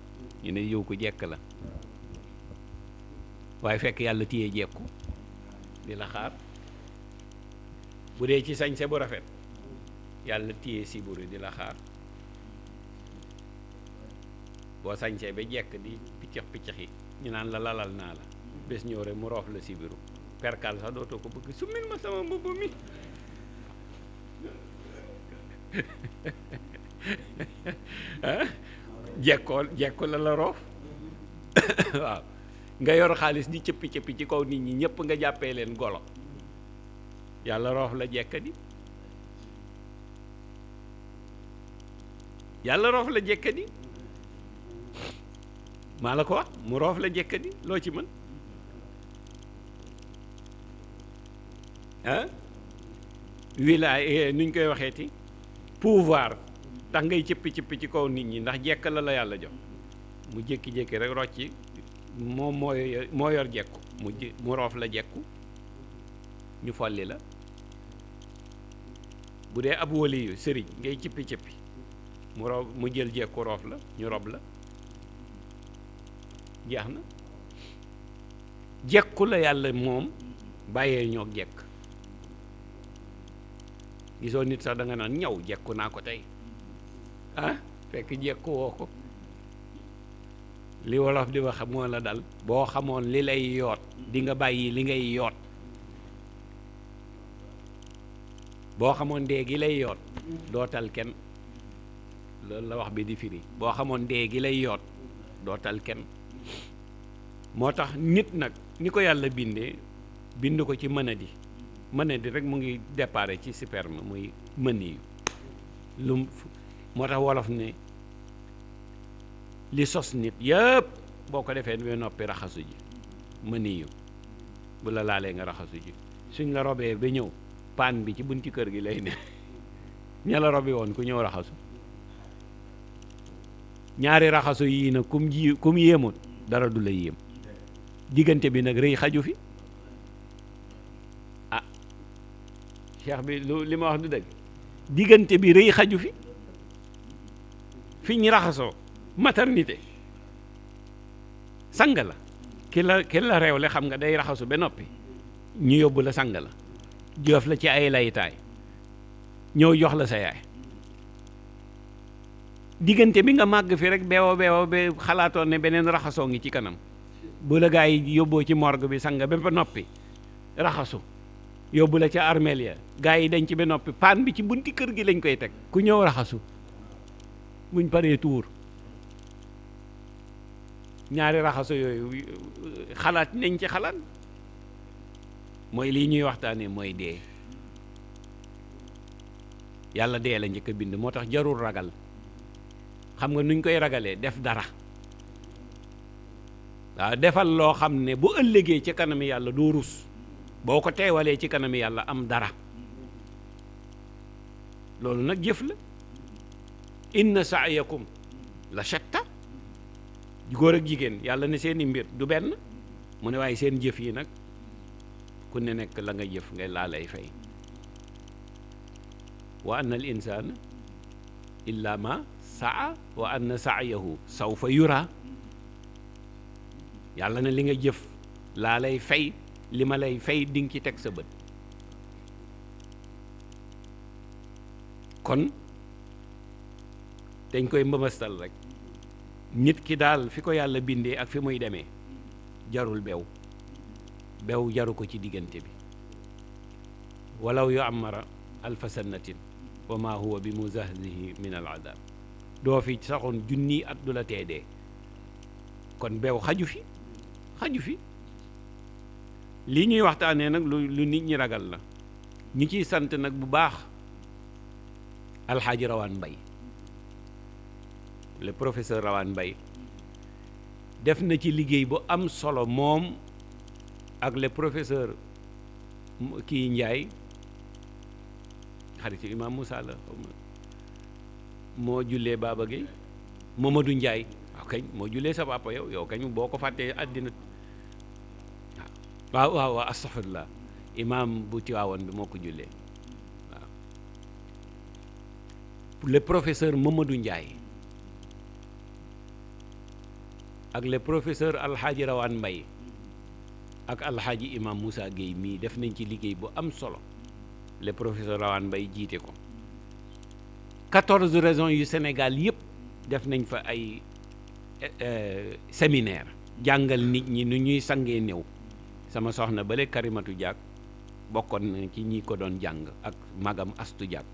S3: ñu ne yow ko jekk la waaye fekk yàlla téyee jekku di la xaar bu dee ci sañse bu rafet yàlla téyee siburu di la xaar boo sañsee ba jekk di piccax piccax yi ñu naan la lalal naa la bés ñëw rek mu roof la si biiru perkal sax dootoo ko bëgg summil ma sama mbubb mi ah jekkoo la la roof waaw nga yor xaalis di cëppi cëppi ci kaw nit ñi ñëpp nga jàppee leen golo yàlla roof la jekkadi yàlla roof la jekkadi maa la ko wax mu roof la njëkk di loo ci mën ah wilaay eh, nuñ koy waxeeti ti pouvoir tax ngay cëppi cëppi ci kaw nit ñi ndax jekk la la yàlla jox mu jékki-jékki rek rocci moom moo moo yor jekku mu mu roof la jekku ñu folli la bu dee ab wali sëriñ ngay cëppi cëppi mu roof mu jël jekku roof la ñu rob la jeex na jekku la yàlla moom bàyyee ñoo jekk gisoo nit sax danga naan ñaw jekku naa ko tey ah, fekk jekku woo ko li wolof di wax moo la dal boo xamoon li lay yoot di nga bàyyi li ngay yoot boo xamoon dee gi lay yoot dootal kenn loolu la wax bi di firi boo xamoon dee gi lay yoot dootal kenn moo tax nit nag ni ko yàlla bindee bind ko ci mënadi mënadi rek mu ngi déparé ci sperme muy mën yu lu moo tax wolof ni li sos nit yëpp boo ko defee ba noppi raxasu ji mën yu bu la laalee nga raxasu ji suñ la robee ba ñëw paan bi ci bunt kër gi lay ne ña la robi woon ku ñëw raxasu ñaari raxasu yii na kum ji kum yéemut dara du la yéem diggante bi nag rëy xaju fi ah cheikh bi lu li ma wax du dëgg diggante bi rëy xaju fi fi ñu raxasoo maternité sang la ki la ki la réewle xam nga day raxasu ba noppi ñu yóbbu la sang la joof la ci ay laytaay ñëw jox la sa yaay diggante bi nga màgg fi rek beewo beewo ba xalaatoon ne beneen raxasoo ngi ci kanam bu la gaa yi yóbboo ci morgue bi sanga ba ba noppi raxasu yóbbu la ca armeel ya gaa yi dañ ci ba noppi paan bi ci bunti kër gi lañ koy teg ku ñëw raxasu buñ paree tuur ñaari raxasu yooyu xalaat nañ ci xalaat mooy lii ñuy waxtaanee mooy dee yàlla dee la njëkk a bind moo tax jarul ragal xam nga nuñ koy ragalee def dara waaw defal loo xam ne bu ëllëgee ci kanam yàlla doo rus boo ko teewalee ci kanam yàlla am dara loolu nag jëf la inna sa'yakum la shatta góor ak jigéen yàlla ne seeni mbir du benn mu ne waaye seen jëf yi nag ku ne nekk la nga jëf ngay laa lay fay wa anna al insana illa ma saa wa anna sa'yahu sawfa yura yàlla na li nga jëf laa lay fay li ma lay fay di ci teg sa bët kon dañ koy mbëmastal rek nit ki daal fi ko yàlla bindee ak fi muy demee jarul bew bew jaru ko ci diggante bi walaw yu amara alfa sannatin wa ma huwa bi muzahzihi min al adab doo fi saxoon junni at du la teedee kon bew xaju fi xaju fi lii ñuy waxtaanee nag lu nit ñi ragal na ñi ciy sant nag bu baax alxaaji rawaan mbay le professeur rawaan mbay def na ci liggéey bu am solo moom ak le professeur kii Njaay xaritu imaam Moussa la ma moo jullee Baaba Gueye Mamadou Njaay waaw kañ moo jullee sa papa yow yow kañ boo ko fàttee àddina waaw waaw waaw astaghfirullah imaam bu Tiwaawoon bi moo ko jullee waaw le professeur Mamadou Ndiaye ak le professeur Alxaaji Rawaan Mbay ak Alxaaji imaam Moussa Guèye mii def nañ ci liggéey bu am solo le professeur Rawaan Mbay jiite ko quatorze régions yu Sénégal yëpp def nañ fa ay euh, séminaire jàngal nit ñi nu ñuy sangee néew sama soxna bale karimatu jaag bokkoon na ci ñi ko doon jàng ak magam astu jaag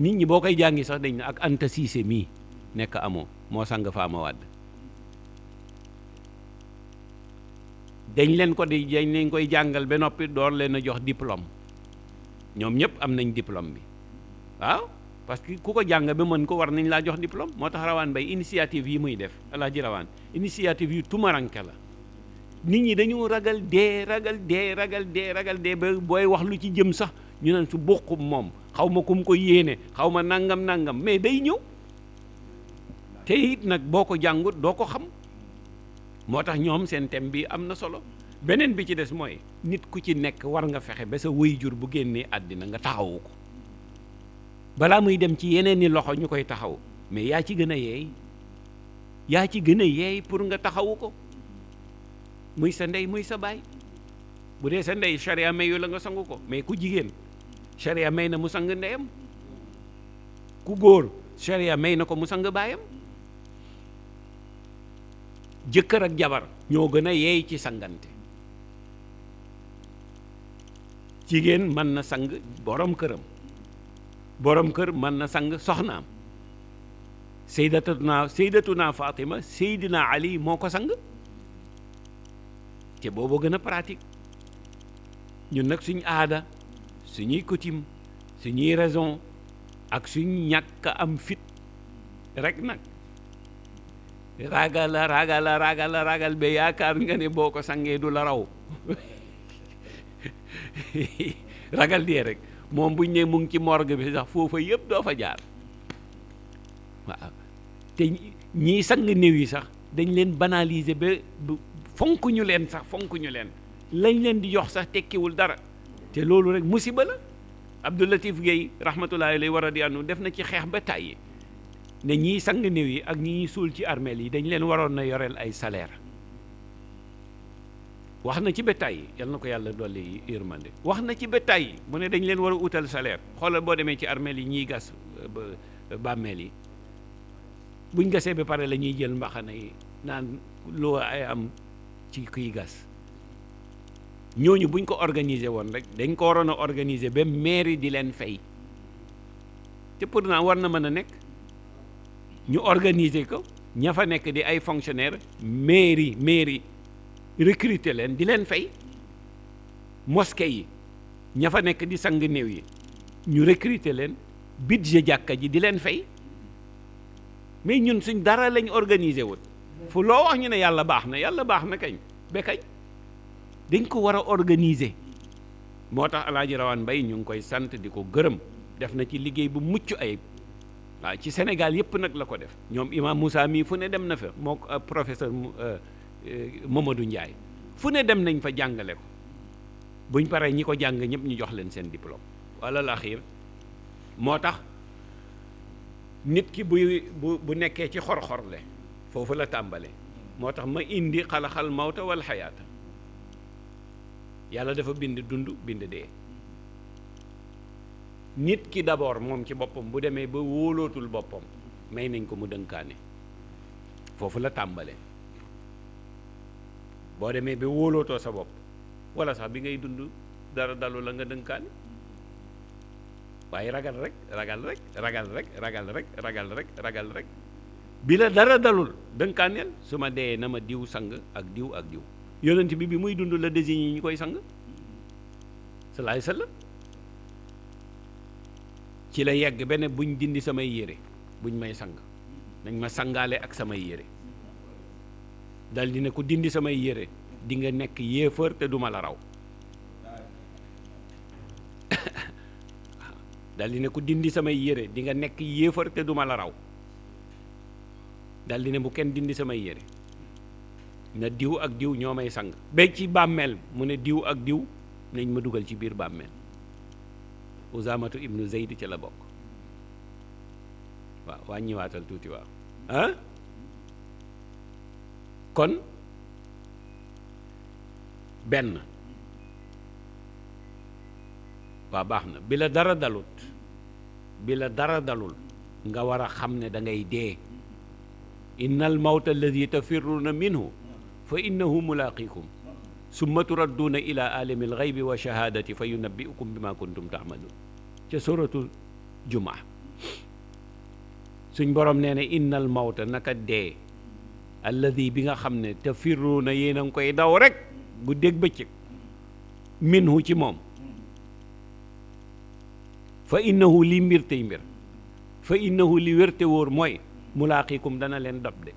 S3: nit ñi boo koy jàngi sax dañ ne ak anta siise mii nekk amoo moo sang faama wàdd dañ leen ko di dañ leen koy jàngal ba noppi door leen a jox diplôme ñoom ñëpp am nañ diplôme bi waaw parce que ku ko jàng ba mën ko war nañ laa jox diplôme moo tax rawaan bay initiative yi muy def ji rawaan initiative yu tumaranke la nit ñi dañu ragal dee ragal dee ragal dee ragal dee ba booy wax lu ci jëm sax ñu naan su bokkum moom xaw ma ku mu ko yéene xaw ma nangam nangam mais day ñëw te nag boo ko jàngut doo ko xam moo tax ñoom seen thème bi am na solo beneen bi ci des mooy nit ku ci nekk war nga fexe ba sa wëy jur bu génnee àddina nga taxawu ko balaa muy dem ci yeneen ni loxo ñu koy taxaw mais yaa ci gën a yeey yaa ci gën a yeey pour nga taxawu ko muy sa ndey muy sa baay bu dee sa ndey charia mayu la nga sangu ko mais ku jigéen charia may na mu sang ndeyam ku góor charia may na ko mu sang baayam jëkkër ak jabar ñoo gën a yeey ci sangante jigéen mën na sang borom këram boroom kër mën na sang soxnaam sayyidatuna sayyidatuna Fatima sayyidina Ali moo ko sang te boobu gën a pratique ñun nag suñu aada suñuy kotim suñuy raison ak suñu ñàkk am fit rek nag raagala raagala raagala ragal ba yaakaar nga ne boo ko sangee du la raw ragal dee rek moom buñ ne mu ngi ci morgue bi sax foofa yëpp doo fa jaar waaw te ñii sang néew yi sax dañ leen banaliser ba fonk ñu leen sax fonk ñu leen lañ leen di jox sax tekkiwul dara te loolu rek musiba la Abdou Latif Guèye rahmatullahi alayhi wa radiyallahu def na ci xeex ba tàyyi ne ñii sang néew yi ak ñii ñuy ci armeel yi dañ leen waroon na yoreel ay salaire wax na ci bétail yi yal na ko yàlla dolli yërmande wax na ci bétail yi mu ne dañ leen war a utal salaire xoolal boo demee ci armeel yi ñiy gas euh, euh, bàmmeel yi buñ gasee ba pare lañuy jël mbaxana yi naan loo ay am ci kuy gas ñooñu buñ ko organiser woon rek dañ ko waroon a organiser ba mairie di leen fay te pourtant war na mën a nekk ñu organiser ko ña fa nekk di ay fonctionnaire mairie mairie recrité leen di leen fay moske yi ña fa nekk di sang néew yi ñu recrité leen budget jàkka ji di leen fay mais ñun suñ dara lañu organiser wut fu loo wax ñu ne yàlla baax na yàlla baax na kañ ba kañ dañ ko war a organiser moo tax alaaji rawaan mbay ñu ngi koy sant di ko gërëm def na ci liggéey bu mucc ayib waaw ci Sénégal yëpp nag la ko def ñoom imam Moussa mii fu ne dem na fa moo euh, professeur euh, Eh, Mamadou njaay fu ne dem nañ fa jàngale ko buñ paree ñi ko jàng ñëpp ñu jox leen seen diplôme wala laxiir moo tax nit ki buy bu bu nekkee ci xor-xor le foofu la tàmbale moo tax ma indi xalaxal mawta wal xayaata yàlla dafa bind dund bind dee nit ki d'abord moom ci boppam bu demee ba wóolootul boppam may nañ ko mu dënkaane foofu la tàmbale boo demee ba wóolootoo sa bopp wala sax bi ngay dund dara dalu la nga dënkaani waaye ragal rek ragal rek ragal rek ragal rek ragal rek ragal rek bi la dara dalul dënkaaneel su ma dee na ma diw sang ak diw ak diw yonent bi bi muy dund la désigné ñu koy sang salaay sallam ci la yegg benn buñ dindi samay yére buñ may sang nañ ma sangaale ak samay yére daldi di ne ku dindi samay yére dinga nekk yéefar te duma la raw daldi ne ku dindi samay yére di nga nekk yéefar te duma la raw dal ne bu kenn dindi samay yére na diw ak diw ñoo may sang ba ci bàmmeel mu ne diw ak diw nañ ma dugal ci biir bàmmeel usaamatu ibnu zeyd ca la bokk waaw wàññiwaatal tuuti waaw kon benn waa baax na bi la dara dalut bi la dara dalul nga war a xam ne da ngay dee inna al mawta alladi tafirruuna minhu fa innahu mulaaqikum summa turadduuna ila alimi alxaybi wa shahaadati fa yunabbiukum bima kuntum taamaluun ca suratu jumaa suñ borom nee na innal mawta naka dee alladi bi nga xam ne te firru na yéen a ngi koy daw rek guddeeg bëccëg minhu ci moom fa innahu li mbir tey mbir fa innahu li wérte wóor mooy mulaaqikum dana leen dab de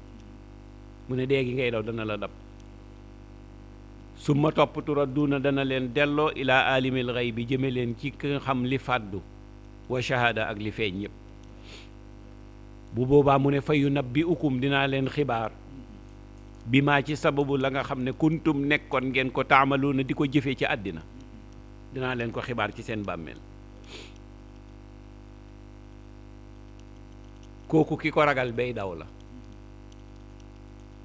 S3: mu ne dee gi ngay daw dana la dab ma toppatu topp na dana leen delloo ilaa aalimil xay bi jëme leen ci ki xam li fàddu wa shahaada ak li feeñ yëpp bu boobaa mu ne fa yunabbiukum dinaa leen xibaar bi maa ci sababu la nga xam ne kuntum nekkoon ngeen ko na di ko jëfee ci àddina dinaa leen ko xibaar ci seen bàmmeel kooku ki ko ragal bay daw la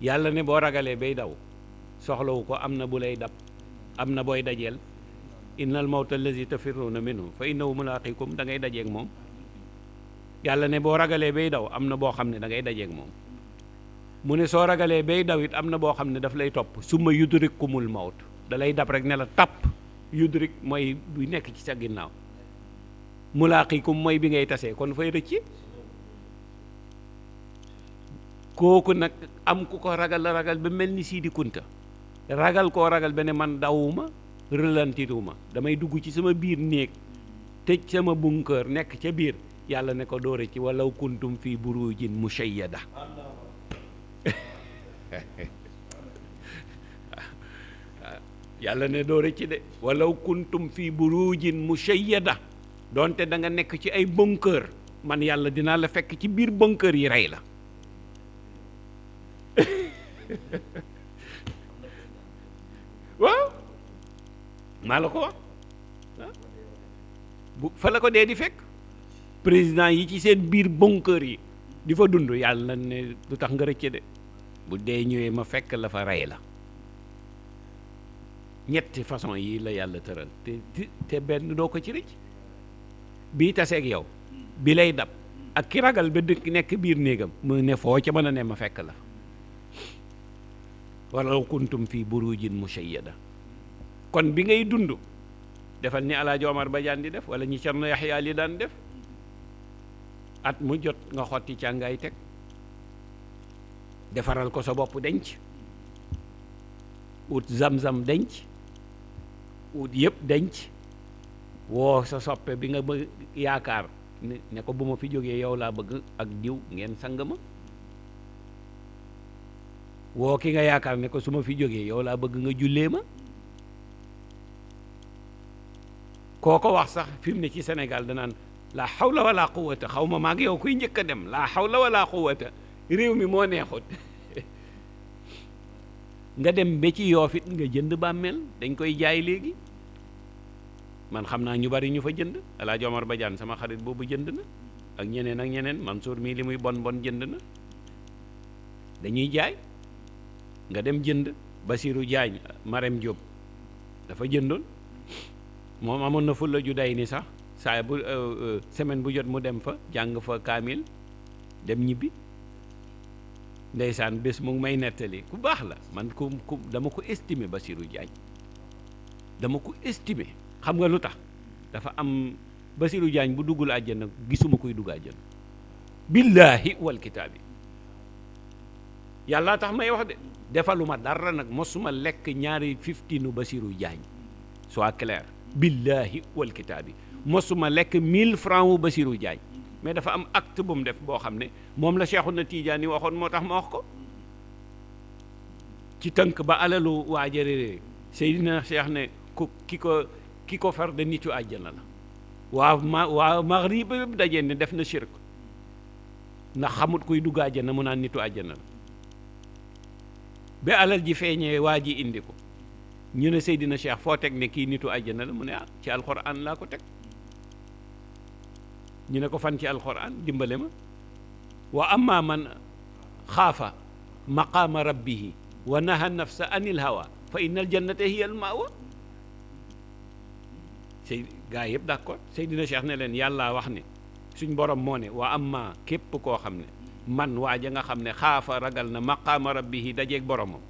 S3: yàlla ne boo ragalee bay daw soxlawu ko am na bu lay dab am na booy dajeel innal mawta allazi tafirruuna minhu fa innahu mulaaqikum da ngay dajeek moom yàlla ne boo ragalee bay daw am na boo xam ne da ngay dajeeg moom mu ne soo ragalee bay daw it am na boo xam ne daf lay topp summa yudrik kumul mawt da lay dab rek ne la tàpp yudrik mooy bu nekk ci sa ginnaaw mulaaqikum moy bi ngay tasee kon fay rëcc kooku nag am ku ko ragal ragal ba mel ni Sidi Kunta ragal koo ragal ba ne man dawuma rëlantiwuma damay dugg ci sama biir néeg tëj sama bunker nekk ca biir yàlla ne ko dóore ci walaw kuntum fii burujin mushayyada yàlla ne doo rëcc de walaw kuntum fii burujin mushayyada donte danga nekk ci ay bunker man yàlla dinaa la fekk ci biir bunker yi rey la waaw maa la ko bu fa la ko dee di fekk président yi ci seen biir bunker yi di fa dund yàlla ne lu tax nga rëcce de bu dee ñëwee ma fekk la fa rey la ñetti façon yi la yàlla tëral te te benn doo ko ci rëcc bii taseeg yow bi lay dab ak ki ragal ba dëkk nekk biir néegam mu ne foo ca mën a ne ma fekk la walaw kuntum fii burujin mushayyada kon bi ngay dund defal ni alaaji Omar jaan di def wala ñi na Yaxya li daan def at mu jot nga xotti càngaay teg defaral ko sa bopp denc ut zam-zam denc ut yëpp denc woo sa soppe bi nga bëgg yaakaar ne ko bu ma fi jógee yow laa bëgg ak diw ngeen sang ma woo ki nga yaakaar ne ko su ma fi jógee yow laa bëgg nga jullee ma koo ko wax sax fi mu ne ci senegal danaan laa xawla wala quwata xaw ma maag yow kuy njëkk a dem laa xawla wala quwata réew mi moo neexut nga dem ba ci yoofit nga jënd bàmmeel dañ koy jaay léegi man xam naa ñu bari ñu fa jënd Alaaji Omar Badiane sama xarit boobu jënd na ak ñeneen ak ñeneen Mansour mii li muy bon bon jënd na dañuy jaay nga dem jënd Basirou Diagne Marème Diop dafa jëndoon moom amoon na fulla ju day ni sax saa bu euh, euh, semaine bu jot mu dem fa jàng fa kaamil dem ñibbi ndeysaan bés mu ngi may nettali ku baax la man ku ku dama ko estimer Basirou Diagne dama ko estimer xam nga lu tax dafa am Basirou jaañ bu duggul àjjana gisuma koy dugg àjjana billaahi wal kitaabi yàlla tax may wax de defaluma dara nag mosuma lekk ñaari fiftinu Basirou Diagne soit clair billaahi wal kitaabi mosuma lekk 1000 francs wu Basiru Jaay mais dafa am acte bu mu def boo xam ne moom la na tiijaan Tijaani waxoon moo tax ma wax ko ci tënk ba alalu waajaree Seydina Cheikh ne ku ki ko ki ko far de nitu àjjana la waa ma waa Maghrib yëpp dajee ne def na shirk ndax xamut kuy dugg àjjana mu naa nitu àjjana la ba alal ji feeñee waa ji indi ko ñu ne Seydina Cheikh foo teg ne kii nitu àjjana la mu ne ah ci alxuraan laa ko teg ñu ne ko fan ci alxuraan dimbale ma wa amma man xaafa maqaama rabbihi wa naha nafsa anil hawa fa innal jannata hiya al mawa sey gaa yëpp d'accord Seydina Cheikh ne leen yàlla wax ne suñ borom moo ne wa amma képp koo xam ne man waa ja nga xam ne xaafa ragal na maqaama rabbihi dajeeg boromam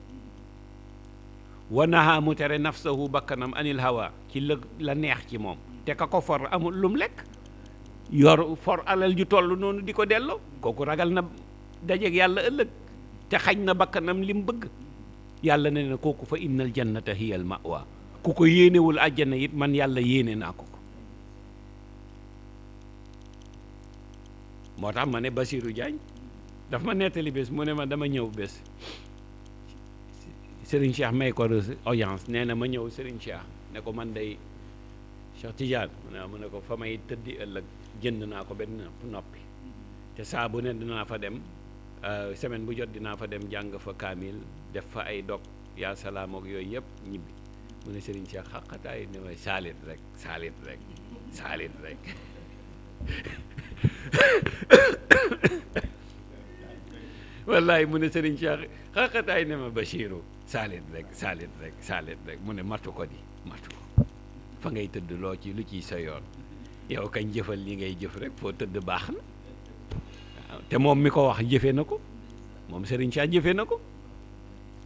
S3: wa naha mu tere nafsahu bakkanam anil hawa ci la la neex ci moom te ka ko for amul lum lekk yor for alal ju toll noonu di ko delloo kooku ragal na dajeeg yàlla ëllëg te xañ na bakkanam li mu bëgg yàlla ne na kooku fa innal jannata hiyal ma'wa ku ko yéenewul àjjana it man yàlla yéene naa ko ko moo tax ma ne Basirou Diagne dafa ma nettali bés mu ne ma dama ñëw bés Serigne Cheikh may ko audience nee na ma ñëw Serigne Cheikh ne ko man day Cheikh Tidiane mu ne ko fa may tëdd ëllëg jënd naa ko ba noppi te saabu ne dinaa fa dem euh, semaine bu jot dinaa fa dem jàng fa kaamil def fa ay dog yaa salaam yooyu yëpp ñibbi mu ne Serigne Cheikh xaqataay ne rek saalit rek saalit rek wallaay mu ne Serigne Cheikh xaqataay ne ma Bachiru rek saalit rek saalit rek mu ne matu ko di matu ko fa ngay tëdd loo ci lu ciy sa yoon yow kañ jëfal li ngay jëf rek foo tëdd baax na waaw te moom mi ko wax jëfe na ko moom Serigne Cheikh jëfe na ko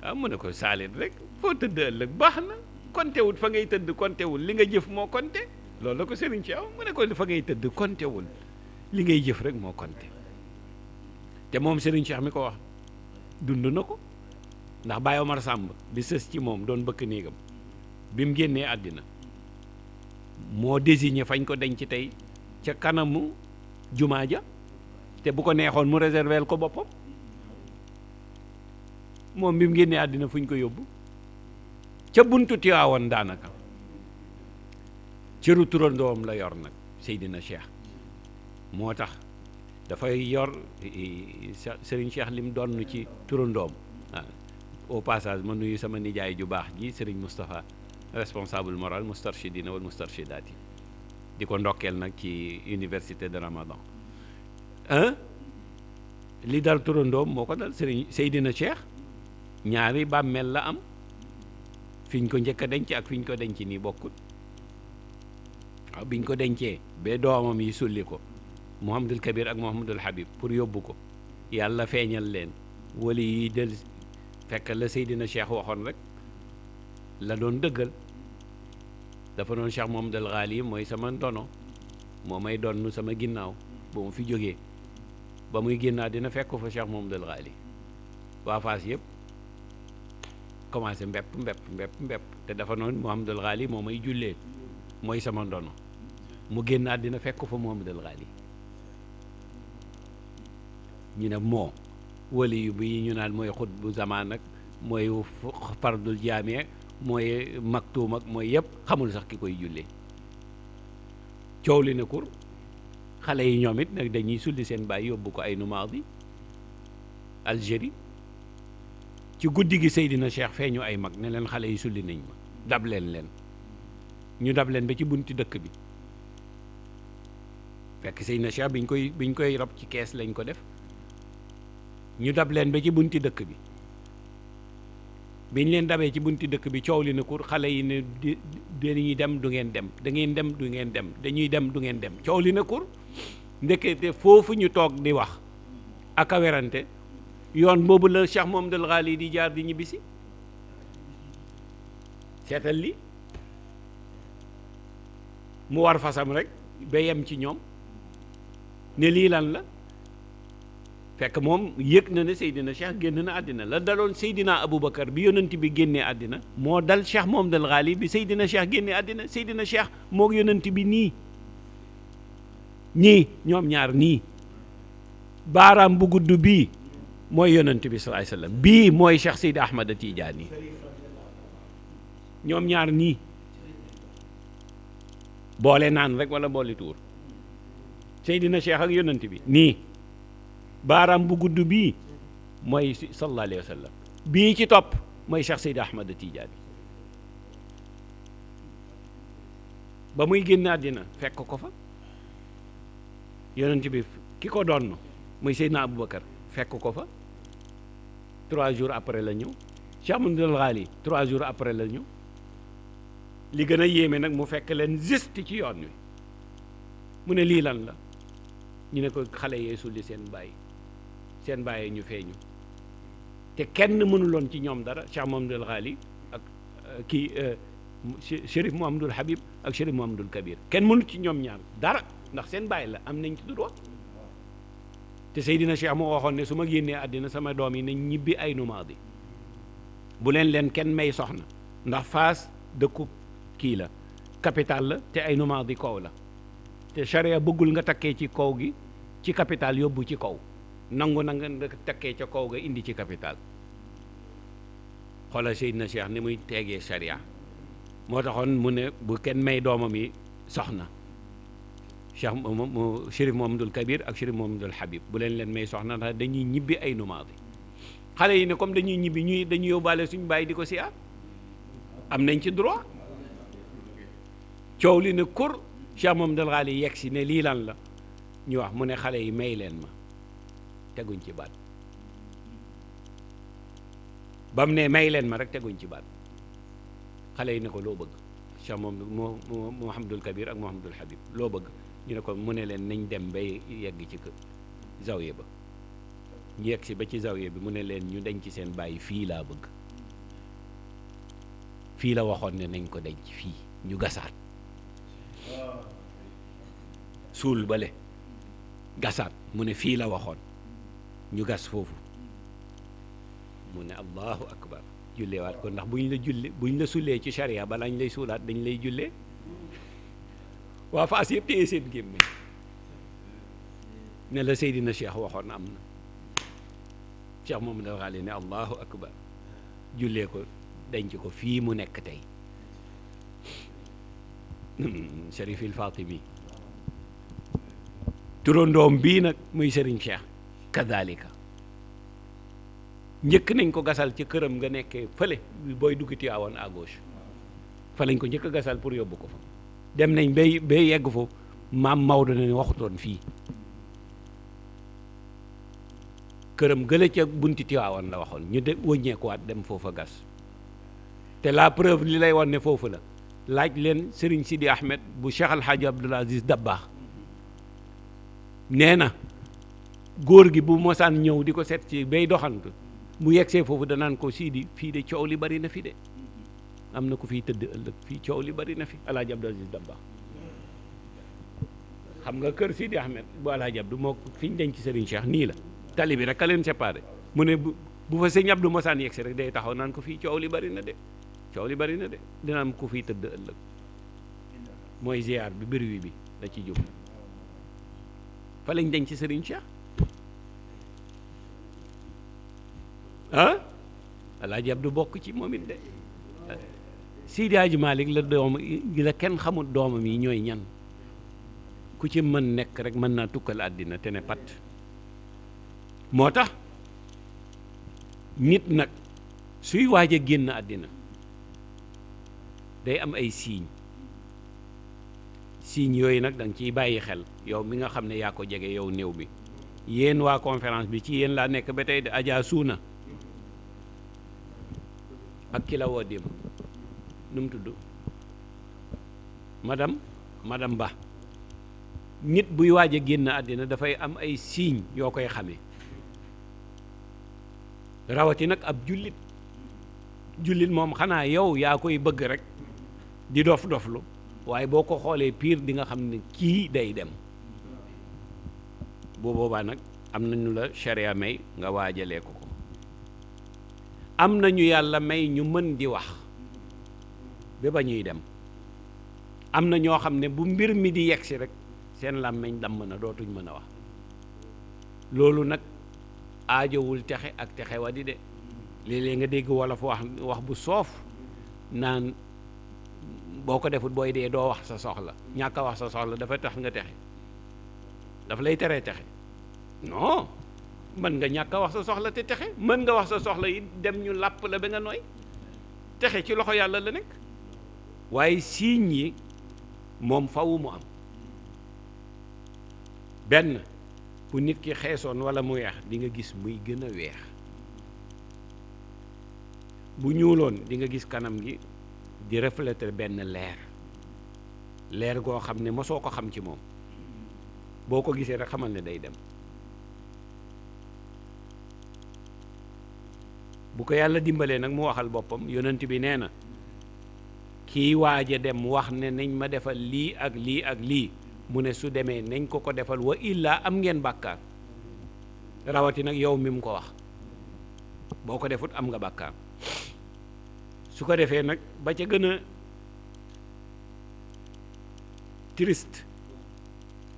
S3: waaw mu ne ko saalit rek foo tëdd ëllëg baax na kontewul fa ngay tëdd kontewul li nga jëf moo konte loolu la ko Serigne Cheikh mu ne ko fa ngay tëdd kontewul li ngay jëf rek moo konte te moom Serigne Cheikh mi ko wax dund na ko ndax Baye a Samb bi sës ci moom doon bëkk néegam bi mu génnee àddina moo désigné fañ ko denc tey ca kanamu jumaa ja te bu ko neexoon mu réserveel ko boppam moom bi mu génnee àddina fuñ ko yóbbu ca buntu Tiwaawoon daanaka cëru turandoom la yor nag Seydina Cheikh moo tax dafay yor Serigne Cheikh lim donn ci turandoom ah, au passage ma nuyu sama nijaay ju baax ji Serigne Moustapha responsable moral moustarchidina wal moustarchidaat yi di ko ndokkeel nag ci université de Ramadan hein li dal turandoom moo ko dal Serigne Seydina Cheikh ñaari bàmmeel la am fiñ ko njëkk a denc ak fiñ ko denc nii bokkul waaw biñ ko dencee ba doomam yi sulli ko Mouhamadul Kabir ak Mouhamadul Habib pour yóbbu ko yàlla feeñal leen walla yi del fekk la Seydina Cheikh waxoon rek la doon dëggal dafa noonu Cheikh Mohamed El mooy sama ndono moo may donn sama ginnaaw ba mu fi jógee ba muy génnaa dina fekk fa Cheikh Mohamed El waa Fass yëpp commencé mbepp mbepp mbepp mbepp te dafa noonu Mohamed El Ghali moo may jullee mooy sama ndono mu génnaat dina fekk fa Mohamed El ñu ne moo wali yu bi ñu naan mooy xut bu zamaan ak mooy fardul jaamee mooy maktuum ak mooy yëpp xamul sax ki koy jullee coow li na kur xale yi ñoom it nag dañuy sulli seen baay yóbbu ko ay numaadi Algérie ci guddi gi Seydina Cheikh feeñu ay mag ne leen xale yi sulli nañ ma dab leen leen ñu dab leen ba ci bunti dëkk bi fekk Seydina Cheikh biñ koy biñ koy rab ci kees lañ ko def ñu dab leen ba ci bunti dëkk bi biñ leen dabee ci bunti dëkk bi coow li na kur xale yi ne dañuy dem du ngeen dem da ngeen dem du ngeen dem dañuy dem du ngeen dem coow li na kur ndekete foofu ñu toog di wax ak a werante yoon boobu la Cheikh Mouhamadoul Ghali di jaar di ñibbisi seetal li mu war fasam rek ba yem ci ñoom ne lii lan la fekk moom yëg na ne Seydina Cheikh génn na àddina la daloon Seydina Aboubacar bi yonent bi génnee àddina moo dal Cheikh moom dal Ghali bi Seydina Cheikh génne àddina Seydina Cheikh moo yonent bi nii nii ñoom ñaar nii baaraam bu gudd bii mooy yonent bi salaay bii mooy Cheikh Seydi Ahmad tiijaani ñoom ñaar nii boole naan rek wala boole tuur Seydina Cheikh ak yonent bi nii baaraam bu gudd bii mooy sallallahu alayhi wa sallam bii ci topp mooy Cheikh Seydi Ahmad Tijaani ba muy génn àddina fekk ko fa yonent bi ki ko doon muy Seydina Aboubacar fekk ko fa trois jours après la ñëw Cheikh Amadou Ghali trois jours après la ñëw li gën a yéeme nag mu fekk leen juste ci yoon wi mu ne lii lan la ñu ne ko xale yee sulli seen bàyyi seen bàyyee ñu feeñu te kenn mënuloon ci ñoom dara Cheikh Mouhamadoul Ghali ak euh, kii euh, Chérif Mouhamadoul Habib ak Chérif Mouhamadoul Kabir kenn mënul ci ñoom ñaar dara ndax seen bàyyi la am nañ ci droit te Seydina Cheikh moo waxoon ne su ma génnee àddina sama doom yi nañ ñibbi ay nomades bu leen leen kenn may soxna ndax Fass dëkku kii la capitale la te ay nomades di kaw la te charia bëggul nga takkee ci kaw gi ci capitale yóbbu ci kaw nangu na nga takkee ca kaw ga indi ci capital xoolal Seydina Cheikh ni muy teegee charia moo taxoon mu ne bu kenn may doomam yi soxna Cheikh moom moom Mohamadul Kabir ak Chérif Mohamadul Habib bu leen leen may soxna ndax dañuy ñibbi ay numaadi xale yi ne comme dañuy ñibbi ñuy dañu yóbbaale suñu bàyyi di ko siyaar am nañ ci droit coow li ne kor Cheikh Mohamadul Ghali yegg si ne lii lan la ñu wax mu ne xale yi may leen ma teguñ ci baat ba mu ne may leen ma rek teguñ ci baat xale yi ne ko loo bëgg Cheikh moom moo moo Mouhamadul Kabir ak Mouhamadul Habib loo bëgg ñu ne ko mu ne leen nañ dem bay yegg ci kër zawiya ba ñu yegg si ba ci zawiya bi mu ne leen ñu ci seen bàyyi fii laa bëgg fii la waxoon ne nañ ko ci fii ñu gasaat suul bale gasaat mu ne fii la waxoon ñu gas foofu mu ne allahu akbar jullewaat ko ndax bu ñu la julle sulee ci charia balaa lay suulaat dañ lay jullee waa faas yëpp téye seen gémmiñ ne la Seydina Cheikh waxoon am na Cheikh moom dafa xaale ne ko denc ko fii mu nekk tey Cherif hmm, il Fatimi turandoom bii nag muy sëriñ Cheikh ka kadhalika njëkk nañ ko gasal ci këram nga nekkee fële booy dugg Tiwaawan à gauche fa lañ ko njëkk gasal pour yóbbu ko fa dem nañ bay bay yegg foofu maam Maodo ne waxutoon fii këram gële ca bunti Tiwaawan la waxoon ñu de wëññeekuwaat dem foofa gas te la preuve li lay wan ne foofu la laaj leen sëriñ Sidi Ahmed bu Cheikh Al Hadj Abdoul Aziz Dabakh nee na góor gi bu mosaan ñëw di ko set ci bay doxantu mu yegsee foofu danaan ko sii di fii de coow li bari na fi de am na ku fiy tëdd ëllëg fii coow li bari na fi alaaji Abdou Aziz Dabakh nga kër Sidi Ahmed bu alaaji moo fi denc Serigne Cheikh nii la tali bi rek ka mu ne bu bu fa sëñ mosaan yegsi rek day taxaw naan ko fii coow li bari na de coow li bari na de dina am ku fiy tëdd ëllëg mooy ziar bi bir bi da ci jóg fa lañ denc sëriñ Cheikh ah Alaaji Abdu bokk ci moom it de Seydi Aji Malik la doom la kenn xamul doomam yi ñooy ñan ku ci mën nekk rek mën naa tukkal àddina te ne pat moo tax nit nag suy waaja génn àddina day am ay signe signe yooyu nag da ciy bàyyi xel yow mi nga xam ne yaa ko jege yow néew bi yeen waa conference bi ci yéen laa nekk ba tey de Adja Suuna ak ki la woo démb nu mu tudd madame madame Ba nit buy waaj a génn àddina dafay am ay signe yoo koy xame rawati nag ab jullit jullit moom xanaa yow yaa koy bëgg rek di dof doflu waaye boo ko xoolee piir di nga xam ne kii day dem boo boobaa nag am na ñu la charia may nga waajale ko am na ñu yàlla may ñu mën di wax ba ba ñuy dem am na ñoo xam ne bu mbir mi di yegsi rek seen làmmiñ damm na dootuñ mën a wax loolu nag aajowul texe ak texe wa di de léeg nga dégg wolof wax wax bu soof naan boo ko defut booy dee doo wax sa soxla ñàkk a wax sa soxla dafa tax nga texe daf lay tere texe non mën nga ñàkk wax sa soxla te texe mën nga wax sa soxla yi dem ñu làpp la ba nga nooy texe ci loxo yàlla la nekk waaye siiñ yi moom fawu mu am benn bu nit ki xeesoon wala mu weex dinga gis muy gën a weex bu ñuuloon dinga gis kanam gi di refléter benn leer leer goo xam ne mosoo ko xam ci moom boo ko gisee rek xamal ne day dem bu ko yàlla dimbalee nag mu waxal boppam yonant bi nee na kiy waaja dem wax ne nañ ma defal lii ak lii ak lii mu ne su demee nañ ko ko defal wa illaa am ngeen bàkkaar rawati nag yow mi mu ko wax boo ko defut am nga bàkkaam su ko defee nag ba ca gën a triste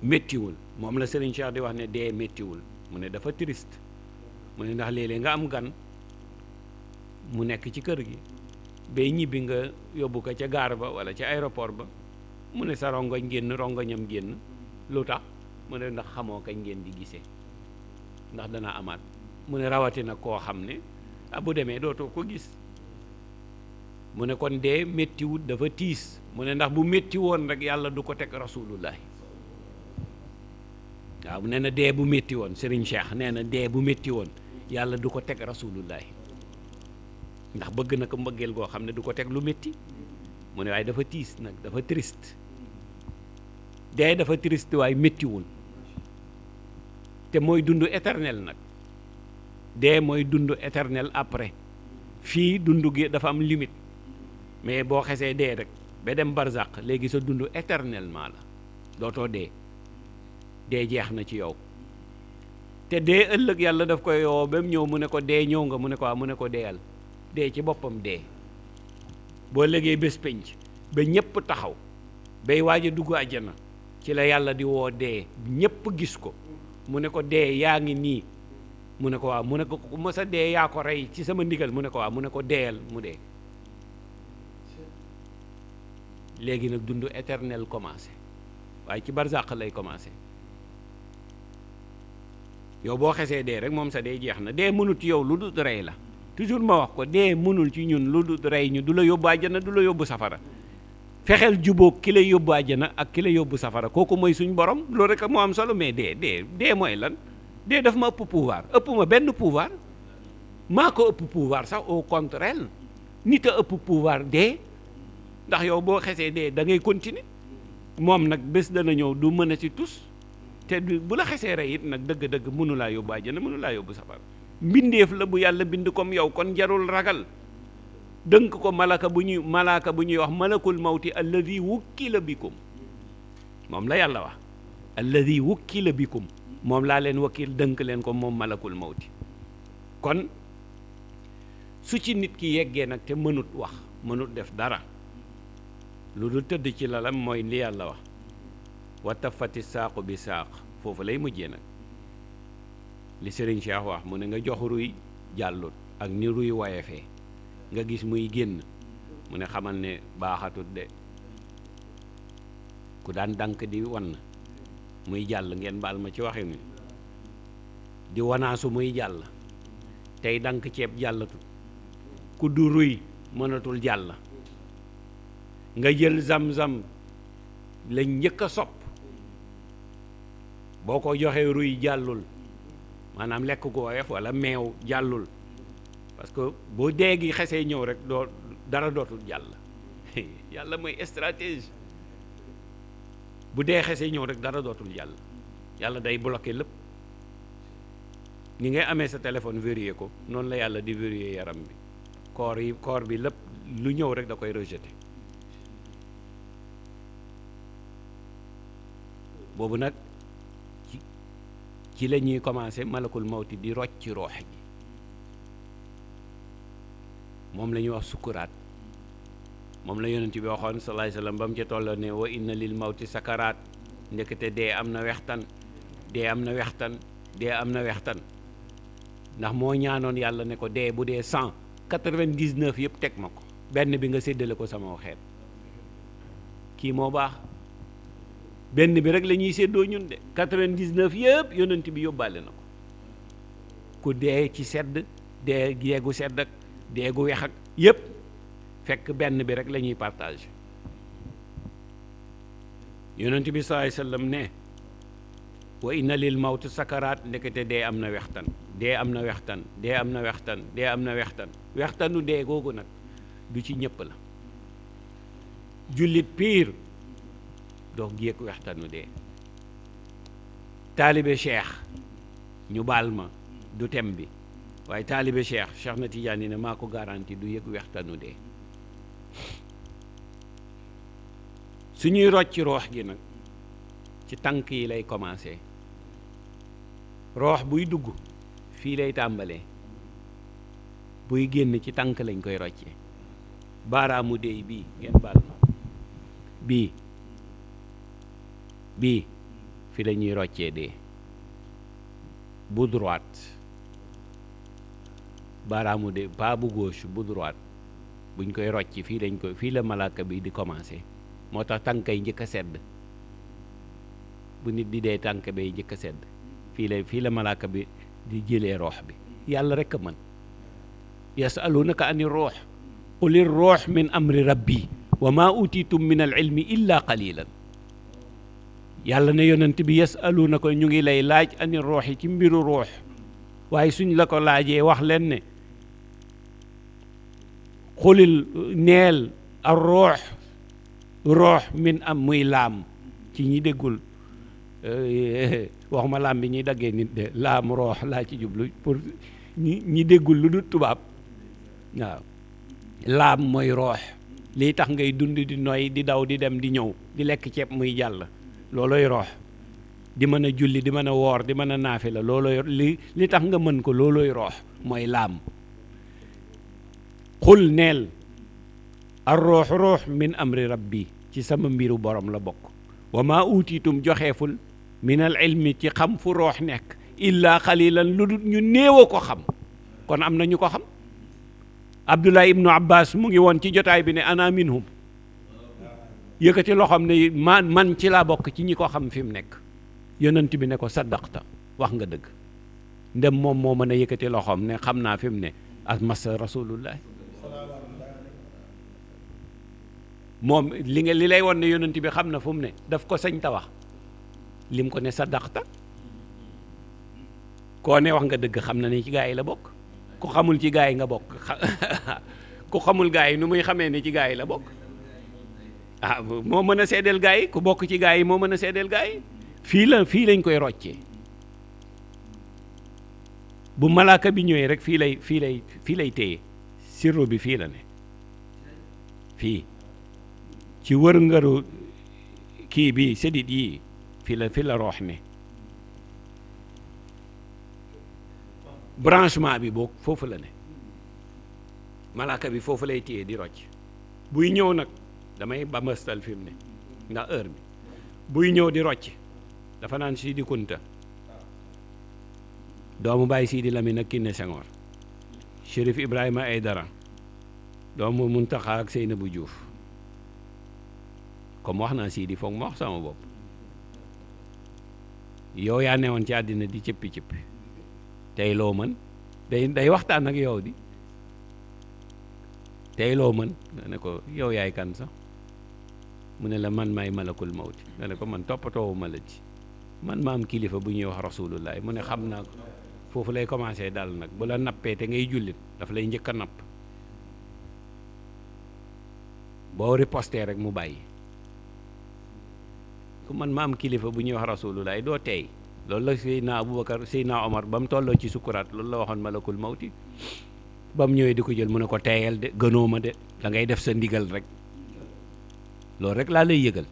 S3: méttiwul moom la seniñ Cheikh di wax ne dee méttiwul mu ne dafa triste mu ne ndax léeg nga am gan mu nekk ci kër gi bay ñibbi nga yóbbu ko ca gaar ba wala ca aéroport ba mu ne sa rongoñ génn rongoñam génn lu tax mu ne ndax xamoo kañ ngeen di gisee ndax dana amaat mu ne rawatina koo xam ne ah bu demee dootoo ko gis mu ne kon dee méttiwut dafa tiis mu ne ndax bu métti woon rek yàlla du ko teg rasulullahi waaw nee na dee bu métti woon Serigne Cheikh nee na dee bu métti woon yàlla du ko teg rasulullahi ndax bëgg na ko mbëggeel goo xam ne du ko teg lu métti mu ne waaye dafa tiis nag dafa trist dee dafa triste waaye méttiwul te mooy dund éternel nag dee mooy dund éternel après fii dund gi dafa am limite mais boo xesee dee rek ba dem barzaq léegi sa dund éternellement la dootoo dee dee jeex na ci yow te dee ëllëg yàlla daf ko woo ba mu ñëw mu ne ko dee ñëw nga mu ne ko mu ne ko deeyal dee ci boppam dee boo légee bés penc ba ñépp taxaw bay waaj a dugg àjjana ci la yàlla di woo dee ñépp gis ko mu ne ko dee yaa ngi nii mu ne ko waaw mu ne ko ku mës a dee yaa ko rey ci sama ndigal mu ne ko waaw mu ne ko deeyal mu dee léegi nag dund éternel commencé waaye ci barzaq lay commencé yow boo xesee dee rek moom sa dee jeex na dee mënut yow lu dul rey la toujours ma wax ko dee mënul ci ñun lu du rey ñu du la yóbbu àjjana du la yóbbu safara fexeel jubóog ki la yóbbu àjjana ak ki la yóbbu safara kooku mooy suñ borom loolu rek moo am solo mais dee dee dee mooy lan dee daf ma ëpp pouvoir ëpp ma benn pouvoir maa ko ëpp pouvoir sax au contraire nit a ëpp pouvoir dee ndax yow boo xesee dee da ngay continuer moom nag bés dana ñëw du mën a ci tus te bu la xesee rey it nag dëgg-dëgg mënu laa yóbbu àjjana mënu laa yóbbu safara mbindeef la bu yàlla bind comme yow kon njarul ragal dënk ko malaka bu ñuy malaka bu ñuy wax malakul mawti alladi wukkila bikum la yàlla wax alladi wukkila bikum moom laa leen wakkil dënk leen ko moom malakul mawti kon su ci nit ki yeggee nag te mënut wax mënut def dara lu dul tëdd ci lalam mooy li yàlla wax wa tafati saaqu bi saaq foofu lay mujjee nag li sëriñ Cheikh wax mu ne nga jox ruy jàllut ak ni ruy woyefee nga gis muy génn mu ne xamal ne baaxatut de ku daan dank di won muy jàll ngeen baal ma ci waxin di wanaasu muy jàll tey dank ceeb jàllatu ku du ruy mënatul jàll nga jël zam-zam lañ njëkk a sopp boo ko joxee ruy jàllul maanaam lekk gu woyof wala meew jàllul parce que boo dee gi xesee ñëw rek doo dara dootul jàll yàlla mooy stratégie bu dee xesee ñëw rek dara dootul jàll yàlla day bloqué lépp ni ngay amee sa téléphone verrouillé ko noonu la yàlla di verrouillé yaram bi koor yi koor bi lépp lu ñëw rek da koy rejeté boobu nag ci la ñuy commencé malakul mawti di rocci roox ji moom la ñuy wax sukkuraat moom la yonent bi waxoon salaay salaam ba mu ca tolloo ne wa inna lil mawti sakaraat ndekete dee am na wextan dee am na wextan dee am na wextan ndax moo ñaanoon yàlla ne ko dee bu dee cent quatre-vingt-dix-neuf yëpp teg ma ko benn bi nga séddale ko sama xeet kii moo baax benn bi rek lañuy ñuy ñun de 99 yëpp yonent bi yóbbaale na ko ku dee ci sedd dee yeegu sedd ak dee gu weex ak yëpp fekk benn bi rek lañuy ñuy partagé yonent bi sallallahu alayhi ne wa inna lil mawti sakaraat ndekete dee am na wextan dee am na wextan dee am na wextan dee am na wextan wextanu dee googu nag du ci ñëpp la jullit piir dox géeg wextanu de taalibe cheikh ñu baal ma du tem bi waaye taalibe cheikh cheikh na Tidiane ne maa ko garanti du yëg wextanu dee su ñuy rocci roox gi nag ci tànk yi lay commencé roox buy dugg fii lay tàmbalee buy génn ci tànk lañ koy roccee baaraamu dey bii ngeen baal ma bii bii fi lañuy roccee dee bu droite baaraamu de pas bu gauche bu buñ koy rocci fii lañ koy fii la malaaka bi di commencé moo tax tànk yi njëkk a sedd bu nit di dee tànk bay jëkk a sedd fii la fii la malaaka bi di jëlee roox bi yàlla rek a mën yasalunaka ani roox quli roox min amri rabbi wa ma utitum min al ilmi illa qalilan yàlla na yonent bi yasaluuna ko ñu ngi lay laaj roox yi ci mbiru ruux waaye suñ la ko laajee wax leen ne xulil neel ar roox ruux min am muy laam ci ñi déggul eh, waxuma laam bi ñuy daggee nit de laam ruux laa ci jublu pour ñi ñi déggul lu dul tubaab waaw laam mooy ruux lii tax ngay dund di noy di daw di dem di ñëw di lekk ceeb muy jàll loolooy rox di mën a julli di mën a woor di mën a naafi la loolooy li li tax nga mën ko loolooy rox mooy laam xul neel ar ruux ruux min amri rabbi ci sama mbiru borom la bokk wa maa uutiitum joxeeful min al ilmi ci xam fu roox nekk illaa xalilan lu dul ñu néew ko xam kon am na ñu ko xam abdullah ibnu abbas mu ngi woon ci jotaay bi ne ana minhum yëkkati loxoom ne ma man ci laa bokk ci ñi ko xam fi mu nekk yonent bi ne ko saddaqta wax nga dëgg ndem moom moo mën a yëkkati loxoom ne xam naa fi mu ne ak masa rasulullahi moom li nga li lay won ne yonent bi xam na fu mu ne daf ko sañta wax lim ko ne saddaqta koo ne wax nga dëgg xam na ne ci gaa yi la bokk ku xamul ci gaa yi nga bokk ku xamul gaa yi nu muy xamee ne ci gaa yi la bokk ah moo mën a seedeel gaa yi ku bokk ci gaa yi moo mën a seddeel gaa yi fii la fii lañ koy rocce bu malaaka bi ñëwee rek fii lay fii lay fii lay téye sirru bi fii la ne fii ci wërngaru kii bi sédit yii fii la fii la roox ne branchement bi boog foofu la ne malaaka bi foofu lay téye di rocc buy ñëw nag damay bambastal fi mu ne ndax heure bi buy ñëw di rocc dafa naan Sidi Kunta doomu Baye Sidi Lamine ak Kiné Senghor Chérif Ibrahima Aïdara doomu Muntaxa ak Seynabou Diouf comme wax naa Sidi foog ma wax sama bopp yow yaa newoon ci àddina di cëppi cëppi tey loo mën day day waxtaan ak yow di tey loo mën nga ne ko yow yaay kan sax mu ne la man maay malakul mawti ne ko man toppatoowu ma ci man ma am kilifa bu ñuy wax rasulullah mu ne xam naa ko foofu lay commencé daal nag bu la nappee te ngay jullit dafa lay njëkk a napp boo riposté rek mu bàyyi ku man ma am kilifa bu ñuy wax rasulullah doo teey loolu la Seydina Aboubacar Seydina Omar ba mu tolloo ci sukkuraat loolu la waxoon malakul mawti ba mu ñëwee di ko jël mu ne ko teeyal de gënoo ma de da ngay def sa ndigal rek loolu rek laa lay yëgal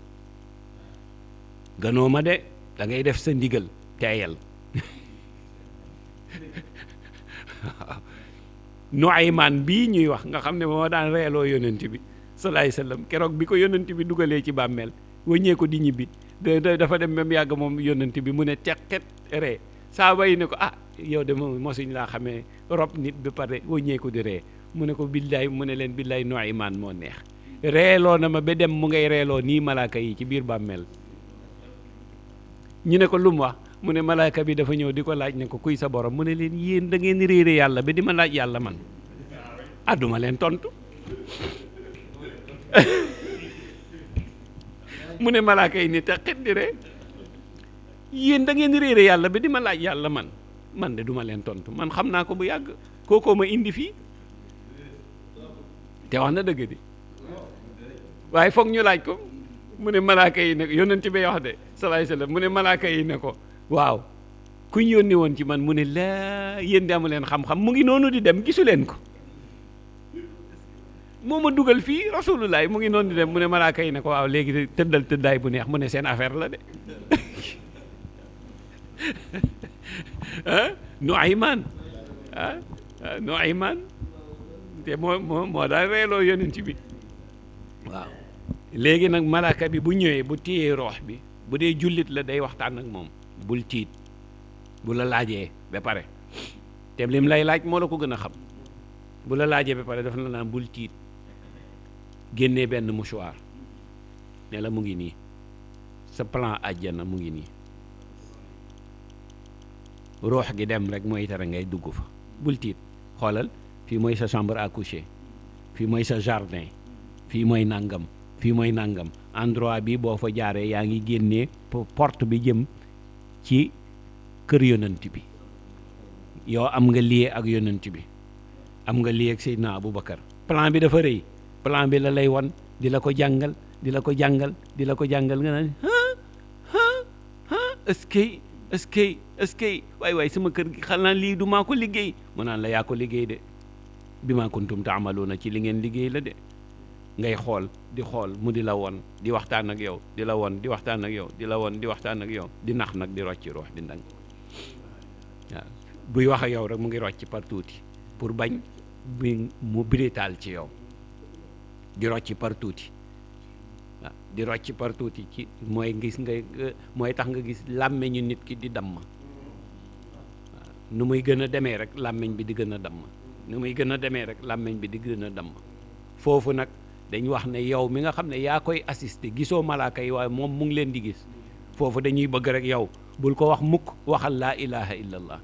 S3: gënoo ma de dangay def sa ndigal teeyal maan bii ñuy wax nga xam ne moo daan reeloo yonent bi salaay sallam keroog bi ko yonent bi dugalee ci bàmmeel wëññee ko di ñibbi dafa dem même yàgg moom yonent bi mu ne teqet ree saa bayi ne ko ah yow de moom mosuñ laa xame rob nit ba pare wëññee ko di ree mu ne ko billaay mu ne leen billaay Nuaymaan moo neex reeloo na ma ba dem mu ngay reeloo nii malaaka yi ci biir bàmmeel ñu ne ko lu mu wax mu ne malaaka bi dafa ñëw di ko laaj ne ko kuy sa borom mu ne leen yéen dangeen ngeen réere yàlla ba di ma laaj yàlla man ah leen tontu mu ne malaaka yi ni te xet di yàlla ba di ma laaj yàlla man man de duma leen tontu man xam naa ko bu yàgg kookoo ma indi fii te wax na dëgg di waaye foog ñu laaj ko mu ne malaaka yi ne ko yónnent bi wax de salaay salaam mu ne malaaka ne ko waaw ku ñu yónni woon ci man mu ne laa yéen di amu leen xam-xam mu ngi noonu di dem gisu leen ko moo ma dugal fii rasulullah mu ngi noonu di dem mu ne malaaka yi ne ko waaw léegi tëddal tëddaay bu neex mu ne seen affaire la de ah Nuaymaan ah, ah Nuaymaan te moo moo moo daal reeloo yonent bi waaw léegi nag malaaka bi bu ñëwee bu téyee roox bi bu dee jullit la day waxtaan ak moom bul tiit bu la laajee ba pare te lim lay laaj moo la ko gën a xam bu la laajee ba pare daf la naan bul tiit génnee benn mouchoir ne mu ngi nii sa plan àjjana mu ngi nii roox gi dem rek mooy tere ngay dugg fa bul tiit xoolal fii mooy sa chambre à coucher fii mooy sa jardin fii mooy nàngam fii mooy nangam endroit bi boo fa jaaree yaa ngi génnee porte bi jëm ci kër yonent bi yow am nga lii ak yonent bi am nga lii ak Seydina Aboubacar plan bi dafa rëy plan bi la lay wan di la ko jàngal di la ko jàngal di la ko jàngal nga naan est-ce que est-ce que est-ce que waay waay sama kër gi xanaa lii du maa ko liggéey mu naan la yaa ko liggéey de bi maa kuntum taamaluuna ci li ngeen liggéey la de ngay xool di xool mu di la woon di waxtaan ak yow di la woon di waxtaan ak yow di la woon di waxtaan ak yow di nax nag di rocci ruux di ndànk waaw buy wax ak yow rek mu ngi rocci par tuuti pour bañ mu biritaal ci yow di rocci par tuuti di rocci par tuuti ci mooy gis nga mooy tax nga gis làmmeñu nit ki di damm nu muy gën a demee rek làmmiñ bi di gën a damm nu muy gën a demee rek làmmeñ bi di gën a damm foofu nag dañ wax ne yow mi nga xam ne yaa koy assister gisoo malaaka yi waaye moom mu ngi leen di gis foofu dañuy bëgg rek yow bul ko wax mukk waxal laa ilaha illallah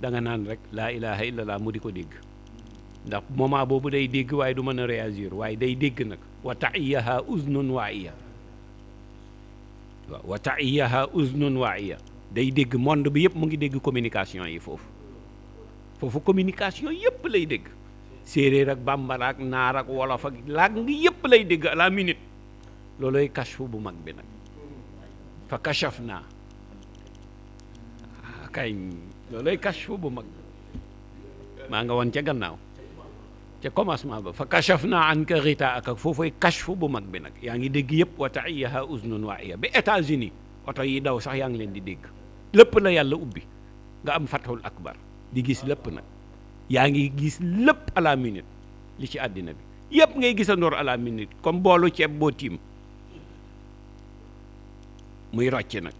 S3: da nga naan rek laa ilaha illallah mu di ko dégg ndax moment boobu day dégg waaye du mën a réagir waaye day dégg nag wa taiyaha uznun waa'iya waaw wa taiyaha uznun waa'iya day dégg monde bi yëpp mu ngi dégg communication yi foofu foofu communication yëpp lay dégg séeréer ak bambara ak naar ak wolof ak laag ngi lay dégg à la minute kashfu bu mag bi nag fa kashaf naa ah, kañ looloy kashfu bu mag maa nga woon ca gannaaw ca commencement ba fa kashaf naa an ka ak ak foofoy kashfu bu mag bi nag yaa ngi dégg yëpp wata iyaha usnun wa iya ba États-Unis oto yi daw sax yaa ngi leen di dégg lépp la yàlla ubbi nga am fathul akbar di gis lépp nag yaa ngi gis lépp à li ci àddina bi yëpp ngay gisandoor à la comme boolu ceeb boo tiim muy rocc nag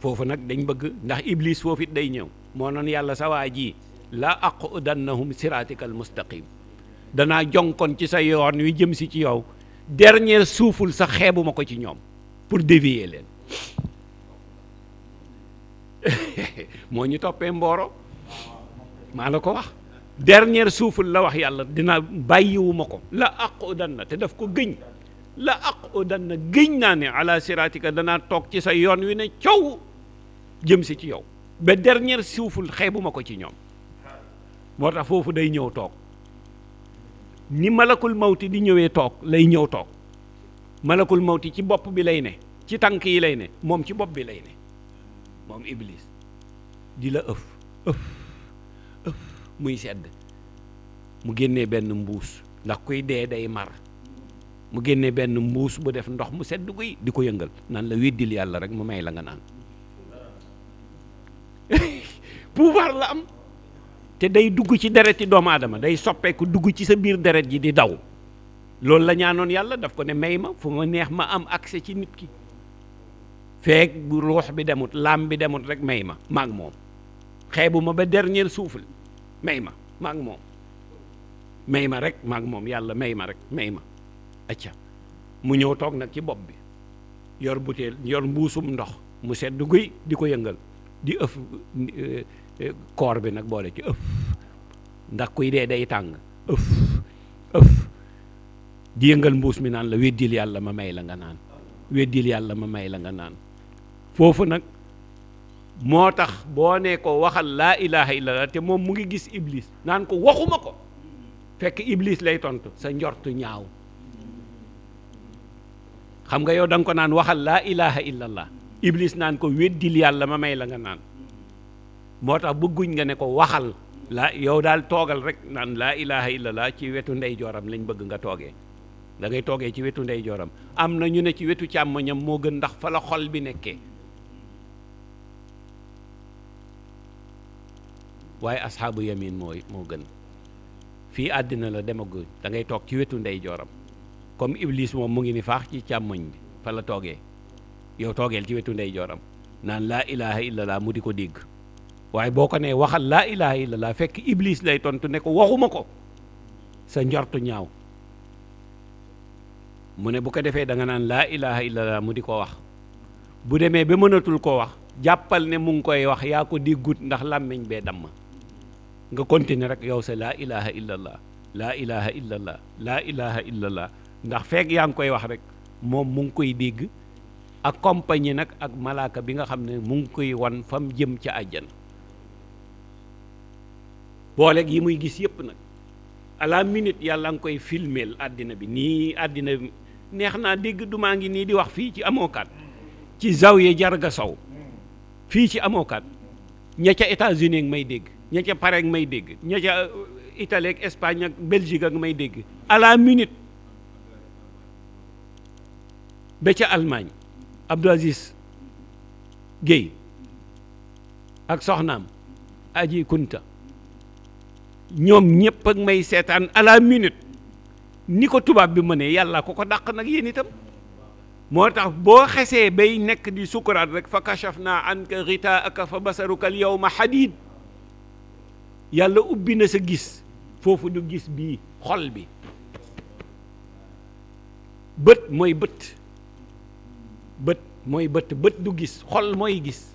S3: foofu nag dañ bëgg ndax iblis foofu it day ñëw moo noon yàlla sa waa ji laa aqudannahum siratikal mustaqim danaa jonkon ci sa yoon wi jëm si ci yow dernier suuful sax xeebuma ko ci ñoom pour dévier leen moo ñu toppee mbooro maa la ko wax dernier suuful la wax yàlla dina bàyyiwuma ko la aqudanna te daf ko gëñ la aqudanna gëñ naa ne ala siratika danaa toog ci sa yoon wi ne coow jëm si ci yow ba dernier suuful xeebuma ko ci ñoom moo tax foofu day ñëw toog ni malakul mawti di ñëwee toog lay ñëw toog malakul mawti ci bopp bi lay ne ci tànk yi lay ne moom ci bopp bi lay ne moom iblis di la ëf ëf muy sedd mu génnee benn mbuus ndax kuy dee day mar mu génnee benn mbuus bu def ndox mu sedd guy di ko yëngal nan la weddil yàlla rek mu may la nga naan pouvoir la am te day dugg ci deret yi doomu aadama day soppeeku dugg ci sa biir deret ji di daw loolu la ñaanoon yàlla daf ko ne may ma fu ma neex ma am accès ci nit ki feek bu ruux bi demut laam bi demut rek may ma maag moom xeebu ma ba dernier souffle may ma maag moom may ma rek maag moom yàlla may ma rek may ma acca mu ñëw toog nag ci bopp bi yor butéel yor mbuusum ndox mu sedd guy di ko yëngal di ëf eh, eh, koor bi nag boole ci ëf ndax kuy dee day tàng ëf ëf di yëngal mbuus mi naan la weddil yàlla ma may la nga naan weddil yàlla ma may la nga naan foofu nag moo tax boo ne ko waxal laa ilaha illallah te moom mu ngi gis iblis naan ko waxuma ko fekk iblis lay tontu sa njortu ñaaw xam nga yow danga ko naan waxal laa ilaha illallah iblis naan ko weddil yàlla ma may la nga naan moo tax bëgguñ nga ne ko waxal laa yow daal toogal rek naan laa ilaha illallah ci wetu ndeyjooram lañ bëgg nga toogee dangay ngay toogee ci wetu ndeyjooram am na ñu ne ci wetu càmmoñam moo gën ndax fa la xol bi nekkee waaye asxaabu yamin mooy moo gën fii àddina la demaguñ da ngay toog ci wetu ndeyjooram jooram comme iblis moom mu ngi ni faax ci càmmoñ bi fa la toogee yow toogeel ci wetu ndeyjooram jooram naan laa ilaha illallah mu di ko dégg waaye boo ko nee waxal laa ilaha illallah fekk iblis lay tontu ne ko waxuma ko sa njortu ñaaw mu ne bu ko defee da naan laa ilaha illallah mu di ko wax bu demee ba mënatul ko wax jàppal ne mu ngi koy wax yaa ko déggut ndax làmmiñ bee damm nga continuer rek yow sa laa ilaha illallah laa ilaha laa ilaha illallah ndax feek yaa ngi koy wax rek moom mu ngi koy dégg accompagné nag ak malaaka bi nga xam ne mu ngi koy wan fa mu jëm ca àjjana booleeg yi muy gis yëpp nag à la minute yàlla nga koy filmeel àddina bi nii àddina bi neex naa dégg du ngi nii di wax fii ci amookaat ci zawiya jarga sow fii ci amookaat ña ca États-Unis may dégg ña ca pare ak may dégg ña ca euh, Italie ak Espagne ak Belgique ak may dégg à la minute ba ca Allemagne Abdou Aziz Guèye ak soxnaam Aji Kunta ñoom ñëpp may seetaan à minute ni ko tubaab bi ma ne yàlla ko ko dàq nag yéen itam moo tax boo xesee bay nekk di sukuraat rek fa kachaf naa an ka aka fa basaruka al yawma xadid yàlla ubbi na sa gis foofu du gis bii xol bi bët mooy bët bët mooy bët bët du gis xol mooy gis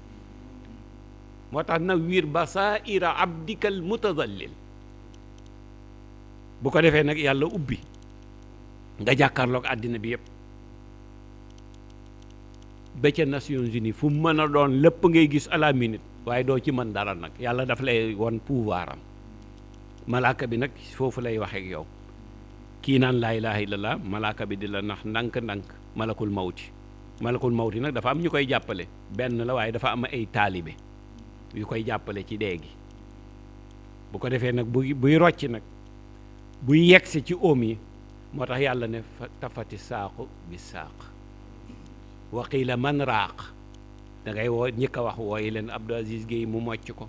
S3: moo tax na wiir basaa'ira abdikal mutazallil bu ko defee nag yàlla ubbi nga jàkkaarloog àddina bi yëpp ba ca Nations Unies fu mu mën a doon lépp ngay gis à la waaye doo ci mën dara nag yàlla daf lay won pouvoir am malaaka bi nag foofu lay wax yow kii naan laa ilaha illallah malaaka bi di la nax ndànk-ndànk malakul mawti malakul mawti nag dafa am ñu koy jàppale benn la waaye dafa am ay taalibe yu koy jàppale ci dee gi bu ko defee nag bu buy rocc nag buy yegsi ci óom yi moo tax yàlla ne tafati saaqu bi saaq wa qiila man raaq da ngay woo njëkk a wax wooyi leen Abdou Aziz Guèye mu mocc ko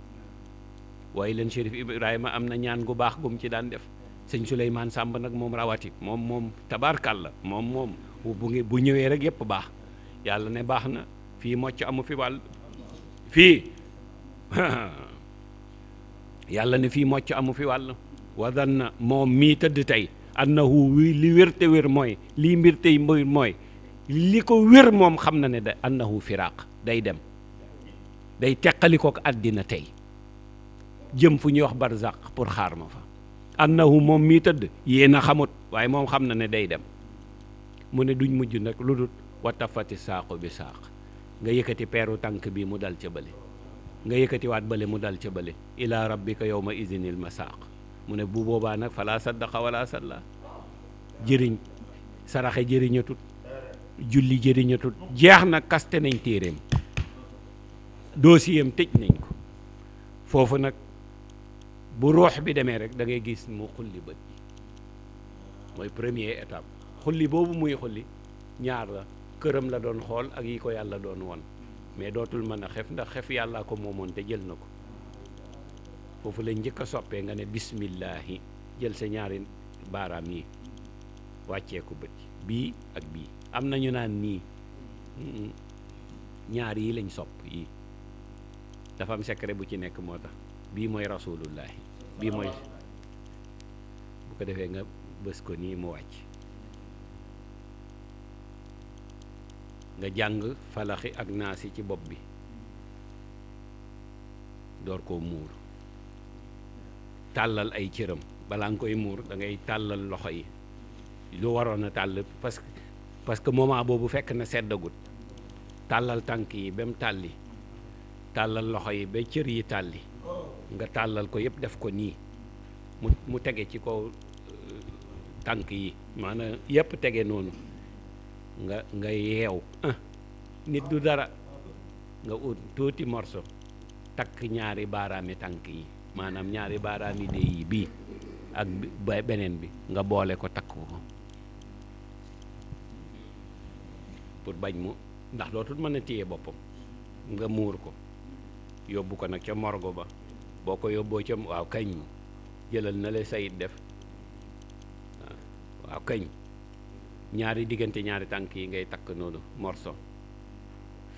S3: wooyi leen Chérif Ibrahima am na ñaan gu baax gum ci daan def sëñ Souleymane sàmb nag moom rawati moom moom tabaarkàlla moom moom bu bu ñëwee rek yëpp baax yàlla ne baax na fii mocc amu fi wàll fii yàlla ne fii mocc amu fi wàll wadanna moom mii tëdd tey annahu li wér te wér mooy lii mbir tey mbir mooy li ko wér moom xam na ne de annahu firaaq day dem day teqalikook àddina tey jëm fu ñuy wax barzaq pour xaar ma fa annahu moom mii tëdd yéen a xamut waaye moom xam na ne day dem mu ne duñ mujj nag lu dul watafati saaqu bi saaq nga yëkkati peeru tànk bi mu dal ca bële nga yëkkati waat bële mu dal ca bële yow rabbika yawma ma masaaq mu ne bu boobaa nag fala saddaqa wala salla jëriñ saraxe jëriñatut julli jëriñatul jeex na kaste nañ téeréem dossier am tëj nañ ko foofu nag bu ruux bi demee rek da ngay gis mu xulli bët bi mooy premier étape xulli boobu muy xulli ñaar la këram la doon xool ak yi ko yàlla doon won mais dootul mën a xef ndax xef yàllaa ko moomoon te jël na ko foofu la njëkk a soppee nga ne bismillahi jël sa ñaari baaraam yi wàccee ko bët bii ak bii am na ñu naan nii ñaar yi lañ sopp yii dafa am secret bu ci nekk moo tax bii mooy rasulullahi bii mooy bu ko defee nga bës ko nii mu wàcc nga jàng falaxi ak naasi ci bopp bi door koo muur tàllal ay cëram balaa nga koy muur da ngay tàllal loxo yi lu waroon a tàll parce parce que moment boobu fekk na seddagut tàllal tànk yi ba mu tàlli tàllal loxo yi ba cër yi tàlli nga tàllal ko yëpp def ko nii mu mu tege ci kaw euh, tànk yi maanaam yëpp tege noonu nga nga yeew ah, nit du dara nga ut tuuti morso takk ñaari baaraami tànk yi maanaam ñaari baaraami déy yi bii ak beneen bi nga boole ko takk ko pour bañ mu ndax dootul mën a téye boppam nga muur ko yóbbu ko nag ca morgo ba boo ko yóbboo ca waaw kañ jëlal na la sayit def waaw kañ ñaari diggante ñaari tànk yi ngay takk noonu morso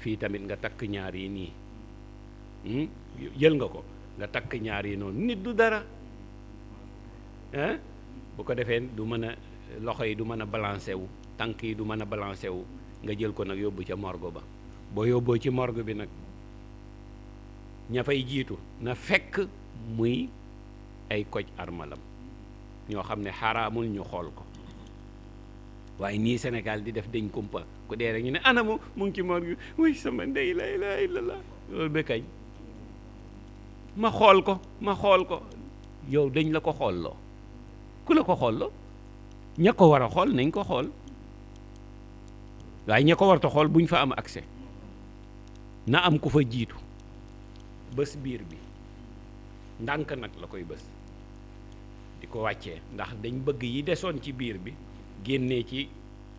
S3: fii tamit nga takk ñaar yi nii hmm? jël nga ko nga takk ñaar yi noonu nit du dara bu ko defee du mën a loxo yi du mën a balancé wu tànk yi du mën a balancé wu nga jël ko nag yóbbu ca morgo ba boo yóbboo ci morgo bi nag ña fay jiitu na fekk muy ay koj armalam ñoo xam ne xaraamul ñu xool ko waaye nii Sénégal di def dañ kumpa ku dee rek ñu ne anamu mu ngi ci morgue wuy sama ndey la ilaha loolu ba kañ ma xool ko ma xool ko yow dañ la ko xoolloo ku la ko xoolloo ña ko war a xool nañ ko xool waaye ña ko warta xool bu ñu fa am accès na am ku fa jiitu bés biir bi ndànk nag la koy bés di ko wàccee ndax dañ bëgg yi desoon ci biir bi génnee ci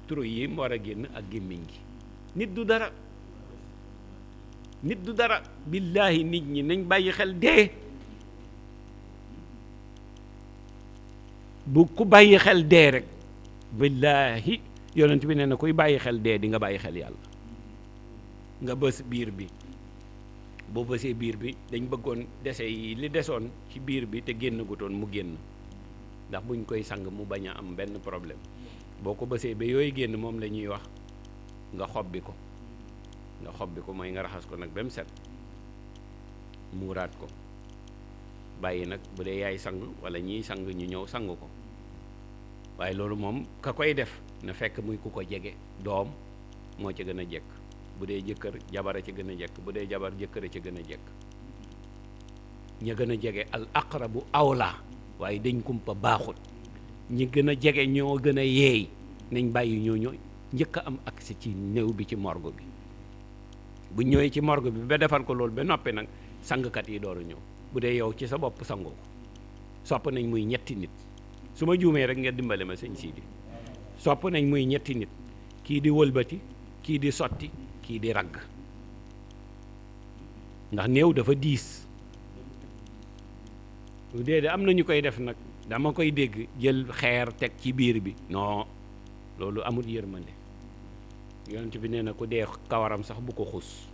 S3: turu yi war a génn ak gémmiñ gi nit du dara nit du dara billaahi nit ñi nañ bàyyi xel dee bu ku bàyyi xel dee rek billaahi yonent bi nee na kuy bàyyi xel dee di nga bàyyi xel yàlla nga bës biir bi boo bësee biir bi dañ bëggoon dese yi li desoon ci biir bi te génn gutoon mu génn ndax buñ koy sang mu bañ a am benn problème boo ko bësee ba yooyu génn moom la ñuy wax nga xobbi ko nga xobbi ko mooy nga raxas ko nag ba mu set muuraat ko bàyyi nag bu dee yaay sang wala ñiy sang ñu ñëw sang ko waaye loolu moom ka koy def na fekk muy ku ko jege doom moo ci gën a jekk bu dee jëkkër jabara ci gën a jekk bu dee jabar jëkkër a ci gën a jekk ña gën a jege al aqrabu awla waaye dañ kumpa baaxut ñi gën a jege ñoo gën a yeey nañ bàyyi ñooñu njëkk am accès ci néew bi ci morgue bi bu ñëwee ci morgue bi ba defal ko loolu ba noppi nag sangkat yi dooru ñëw bu dee yow ci sa bopp sangoo ko sopp nañ muy ñetti nit su ma juumee rek nga dimbali ma sëñ Sidi sopp nañ muy ñetti nit kii di wëlbati kii di sotti kii di ragg ndax néew dafa diis lu dee de am na ñu koy def nag dama koy dégg jël xeer teg ci biir bi non loolu amul yërmande yonent bi nee na ku dee kawaram sax bu ko xus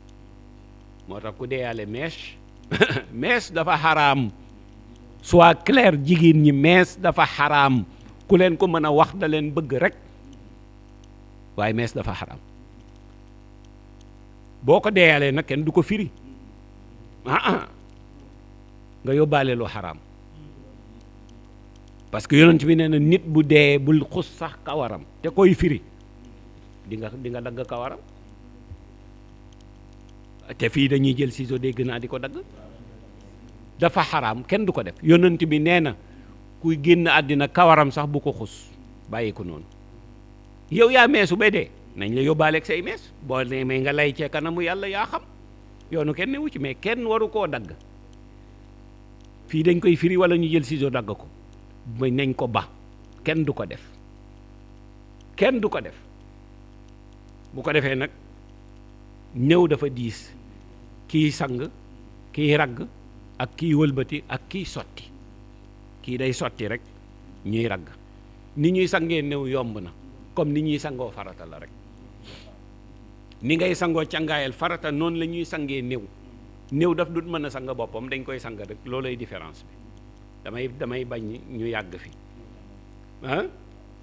S3: moo tax ku deeyaale mèche mèche dafa xaraam soit clair jigéen ñi mèche dafa xaraam ku leen ko mën a wax da leen bëgg rek waaye mees dafa xaram boo ko deeyalee nag kenn du ko firi ah, ah nga yóbbaale lu xaram parce que yonent bi nee na nit bu dee bul xus sax kawaram te koy firi di nga di nga dagg kawaram te fii dañuy jël ciseau dégg naa di ko dagg dafa xaraam kenn du ko def yonent bi nee na kuy génn àddina kawaram sax bu ko xus bàyyi ko noonu yow yaa meesu ba dee nañ la yóbbaaleeg say mees boo demee nga lay cee kanamu yàlla yaa xam yoonu kenn newu ci mais kenn waru koo dagg fii dañ koy firi wala ñu jël ciseau dagg ko ba nañ ko ba kenn du ko def kenn du ko def bu ko defee nag néew dafa diis kiy sang kiy ragg ak kii wëlbati ak kii sotti kii day sotti rek ñuy ragg ni ñuy sangee néew yomb na comme ni ñuy sangoo farata la rek ni ngay sangoo càngaayal farata noonu la ñuy sangee néew néew daf du mën a sang boppam dañ koy sang rek loolay différence bi damay damay bañ ñu yàgg fi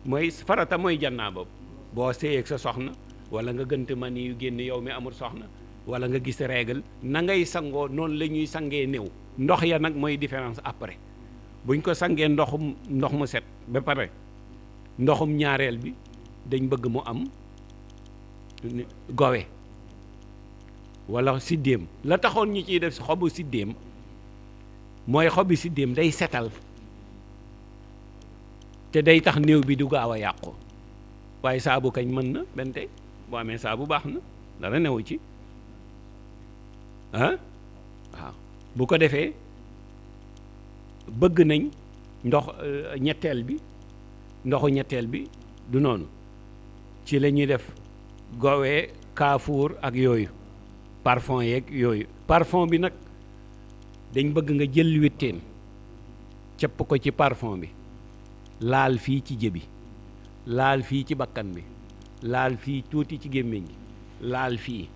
S3: mooy farata mooy jannaa boobu boo seeyeg sa soxna wala nga gënt man yu génn yow mi amul soxna wala nga gis règle na ngay sangoo noonu la ñuy sangee néew ndox ya nag mooy différence après buñ ko sangee ndoxum ndox mu set ba pare ndoxum ñaareel bi dañ bëgg mu am gowe walla siddéem la taxoon ñu ciy def xobu siddéem mooy xobi siddéem day setal te day tax néew bi du gaaw a yàqu waaye saabu kañ mën na benn tey boo amee saabu baax na dara newu ci ah waaw bu ko defee bëgg nañ ndox euh, ñetteel bi ndoxu ñetteel bi du noonu ci lañuy def gowee kaafuur ak yooyu parfum yeeg yooyu parfum bi nag dañ bëgg nga jël witteen cëpp ko ci parfon bi laal fii ci jëbi laal fii ci bakkan bi laal fii tuuti ci gémmiñ gi laal fii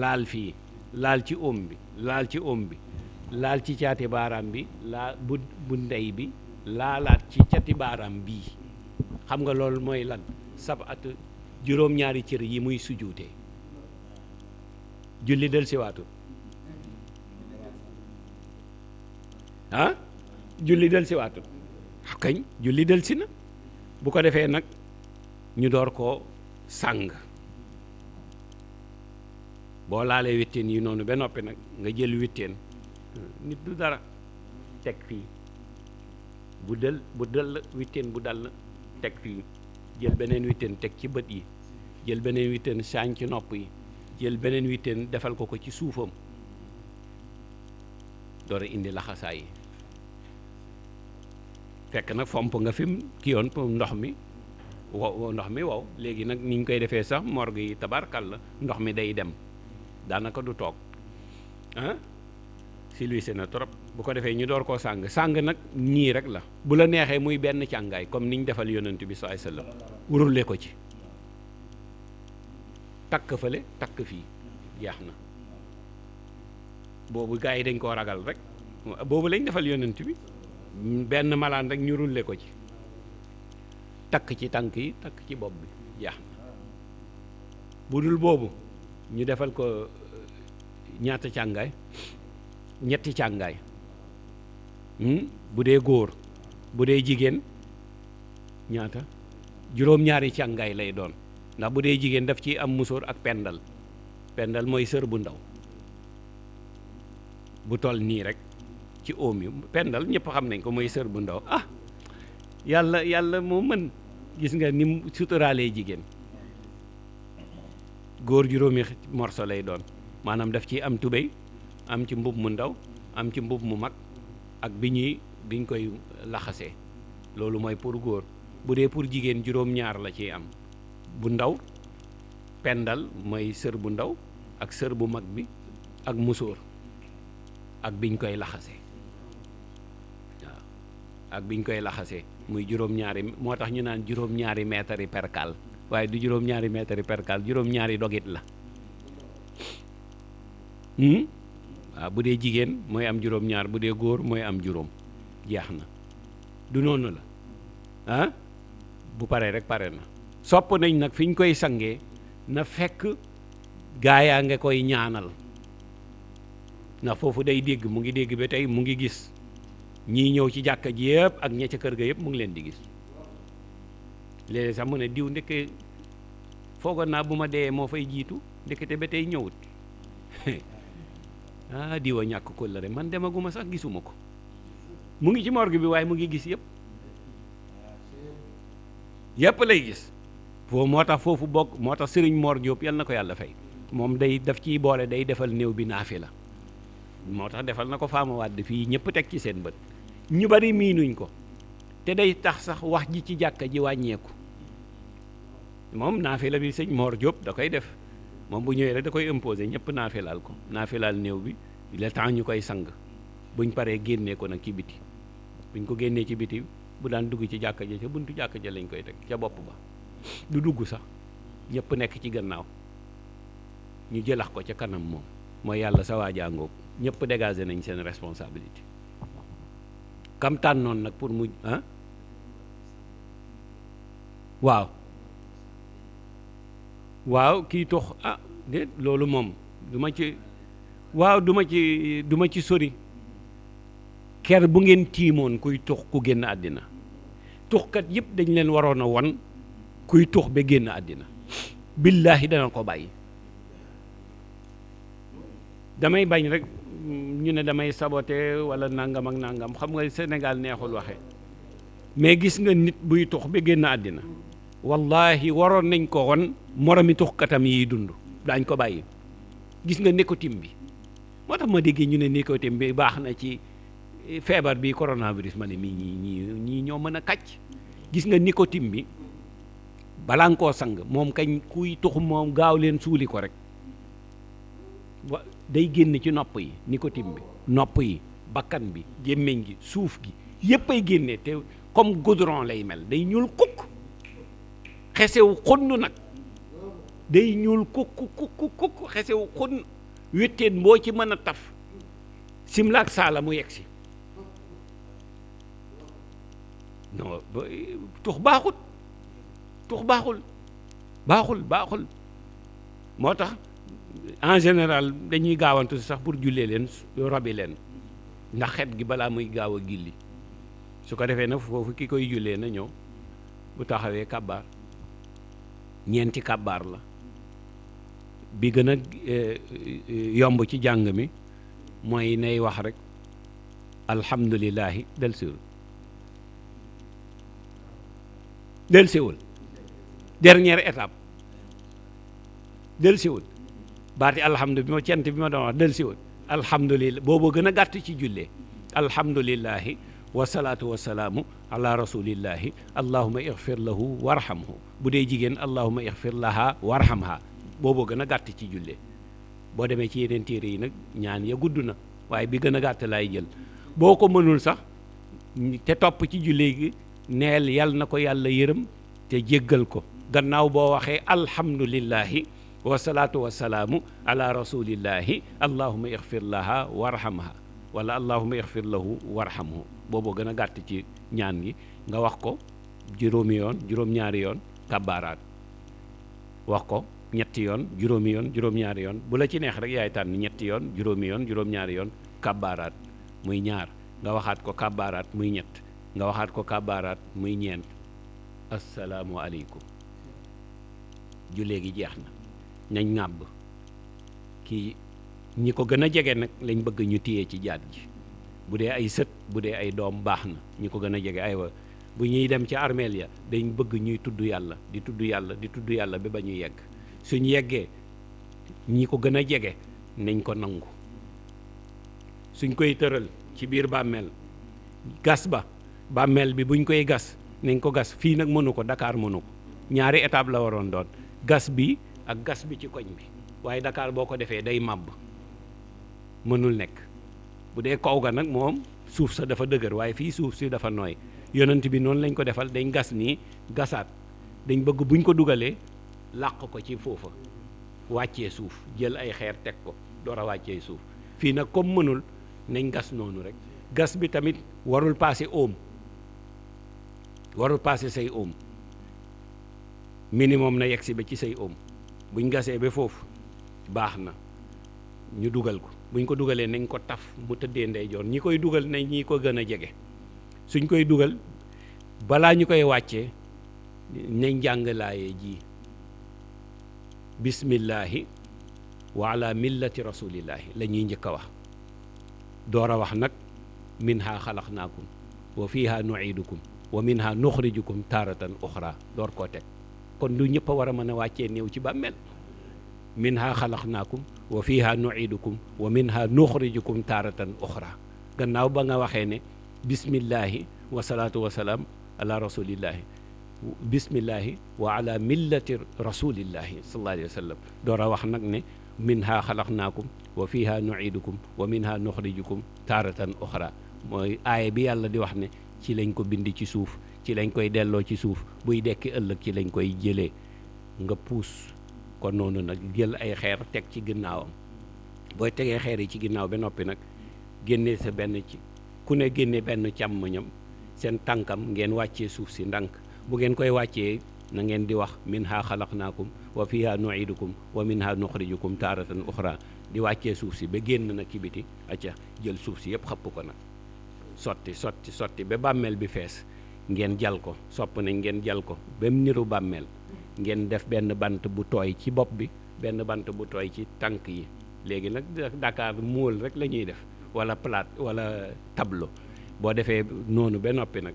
S3: laal fii laal ci oom bi laal ci oom bi laal ci caati baaraam bi laa bu bu ndey bi laalaat ci cati baaraam bii xam nga loolu mooy lan sab at juróom-ñaari cër yi muy sujuutee julli del siwaatul ah julli del ah, si na bu ko defee nag ñu door koo sàng boo laalee witteen yi noonu ba noppi nag nga jël witteen nit du dara teg fii bu dël bu dëll witteen bu dal teg fii jël beneen witteen teg ci bët yi jël beneen witteen saañ ci nopp yi jël beneen witteen defal ko ko ci suufam door a indi laxasaay yi fekk nag fomp nga fi kiyoon yoon pour ndox mi wow ndox mi wow léegi nag ni ñu koy defee sax morgue yi tabarkal la ndox mi day dem daanaka du toog silwise na trop bu ko defee ñu door koo sàng sàng nag ñii rek la bu la neexee muy benn càngaay comme niñ defal yonent bi sallallahu alayhi wasallam wurule ko ci takk fële takk fii jeex na boobu gars yi dañ koo ragal rek boobu lañ defal yonent bi benn malaan rek ñu rulle ko ci takk ci tànk yi takk ci bopp bi jeex na bu dul boobu ñu defal ko ñaata càngaay ñetti càngaay hmm? bu dee góor bu dee jigéen ñaata juróom-ñaari càngaay lay doon ndax bu dee jigéen daf ciy am musóor ak pendal pendal mooy sër bu ndaw bu tol nii rek ci oom yi pendal ñëpp xam nañ ko mooy sër bu ndaw ah yàlla yàlla moo mën gis nga ni mu suturaalee jigéen góor juróomi morso lay doon maanaam daf ciy am tubéy am ci mbub mu ndaw am ci mbub mu mag ak bi ñuy biñ koy laxasee loolu mooy pour góor bu dee pour jigéen juróom-ñaar la ciy am bu ndaw pendal mooy sër bu ndaw ak sër bu mag bi ak musóor ak biñ koy laxasee waaw ak biñ koy laxasee muy juróom-ñaari moo tax ñu naan juróom-ñaari yi percal waaye du juróom-ñaari mètre yi percal juróom-ñaari dogit la. Hmm? waaw bu dee jigéen mooy am juróom-ñaar bu dee góor mooy am juróom jeex na du noonu la ah bu paree rek pare na sopp nañ nag fi ñu koy sangee na fekk yaa ngi koy ñaanal na foofu day dégg mu ngi dégg ba tey mu ngi gis ñii ñëw ci jàkka ji yëpp ak ña kër ga yëpp mu ngi leen di gis léeg sax mu ne diw ndekke foogoon naa bu ma dee moo fay jiitu ndekkete ba tey ñëwut ah diwa ñàkk kóllëre man demaguma sax gisuma ko mu ngi ci morgue bi waaye mu ngi gis yëpp yëpp lay gis foo moo tax foofu bokk moo tax sëriñ Mor Diop yal na ko yàlla fay moom day daf ciy boole day defal néew bi naafi la moo tax defal na ko faama wàdd fii ñëpp teg ci seen bët ñu bari miinuñ ko te day tax sax wax ji ci jàkka ji wàññeeku moom naafi la bi sëñ Mor Diop da koy def moom bu ñëwee rek da koy imposer ñëpp naafelaal ko naafelaal néew bi le temps ñu koy sang buñ paree génnee ko nag ci biti buñ ko génnee ci biti bu daan dugg ci jàkka ja ca buntu jàkk ja lañ koy teg ca bopp ba du dugg sax ñëpp nekk ci gannaaw ñu jëlax ko ca kanam moom mooy yàlla sa waa jàngook ñëpp dégager nañ seen responsabilité kam tànnoon nag pour mu ah waaw waaw kii tox a ah, déet loolu moom duma ma ci waaw duma ma ci du ci sori ker bu ngeen tiimoon kuy tux ku génn àddina tuxkat yëpp dañ leen waroon a won kuy tux ba génn àddina billaahi dana ko bàyyi damay bañ rek ñu ne damay sabote wala nangam ak nangam xam nga Sénégal neexul waxe mais gis nga nit buy tux ba génn àddina wallahi waroon nañ ko won moromi katam yi dund daañ ko bàyyi gis nga nicotine bi moo tax ma déggee ñu ne nicotine bi baax na ci eh, feebar bi coronavirus ne mii ñii ñii ñii ñoo mën a kàcc gis nga nicotine bi balaa nga koo sang moom kañ kuy tuxu moom gaaw leen suuli ko rek wa day génn ci nopp yi nicotine bi nopp yi bakkan bi gémmiñ gi suuf gi yépp ay génnee te comme goudron lay mel day ñuul kukk xesewu xunn nag day ñuul kukk kukk kukk xesewu xunn wéttéen boo ci mën a taf simlaak saala mu yegg si non tux baaxul tux baaxul baaxul baaxul moo tax en général dañuy gaawantu sax pour jullee leen rabi leen ndax xet gi balaa muy gaaw a gilli su ko defee nag foofu ki koy jullee na ñëw bu taxawee kàbbaar ñeenti kàbbaar la bi gën a eh, eh, yomb ci jàng mi mooy nay wax rek alhamdulilahi del siwul del siwul dernière étape del siwul baati alhamdu bi ma cent bi ma doon wax del siwul boobu gën a gàtt ci jullee alhamdulilahi wasalaatu wasalaamu ala rasulillahi allahuma ixfir lahu warhamhu bu dee jigéen allahuma ixfir laha warhamha booboo gën a gàtt ci jullee boo demee ci yeneen téere yi nag ñaan ya gudd na waaye bi gën a gàtt laay jël boo ko mënul sax te topp ci jullee gi neel yal na ko yàlla yërëm te jéggal ko gannaaw boo waxee alhamdulillahi wasalaatu wasalaamu ala rasulillahi allahuma ixfir laha warhamha wala allahuma ixfir lahu warhamhu booboo gën a gàtt ci ñaan gi nga wax ko juróomi yoon juróom-ñaari yoon kàbbaaraat wax ko ñetti yoon juróomi yoon juróom-ñaari yoon bu la ci neex rek yaay tànn ñetti yoon juróomi yoon yoon kàbbaaraat muy ñaar nga waxaat ko kàbbaaraat muy ñett nga waxaat ko kàbbaaraat muy ñeent asalaamu aleykum ju léegi jeex na nañ ŋàbb kii ñi ko gën a jege nag lañ bëgg ñu téye ci jaat ji bu dee ay sët bu dee ay doom baax na ñi ko gën a jege aywa bu ñuy dem ci armeel ya dañ bëgg ñuy tudd yàlla di tudd yàlla di tudd yàlla bi ba ñu yegg suñ yeggee ñi ko gën a jege nañ ko nangu suñ koy tëral ci biir bàmmeel gas ba bàmmeel bi buñ koy gas nañ ko gas fii nag mënu ko Dakar mënu ko ñaari étape la waroon doon gas bi ak gas bi ci koñ bi waaye Dakar boo ko defee day màbb mënul nekk bu dee kaw ga nag moom suuf sa dafa dëgër waaye fii suuf si dafa nooy yonent bi noonu lañ ko defal dañ gas nii gasaat dañ bëgg buñ ko dugalee làq ko ci foofa wàccee suuf jël ay xeer teg ko door a wàccee suuf fii nag comme mënul nañ gas noonu rek gas bi tamit warul paase oom warul paase say oom minimum na yegg si ba ci say oom buñ gasee ba foofu baax na ñu dugal ko buñ ko dugalee nañ ko taf mu tëddee ndeyjoor ñi koy dugal nañ ñi ko gën a jege suñ koy dugal balaa ñu koy wàccee nañ jàng laaye ji bismillahi wa ala millati rasulillahi la ñuy njëkk a wax door a wax nag minha xalaqnaakum wa fiha nuidukum wa minha nuxrijukum taaratan uxra door koo teg kon lu ñëpp war a mën a wàccee néew ci bàmmeel minha xalaqnaakum wa fiha nuidukum wa minha nuxrijukum taaratan uxra gannaaw ba nga waxee ne bismillahi wa salaatu wa salaam ala rasulillahi bismillahi wa ala millati rasulillahi sallallahu door a wax nag ne minha xalaqnaakum wa fiha nuidukum wa minha nuxrijukum taaratan uxra mooy aaya bi yàlla di wax ne ci lañ ko bind ci suuf ci lañ koy delloo ci suuf buy dekki ëllëg ci lañ koy jëlee nga puus ko noonu nag jël ay xeer teg ci ginnaawam booy tegee xeer yi ci ginnaaw ba noppi nag génnee sa benn ci ku ne génne benn càmmoñam seen tànkam ngeen wàccee suuf si ndànk bu ngeen koy wàccee na ngeen di wax minha xalaqnaakum wa fiha nuidukum wa minha nuxrijukum taaratan uxra di wàccee suuf si ba génn na ci biti acca jël suuf si yëpp xëpp ko nag sotti sotti sotti ba bàmmeel bi fees ngeen jal ko sopp nañ ngeen jal ko ba mu niru bàmmeel ngeen def benn bant bu tooy ci bopp bi benn bant bu tooy ci tànk yi léegi nag Dakar mool rek la ñuy def wala plate wala tableau boo defee noonu ba noppi nag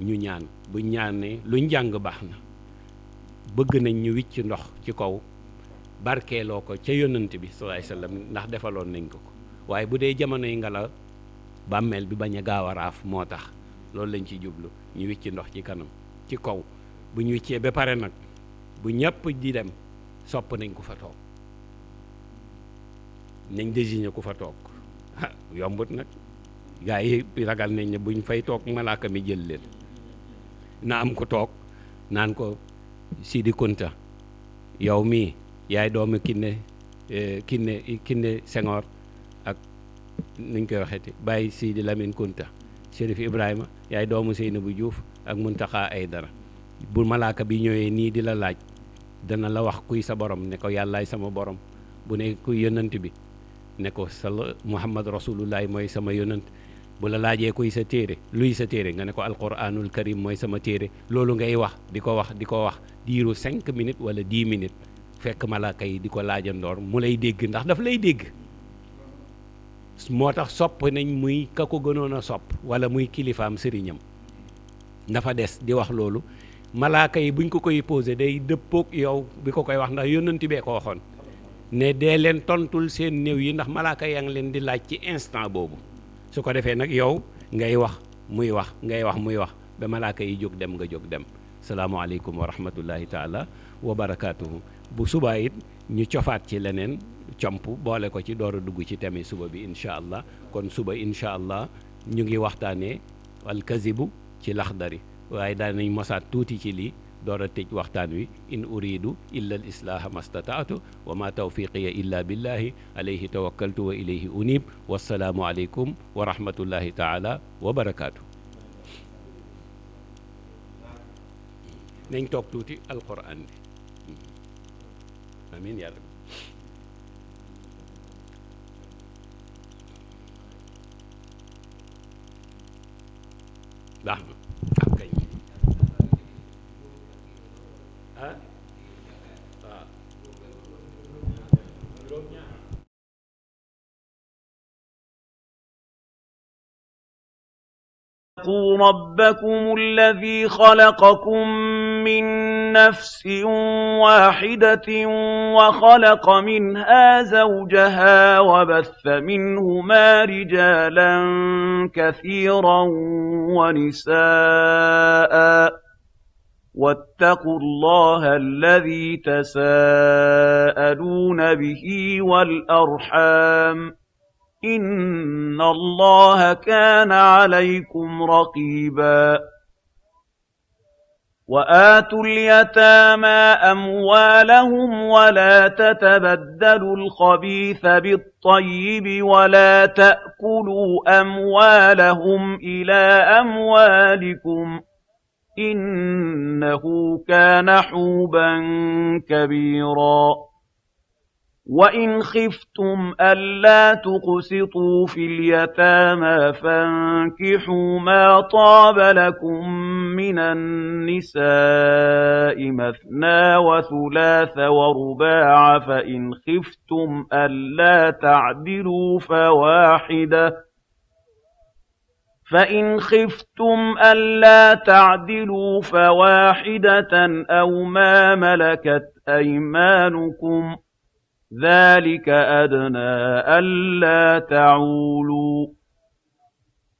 S3: ñu ñaan bu ñaanee luñ jàng baax na bëgg nañ ñu wicc ndox ci kaw barkeeloo ko ca yonant bi sallallahu alayhi wasallam ndax defaloon nañ ko ko waaye bu dee jamonoy ngelaw bàmmeel bi bañ a gaaw a raaf moo tax loolu lañ ci jublu ñu wicc ndox ci kanam ci kaw bu ba pare nag bu ñëpp di dem sopp nañ ku fa toog nañ désigné ku fa toog ah yombut nag gaa yi ragal nañ ne buñ fay toog malaaka mi jël leen na am ko toog naan ko Sidi Kunta yow mii yaay doomu Kiné eh, Kiné Kiné Senghor ak nuñ koy waxeeti bàyyi Sidi Lamine Kunta Chérif Ibrahima yaay doomu Seynabou juuf ak Muntaxa Aydara bu malaaka bi ñëwee nii di la laaj dana la wax kuy sa borom ne ko yàllaay sama borom bu ne kuy yonant bi ne ko sa muhammad rasulullah mooy sama yonant bu la laajee kuy sa téere luy sa téere nga ne ko alquranul karim mooy sama téere loolu ngay wax di ko wax di ko wax diiru cinq minutes wala dix minutes fekk ma malaaka yi di ko laajandoor mu lay dégg ndax dafa lay dégg moo tax sopp nañ muy ka ko gënoon a sopp wala muy kilifaam sëriñam dafa des di wax loolu malaaka yi bu buñ ko koy posé day dëppook yow bi ko koy wax ndax yónnanti bee ko waxoon ne dee leen tontul seen néew yi ndax malaaka yaa ngi leen di laaj ci instant boobu su ko defee nag yow ngay wax muy wax ngay wax muy wax ba malaaka yi jóg dem nga jóg dem salaamaaleykum wa rahmatullahi taala wa barakaatuhu bu subaa it ñu cofaat ci leneen comp boole ko ci door dugg ci thème suba bi incha allah kon suba incha allah ñu ngi waxtaanee alkazibu ci laxdari waaye daanañ mosaat tuuti ci li door a tëj waxtaan wi in uridu illa al islaaha mastataatu wa ma tawfiqiya illa billahi alayhi tawakkaltu wa ilayhi unib wassalaamu aleykum wa rahmatullahi taala wa barakaatu tuuti alquran
S1: ah waaw اتقوا ربكم الذي خلقكم
S2: من نفس واحدة وخلق منها زوجها وبث منهما رجالا كثيرا ونساءً واتقوا الله الذي تساءلون به والأرحام إن الله كان عليكم رقيباً وآتوا اليتامى أموالهم ولا تتبدلوا الخبيث بالطيب ولا تأكلوا أموالهم إلى أموالكم ۖ إنه كان حوبا كبيرا وإن خفتم ألا تقسطوا في اليتامى فانكحوا ما طاب لكم من النساء مثنى وثلاث ورباع فإن خفتم ألا تعدلوا فواحدة فإن خفتم ألا تعدلوا فواحدة أو ما ملكت أيمانكم ذلك أدنى ألا تعولوا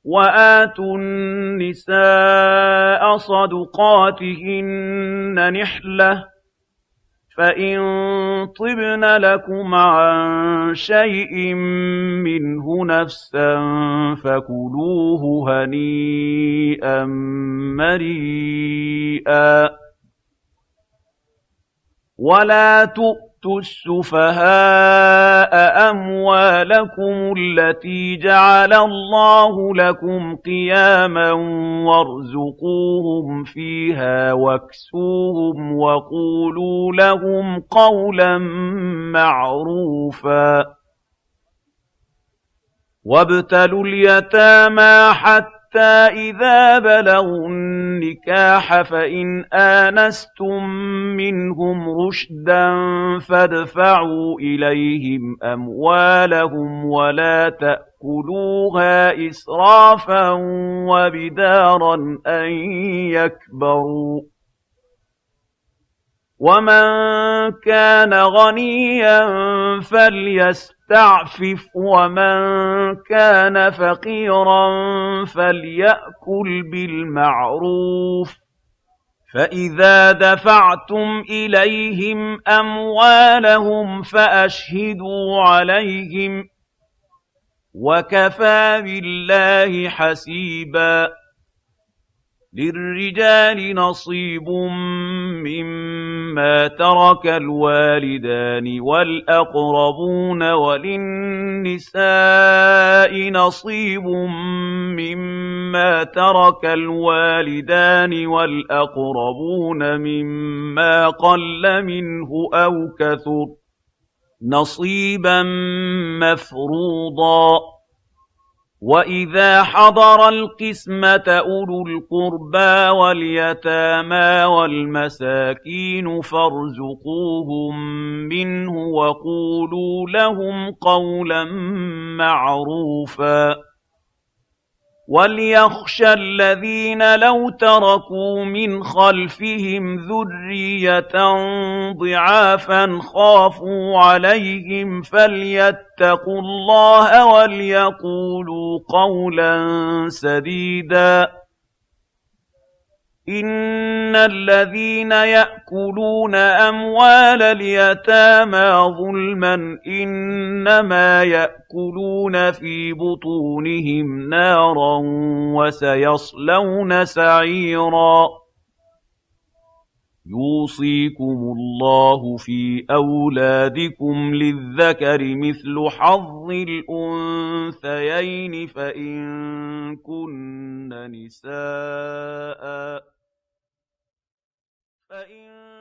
S2: وآتوا النساء صدقاتهن نحلةً فإن طبن لكم عن شيء منه نفسا فكلوه هنيئا مريئا ولا تؤمنوا يُؤْتُ السُّفَهَاءَ أَمْوَالَكُمُ الَّتِي جَعَلَ اللَّهُ لَكُمْ قِيَامًا وَارْزُقُوهُمْ فِيهَا وَاكْسُوهُمْ وَقُولُوا لَهُمْ قَوْلًا مَّعْرُوفًا وَابْتَلُوا الْيَتَامَى حَتَّىٰ حتى إذا بلغوا النكاح فإن آنستم منهم رشدا فادفعوا إليهم أموالهم ولا تأكلوها إسرافا وبدارا أن يكبروا ومن كان غنيا فليسر يستعفف ومن كان فقيرا فليأكل بالمعروف فإذا دفعتم إليهم أموالهم فأشهدوا عليهم وكفى بالله حسيباً للرجال نصيب مما ترك الوالدان والأقربون وللنساء نصيب مما ترك الوالدان والأقربون مما قل منه أو كثر نصيبا مفروضا وَإِذَا حَضَرَ الْقِسْمَةَ أُولُو الْقُرْبَى وَالْيَتَامَى وَالْمَسَاكِينُ فَارْزُقُوهُم مِّنْهُ وَقُولُوا لَهُمْ قَوْلًا مَّعْرُوفًا وليخشى الذين لو تركوا من خلفهم ذرية ضعافا خافوا عليهم فليتقوا الله وليقولوا قولا سديداً إِنَّ الَّذِينَ يَأْكُلُونَ أَمْوَالَ الْيَتَامَى ظُلْمًا إِنَّمَا يَأْكُلُونَ فِي بُطُونِهِمْ نَارًا وَسَيَصْلَوْنَ سَعِيرًا يُوصِيكُمُ اللَّهُ فِي أَوْلَادِكُمْ لِلذَّكَرِ مِثْلُ حَظِّ الْأُنثَيَيْنِ فَإِن كُنَّ نِسَاءً
S1: فإن